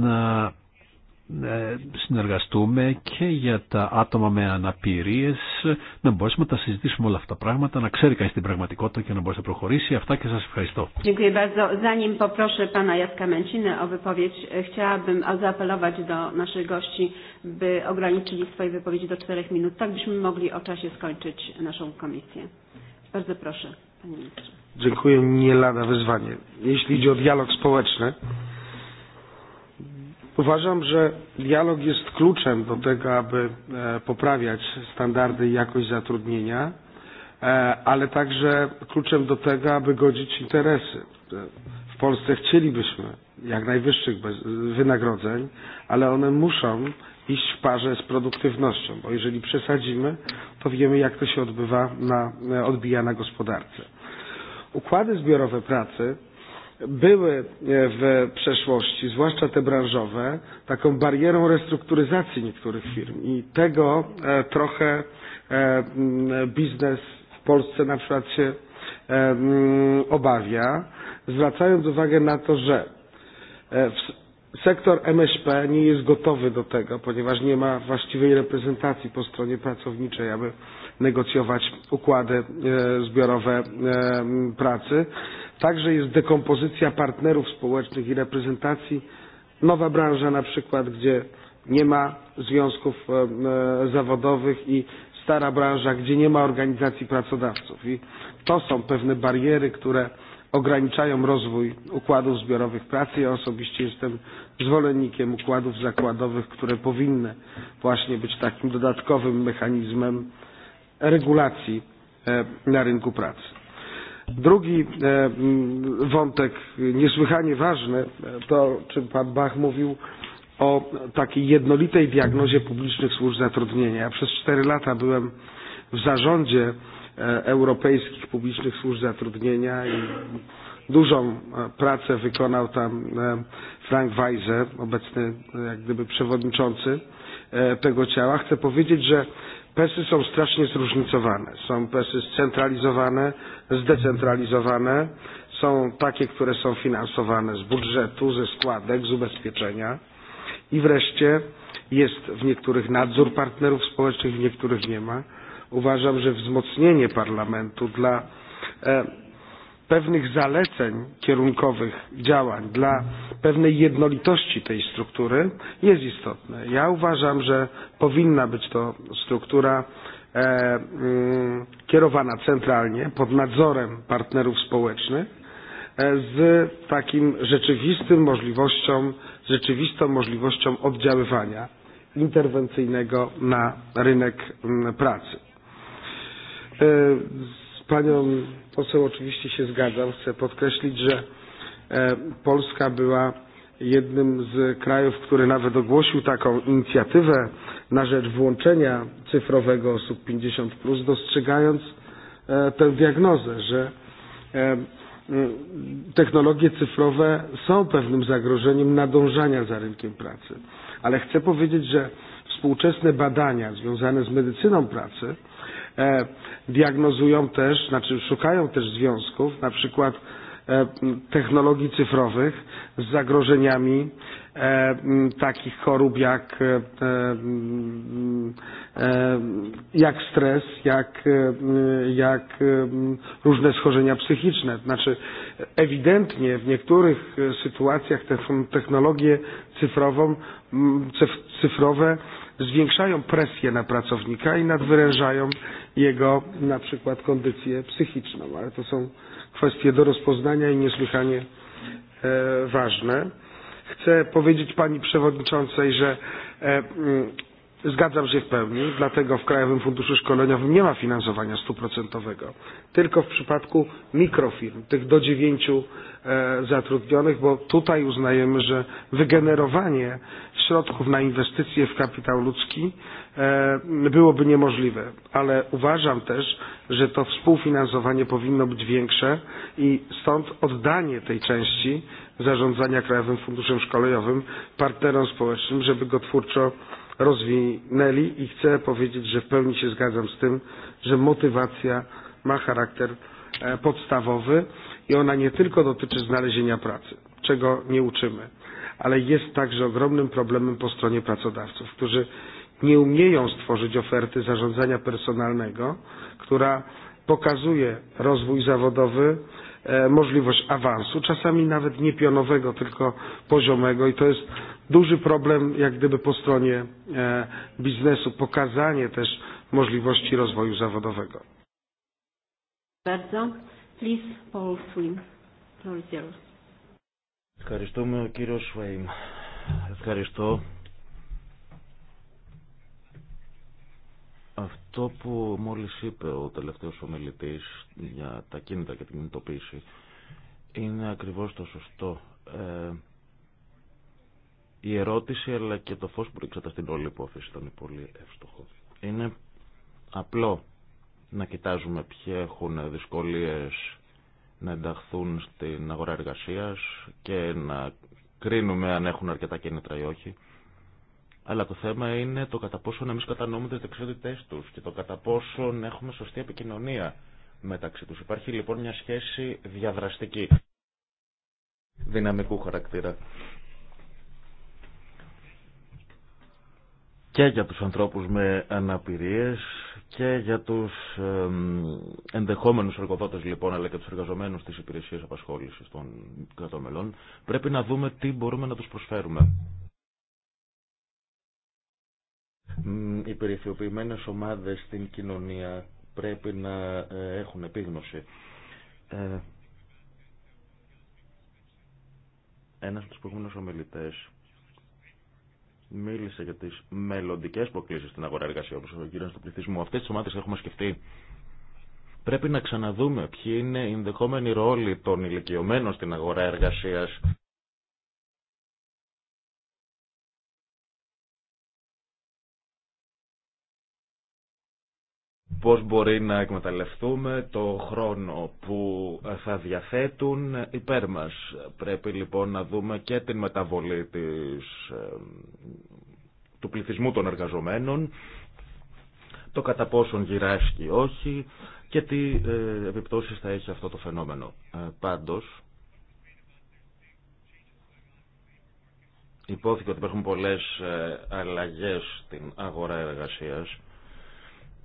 να συνεργαστούμε και για τα άτομα με αναπηρίες να μπορέσουμε να τα συζητήσουμε όλα αυτά τα πράγματα να ξέρει κανείς την πραγματικότητα και να μπορέσει να προχωρήσει αυτά και σας ευχαριστώ Dziękuję bardzo. Zanim poproszę pana Jacka Męcinę o wypowiedź, chciałabym zaapelować do naszych gości, by ograniczyli swoje wypowiedzi do czterech minut, tak byśmy mogli o czasie skończyć naszą komisję. Bardzo proszę, panie ministrze. Dziękuję, nie lada wyzwanie. Jeśli chodzi o dialog społeczny, Uważam, że dialog jest kluczem do tego, aby poprawiać standardy i jakość zatrudnienia, ale także kluczem do tego, aby godzić interesy. W Polsce chcielibyśmy jak najwyższych wynagrodzeń, ale one muszą iść w parze z produktywnością, bo jeżeli przesadzimy, to wiemy, jak to się odbywa na, odbija na gospodarce. Układy zbiorowe pracy były w przeszłości, zwłaszcza te branżowe, taką barierą restrukturyzacji niektórych firm i tego trochę biznes w Polsce na przykład się obawia, zwracając uwagę na to, że sektor MŚP nie jest gotowy do tego, ponieważ nie ma właściwej reprezentacji po stronie pracowniczej, aby negocjować układy zbiorowe pracy. Także jest dekompozycja partnerów społecznych i reprezentacji. Nowa branża na przykład, gdzie nie ma związków zawodowych i stara branża, gdzie nie ma organizacji pracodawców. I to są pewne bariery, które ograniczają rozwój układów zbiorowych pracy. Ja osobiście jestem zwolennikiem układów zakładowych, które powinny właśnie być takim dodatkowym mechanizmem regulacji na rynku pracy. Drugi wątek niesłychanie ważny to, o czym pan Bach mówił, o takiej jednolitej diagnozie publicznych służb zatrudnienia. Ja przez cztery lata byłem w zarządzie europejskich publicznych służb zatrudnienia i dużą pracę wykonał tam Frank Weiser, obecny jak gdyby przewodniczący tego ciała. Chcę powiedzieć, że PESy są strasznie zróżnicowane. Są PESy scentralizowane, zdecentralizowane. Są takie, które są finansowane z budżetu, ze składek, z ubezpieczenia. I wreszcie jest w niektórych nadzór partnerów społecznych, w niektórych nie ma. Uważam, że wzmocnienie parlamentu dla pewnych zaleceń kierunkowych działań dla pewnej jednolitości tej struktury jest istotne. Ja uważam, że powinna być to struktura kierowana centralnie pod nadzorem partnerów społecznych z takim rzeczywistym możliwością, rzeczywistą możliwością oddziaływania interwencyjnego na rynek pracy. Z panią poseł oczywiście się zgadzał, Chcę podkreślić, że Polska była jednym z krajów, który nawet ogłosił taką inicjatywę na rzecz włączenia cyfrowego osób 50, plus, dostrzegając tę diagnozę, że technologie cyfrowe są pewnym zagrożeniem nadążania za rynkiem pracy. Ale chcę powiedzieć, że współczesne badania związane z medycyną pracy diagnozują też, znaczy szukają też związków, na przykład technologii cyfrowych z zagrożeniami takich chorób jak jak stres, jak jak różne schorzenia psychiczne. Znaczy ewidentnie w niektórych sytuacjach tę technologię cyfrową cyfrowe zwiększają presję na pracownika i nadwyrężają jego na przykład kondycję psychiczną. Ale to są kwestie do rozpoznania i niesłychanie ważne. Chcę powiedzieć pani przewodniczącej, że Zgadzam się w pełni, dlatego w Krajowym Funduszu Szkoleniowym nie ma finansowania stuprocentowego, tylko w przypadku mikrofirm, tych do dziewięciu zatrudnionych, bo tutaj uznajemy, że wygenerowanie środków na inwestycje w kapitał ludzki byłoby niemożliwe, ale uważam też, że to współfinansowanie powinno być większe i stąd oddanie tej części zarządzania Krajowym Funduszem Szkoleniowym partnerom społecznym, żeby go twórczo rozwinęli i chcę powiedzieć, że w pełni się zgadzam z tym, że motywacja ma charakter podstawowy i ona nie tylko dotyczy znalezienia pracy, czego nie uczymy, ale jest także ogromnym problemem po stronie pracodawców, którzy nie umieją stworzyć oferty zarządzania personalnego, która pokazuje rozwój zawodowy, możliwość awansu, czasami nawet nie pionowego, tylko poziomego i to jest duży problem jak gdyby po Ευχαριστούμε ο Σουέιμ. Ευχαριστώ. Αυτό που μόλις είπε ο τελευταίος ομιλητής για τα κίνητα και την κινητοποίηση είναι ακριβώς το σωστό. Ε, η ερώτηση αλλά και το φως που ρίξατε στην όλη υπόθεση ήταν πολύ εύστοχο. Είναι απλό να κοιτάζουμε ποιοι έχουν δυσκολίες να ενταχθούν στην αγορά εργασίας και να κρίνουμε αν έχουν αρκετά κίνητρα ή όχι. Αλλά το θέμα είναι το κατά πόσον εμεί κατανοούμε τι δεξιότητέ του και το κατά πόσον έχουμε σωστή επικοινωνία μεταξύ του. Υπάρχει λοιπόν μια σχέση διαδραστική, δυναμικού χαρακτήρα. και για τους ανθρώπους με αναπηρίες και για τους ενδεχόμενους εργοδότες λοιπόν αλλά και τους εργαζομένους της υπηρεσίας απασχόλησης των κρατών πρέπει να δούμε τι μπορούμε να τους προσφέρουμε. Οι περιθωριοποιημένες ομάδες στην κοινωνία πρέπει να ε, έχουν επίγνωση. Ε, ένας από τους προηγούμενους ομιλητές μίλησε για τι μελλοντικέ προκλήσει στην αγορά εργασία, όπω ο κύριο του πληθυσμού. Αυτέ τι ομάδε έχουμε σκεφτεί. Πρέπει να ξαναδούμε ποιοι είναι οι ενδεχόμενοι ρόλοι των ηλικιωμένων στην αγορά εργασία πώς μπορεί να εκμεταλλευτούμε το χρόνο που θα διαθέτουν υπέρ μας. Πρέπει λοιπόν να δούμε και την μεταβολή της, του πληθυσμού των εργαζομένων, το κατά πόσον γυράσκει όχι και τι ε, επιπτώσεις θα έχει αυτό το φαινόμενο. Ε, πάντως, υπόθηκε ότι υπάρχουν πολλές ε, αλλαγές στην αγορά εργασίας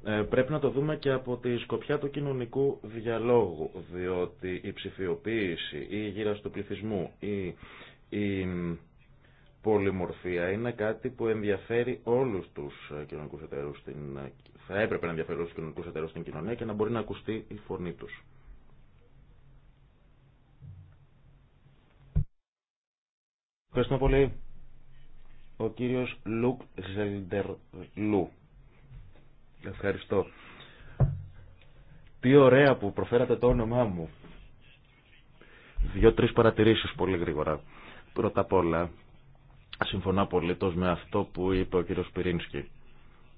ε, πρέπει να το δούμε και από τη σκοπιά του κοινωνικού διαλόγου, διότι η ψηφιοποίηση, η γύρα του πληθυσμού, η, η πολυμορφία είναι κάτι που ενδιαφέρει όλους τους κοινωνικούς εταίρους στην, θα έπρεπε να ενδιαφέρει όλους τους κοινωνικούς εταίρους στην κοινωνία και να μπορεί να ακουστεί η φωνή τους. Ευχαριστούμε πολύ. Ο κύριος Λουκ Ζελντερλού. Ευχαριστώ. Τι ωραία που προφέρατε το όνομά μου. Δύο-τρεις παρατηρήσεις πολύ γρήγορα. Πρώτα απ' όλα, συμφωνώ απολύτως με αυτό που είπε ο κύριος Πυρίνσκι.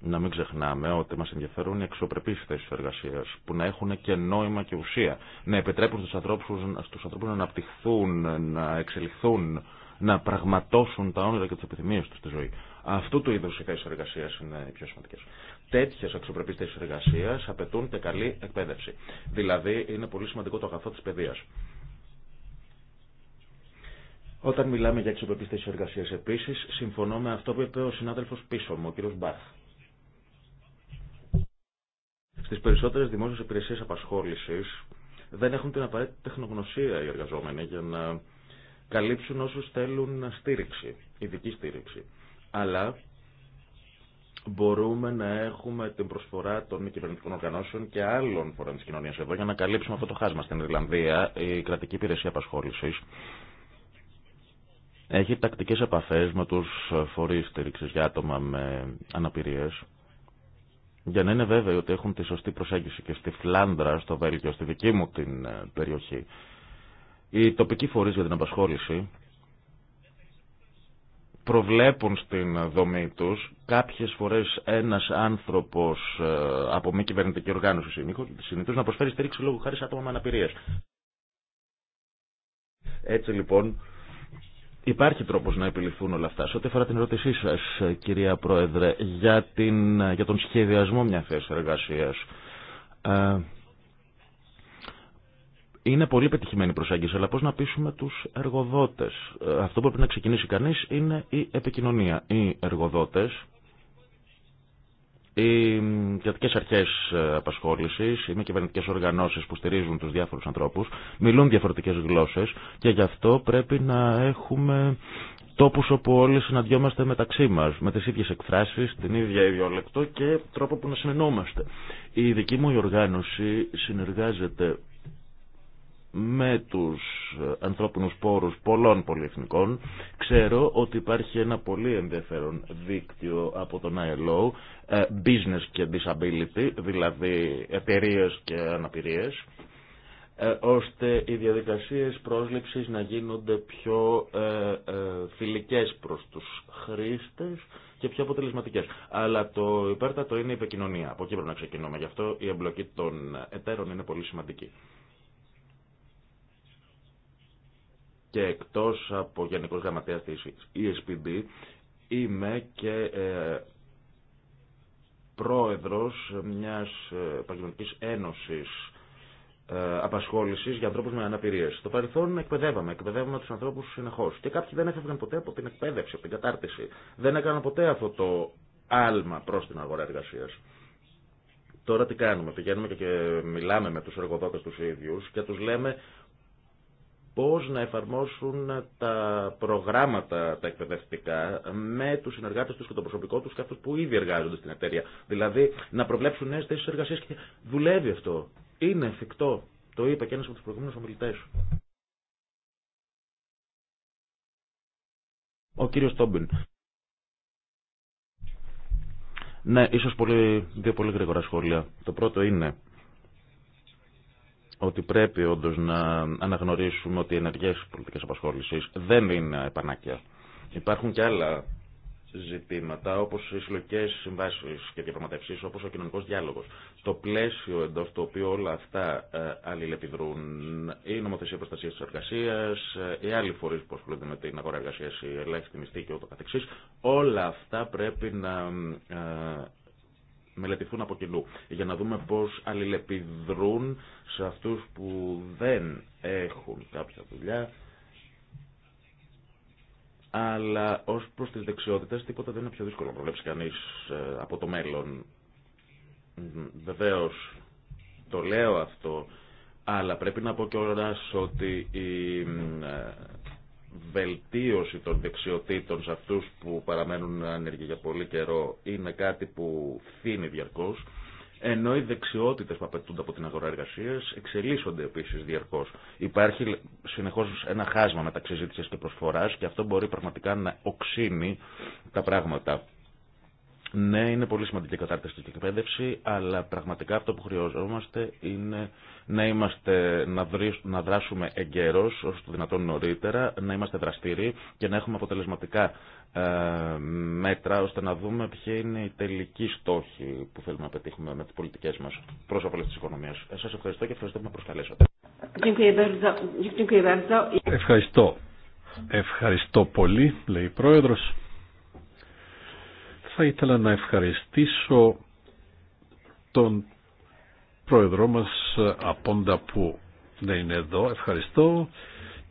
Να μην ξεχνάμε ότι μα ενδιαφέρουν οι αξιοπρεπεί θέσει εργασία που να έχουν και νόημα και ουσία. Να επιτρέπουν στου ανθρώπου να αναπτυχθούν, να εξελιχθούν, να πραγματώσουν τα όνειρα και τι επιθυμίε του στη ζωή. Αυτού του είδου οι θέσει εργασία είναι οι πιο σημαντικέ. Τέτοιε αξιοπρεπεί θέσει εργασία απαιτούν και καλή εκπαίδευση. Δηλαδή είναι πολύ σημαντικό το αγαθό τη παιδεία. Όταν μιλάμε για αξιοπρεπεί θέσει εργασία επίση, συμφωνώ με αυτό που είπε ο συνάδελφο πίσω μου, ο κ. Μπαρθ. Στι περισσότερε δημόσιε υπηρεσίε απασχόληση δεν έχουν την απαραίτητη τεχνογνωσία οι εργαζόμενοι για να καλύψουν όσου θέλουν στήριξη, ειδική στήριξη αλλά μπορούμε να έχουμε την προσφορά των μη κυβερνητικών οργανώσεων και άλλων φορέων τη κοινωνία εδώ για να καλύψουμε αυτό το χάσμα. Στην Ιρλανδία, η κρατική υπηρεσία απασχόληση έχει τακτικές επαφές με τους φορείς στήριξης για άτομα με αναπηρίες για να είναι βέβαιοι ότι έχουν τη σωστή προσέγγιση και στη Φλάνδρα, στο Βέλγιο, στη δική μου την ε, περιοχή. Οι τοπικοί φορείς για την απασχόληση προβλέπουν στην δομή τους κάποιες φορές ένας άνθρωπος ε, από μη κυβερνητική οργάνωση συνήθως να προσφέρει στήριξη λόγω χάρη σε άτομα με αναπηρίες. Έτσι λοιπόν υπάρχει τρόπος να επιληθούν όλα αυτά. Σε ό,τι αφορά την ερώτησή σας κυρία Πρόεδρε για, την, για τον σχεδιασμό μια θέση εργασίας. Ε, είναι πολύ πετυχημένη η προσέγγιση, αλλά πώς να πείσουμε του εργοδότε. Ε, αυτό που πρέπει να ξεκινήσει κανεί είναι η επικοινωνία. Οι εργοδότες, οι κρατικέ αρχέ ε, απασχόληση, οι μη κυβερνητικέ οργανώσει που στηρίζουν του διάφορου ανθρώπου, μιλούν διαφορετικέ γλώσσε και γι' αυτό πρέπει να έχουμε τόπου όπου όλοι συναντιόμαστε μεταξύ μα, με τι ίδιε εκφράσει, την ίδια ιδιόλεκτο και τρόπο που να συνεννόμαστε. Η δική μου οργάνωση συνεργάζεται με τους ανθρώπινους πόρους πολλών πολυεθνικών. Ξέρω ότι υπάρχει ένα πολύ ενδιαφέρον δίκτυο από τον ILO, ε, business και disability, δηλαδή εταιρείε και αναπηρίες, ε, ώστε οι διαδικασίες πρόσληψης να γίνονται πιο ε, φιλικές προς τους χρήστες και πιο αποτελεσματικές. Αλλά το υπέρτατο είναι η επικοινωνία. Από εκεί πρέπει να ξεκινούμε. Γι' αυτό η εμπλοκή των εταίρων είναι πολύ σημαντική. και εκτός από Γενικός Γραμματέας της ESPD είμαι και ε, πρόεδρος μιας ε, επαγγελματικής ένωσης ε, απασχόλησης για ανθρώπου με αναπηρίες. Στο παρελθόν εκπαιδεύαμε, εκπαιδεύαμε του ανθρώπου συνεχώ. Και κάποιοι δεν έφευγαν ποτέ από την εκπαίδευση, από την κατάρτιση. Δεν έκαναν ποτέ αυτό το άλμα προς την αγορά εργασία. Τώρα τι κάνουμε, πηγαίνουμε και μιλάμε με τους εργοδότες τους ίδιου και τους λέμε πώς να εφαρμόσουν τα προγράμματα τα εκπαιδευτικά με τους συνεργάτες τους και το προσωπικό τους και αυτούς που ήδη εργάζονται στην εταιρεία. Δηλαδή να προβλέψουν νέες θέσεις εργασίας και δουλεύει αυτό. Είναι εφικτό. Το είπε και ένας από τους προηγούμενους ομιλητές. Ο κύριος Τόμπιν. Ναι, ίσως πολύ, δύο πολύ γρήγορα σχόλια. Το πρώτο είναι ότι πρέπει όντω να αναγνωρίσουμε ότι οι ενεργέ πολιτικέ απασχόλησει δεν είναι επανάκια. Υπάρχουν και άλλα ζητήματα όπω οι συλλογικέ συμβάσει και διαπραγματεύσει, όπω ο κοινωνικό διάλογο. Το πλαίσιο εντό του οποίου όλα αυτά ε, αλληλεπιδρούν, η νομοθεσία προστασία τη εργασία, ε, οι άλλοι φορεί που ασχολούνται με την αγορά εργασία, η ελάχιστη μισθή και ούτω όλα αυτά πρέπει να ε, μελετηθούν από κοινού για να δούμε πώς αλληλεπιδρούν σε αυτούς που δεν έχουν κάποια δουλειά αλλά ως προς τις δεξιότητες τίποτα δεν είναι πιο δύσκολο να προβλέψει κανείς ε, από το μέλλον. Βεβαίω το λέω αυτό αλλά πρέπει να πω ότι η ε, βελτίωση των δεξιοτήτων σε αυτούς που παραμένουν άνεργοι για πολύ καιρό είναι κάτι που φθήνει διαρκώς, ενώ οι δεξιότητες που απαιτούνται από την αγορά εργασίας εξελίσσονται επίσης διαρκώς. Υπάρχει συνεχώς ένα χάσμα μεταξύ ζήτησης και προσφοράς και αυτό μπορεί πραγματικά να οξύνει τα πράγματα. Ναι, είναι πολύ σημαντική η κατάρτιση και η εκπαίδευση, αλλά πραγματικά αυτό που χρειαζόμαστε είναι να, είμαστε, να δράσουμε εγκαίρω, όσο το δυνατόν νωρίτερα, να είμαστε δραστήριοι και να έχουμε αποτελεσματικά ε, μέτρα, ώστε να δούμε ποια είναι η τελική στόχη που θέλουμε να πετύχουμε με τι πολιτικέ μα προ όλες τη οικονομία. Ε, Σα ευχαριστώ και ευχαριστώ που με προσκαλέσατε. Ευχαριστώ. Ευχαριστώ πολύ, λέει η Πρόεδρος. Θα ήθελα να ευχαριστήσω τον πρόεδρό μας Απόντα που δεν είναι εδώ. Ευχαριστώ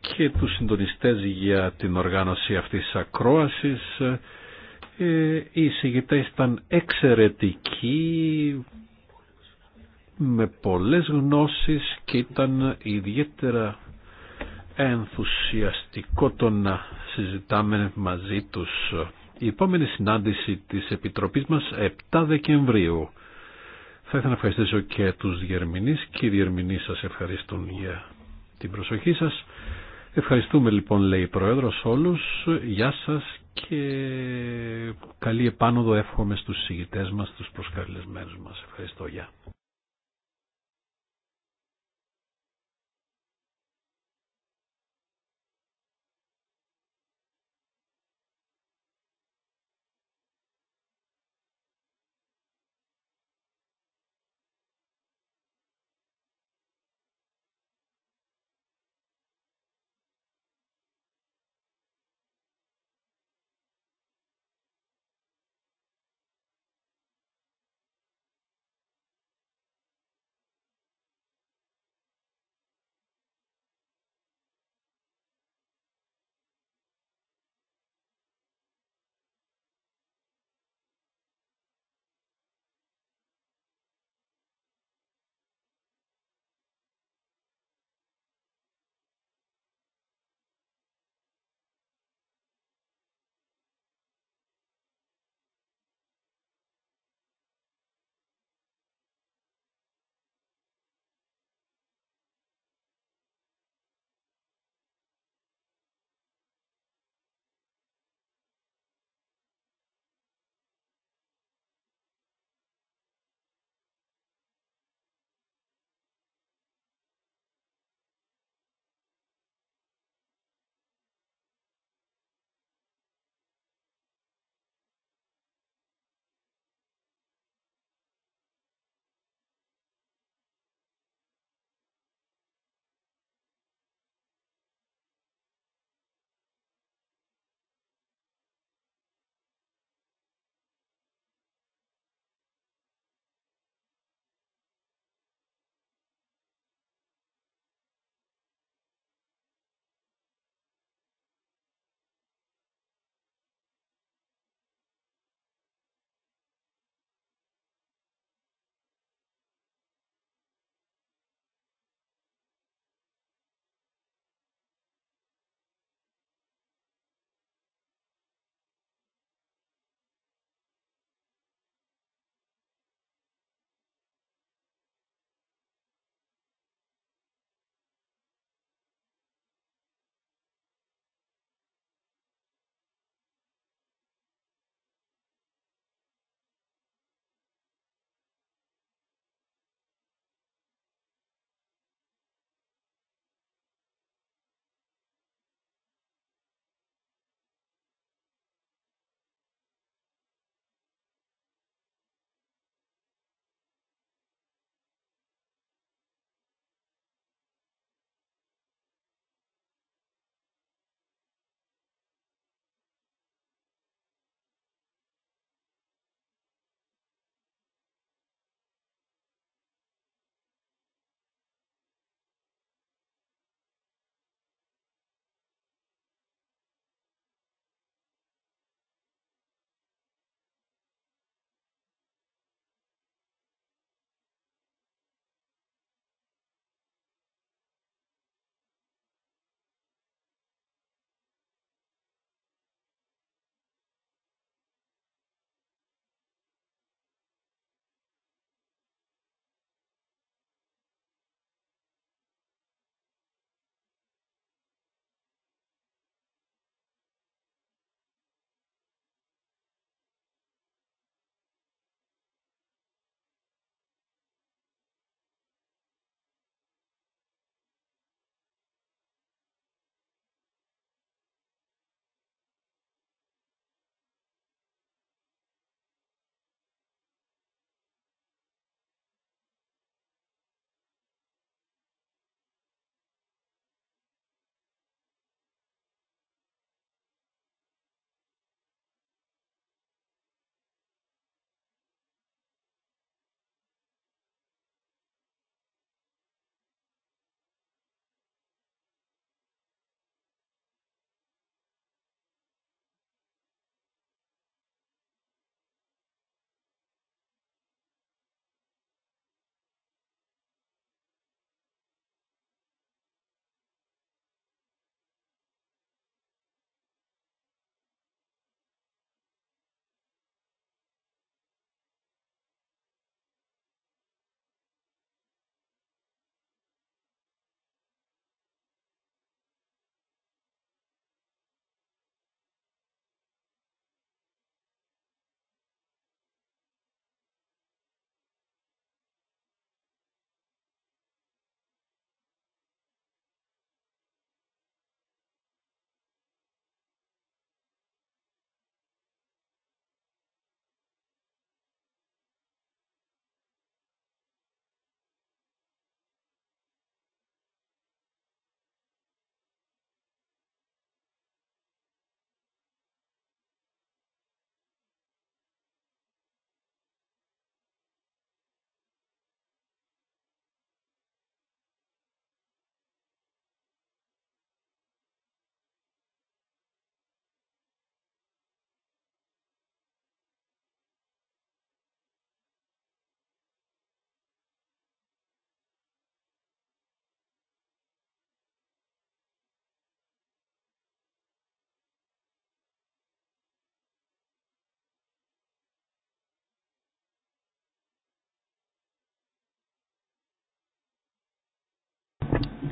και τους συντονιστές για την οργάνωση αυτής της ακρόασης. Ε, οι εισηγητές ήταν εξαιρετικοί με πολλές γνώσεις και ήταν ιδιαίτερα ενθουσιαστικό το να συζητάμε μαζί τους η επόμενη συνάντηση της Επιτροπής μας 7 Δεκεμβρίου. Θα ήθελα να ευχαριστήσω και τους διερμηνείς και οι διερμηνείς σας ευχαριστούν για την προσοχή σας. Ευχαριστούμε λοιπόν λέει η Πρόεδρος όλους. Γεια σας και καλή επάνωδο εύχομαι στους συγητές μας, τους προσκαλεσμένους μας. Ευχαριστώ. Γεια.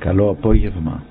Καλό απόγευμα.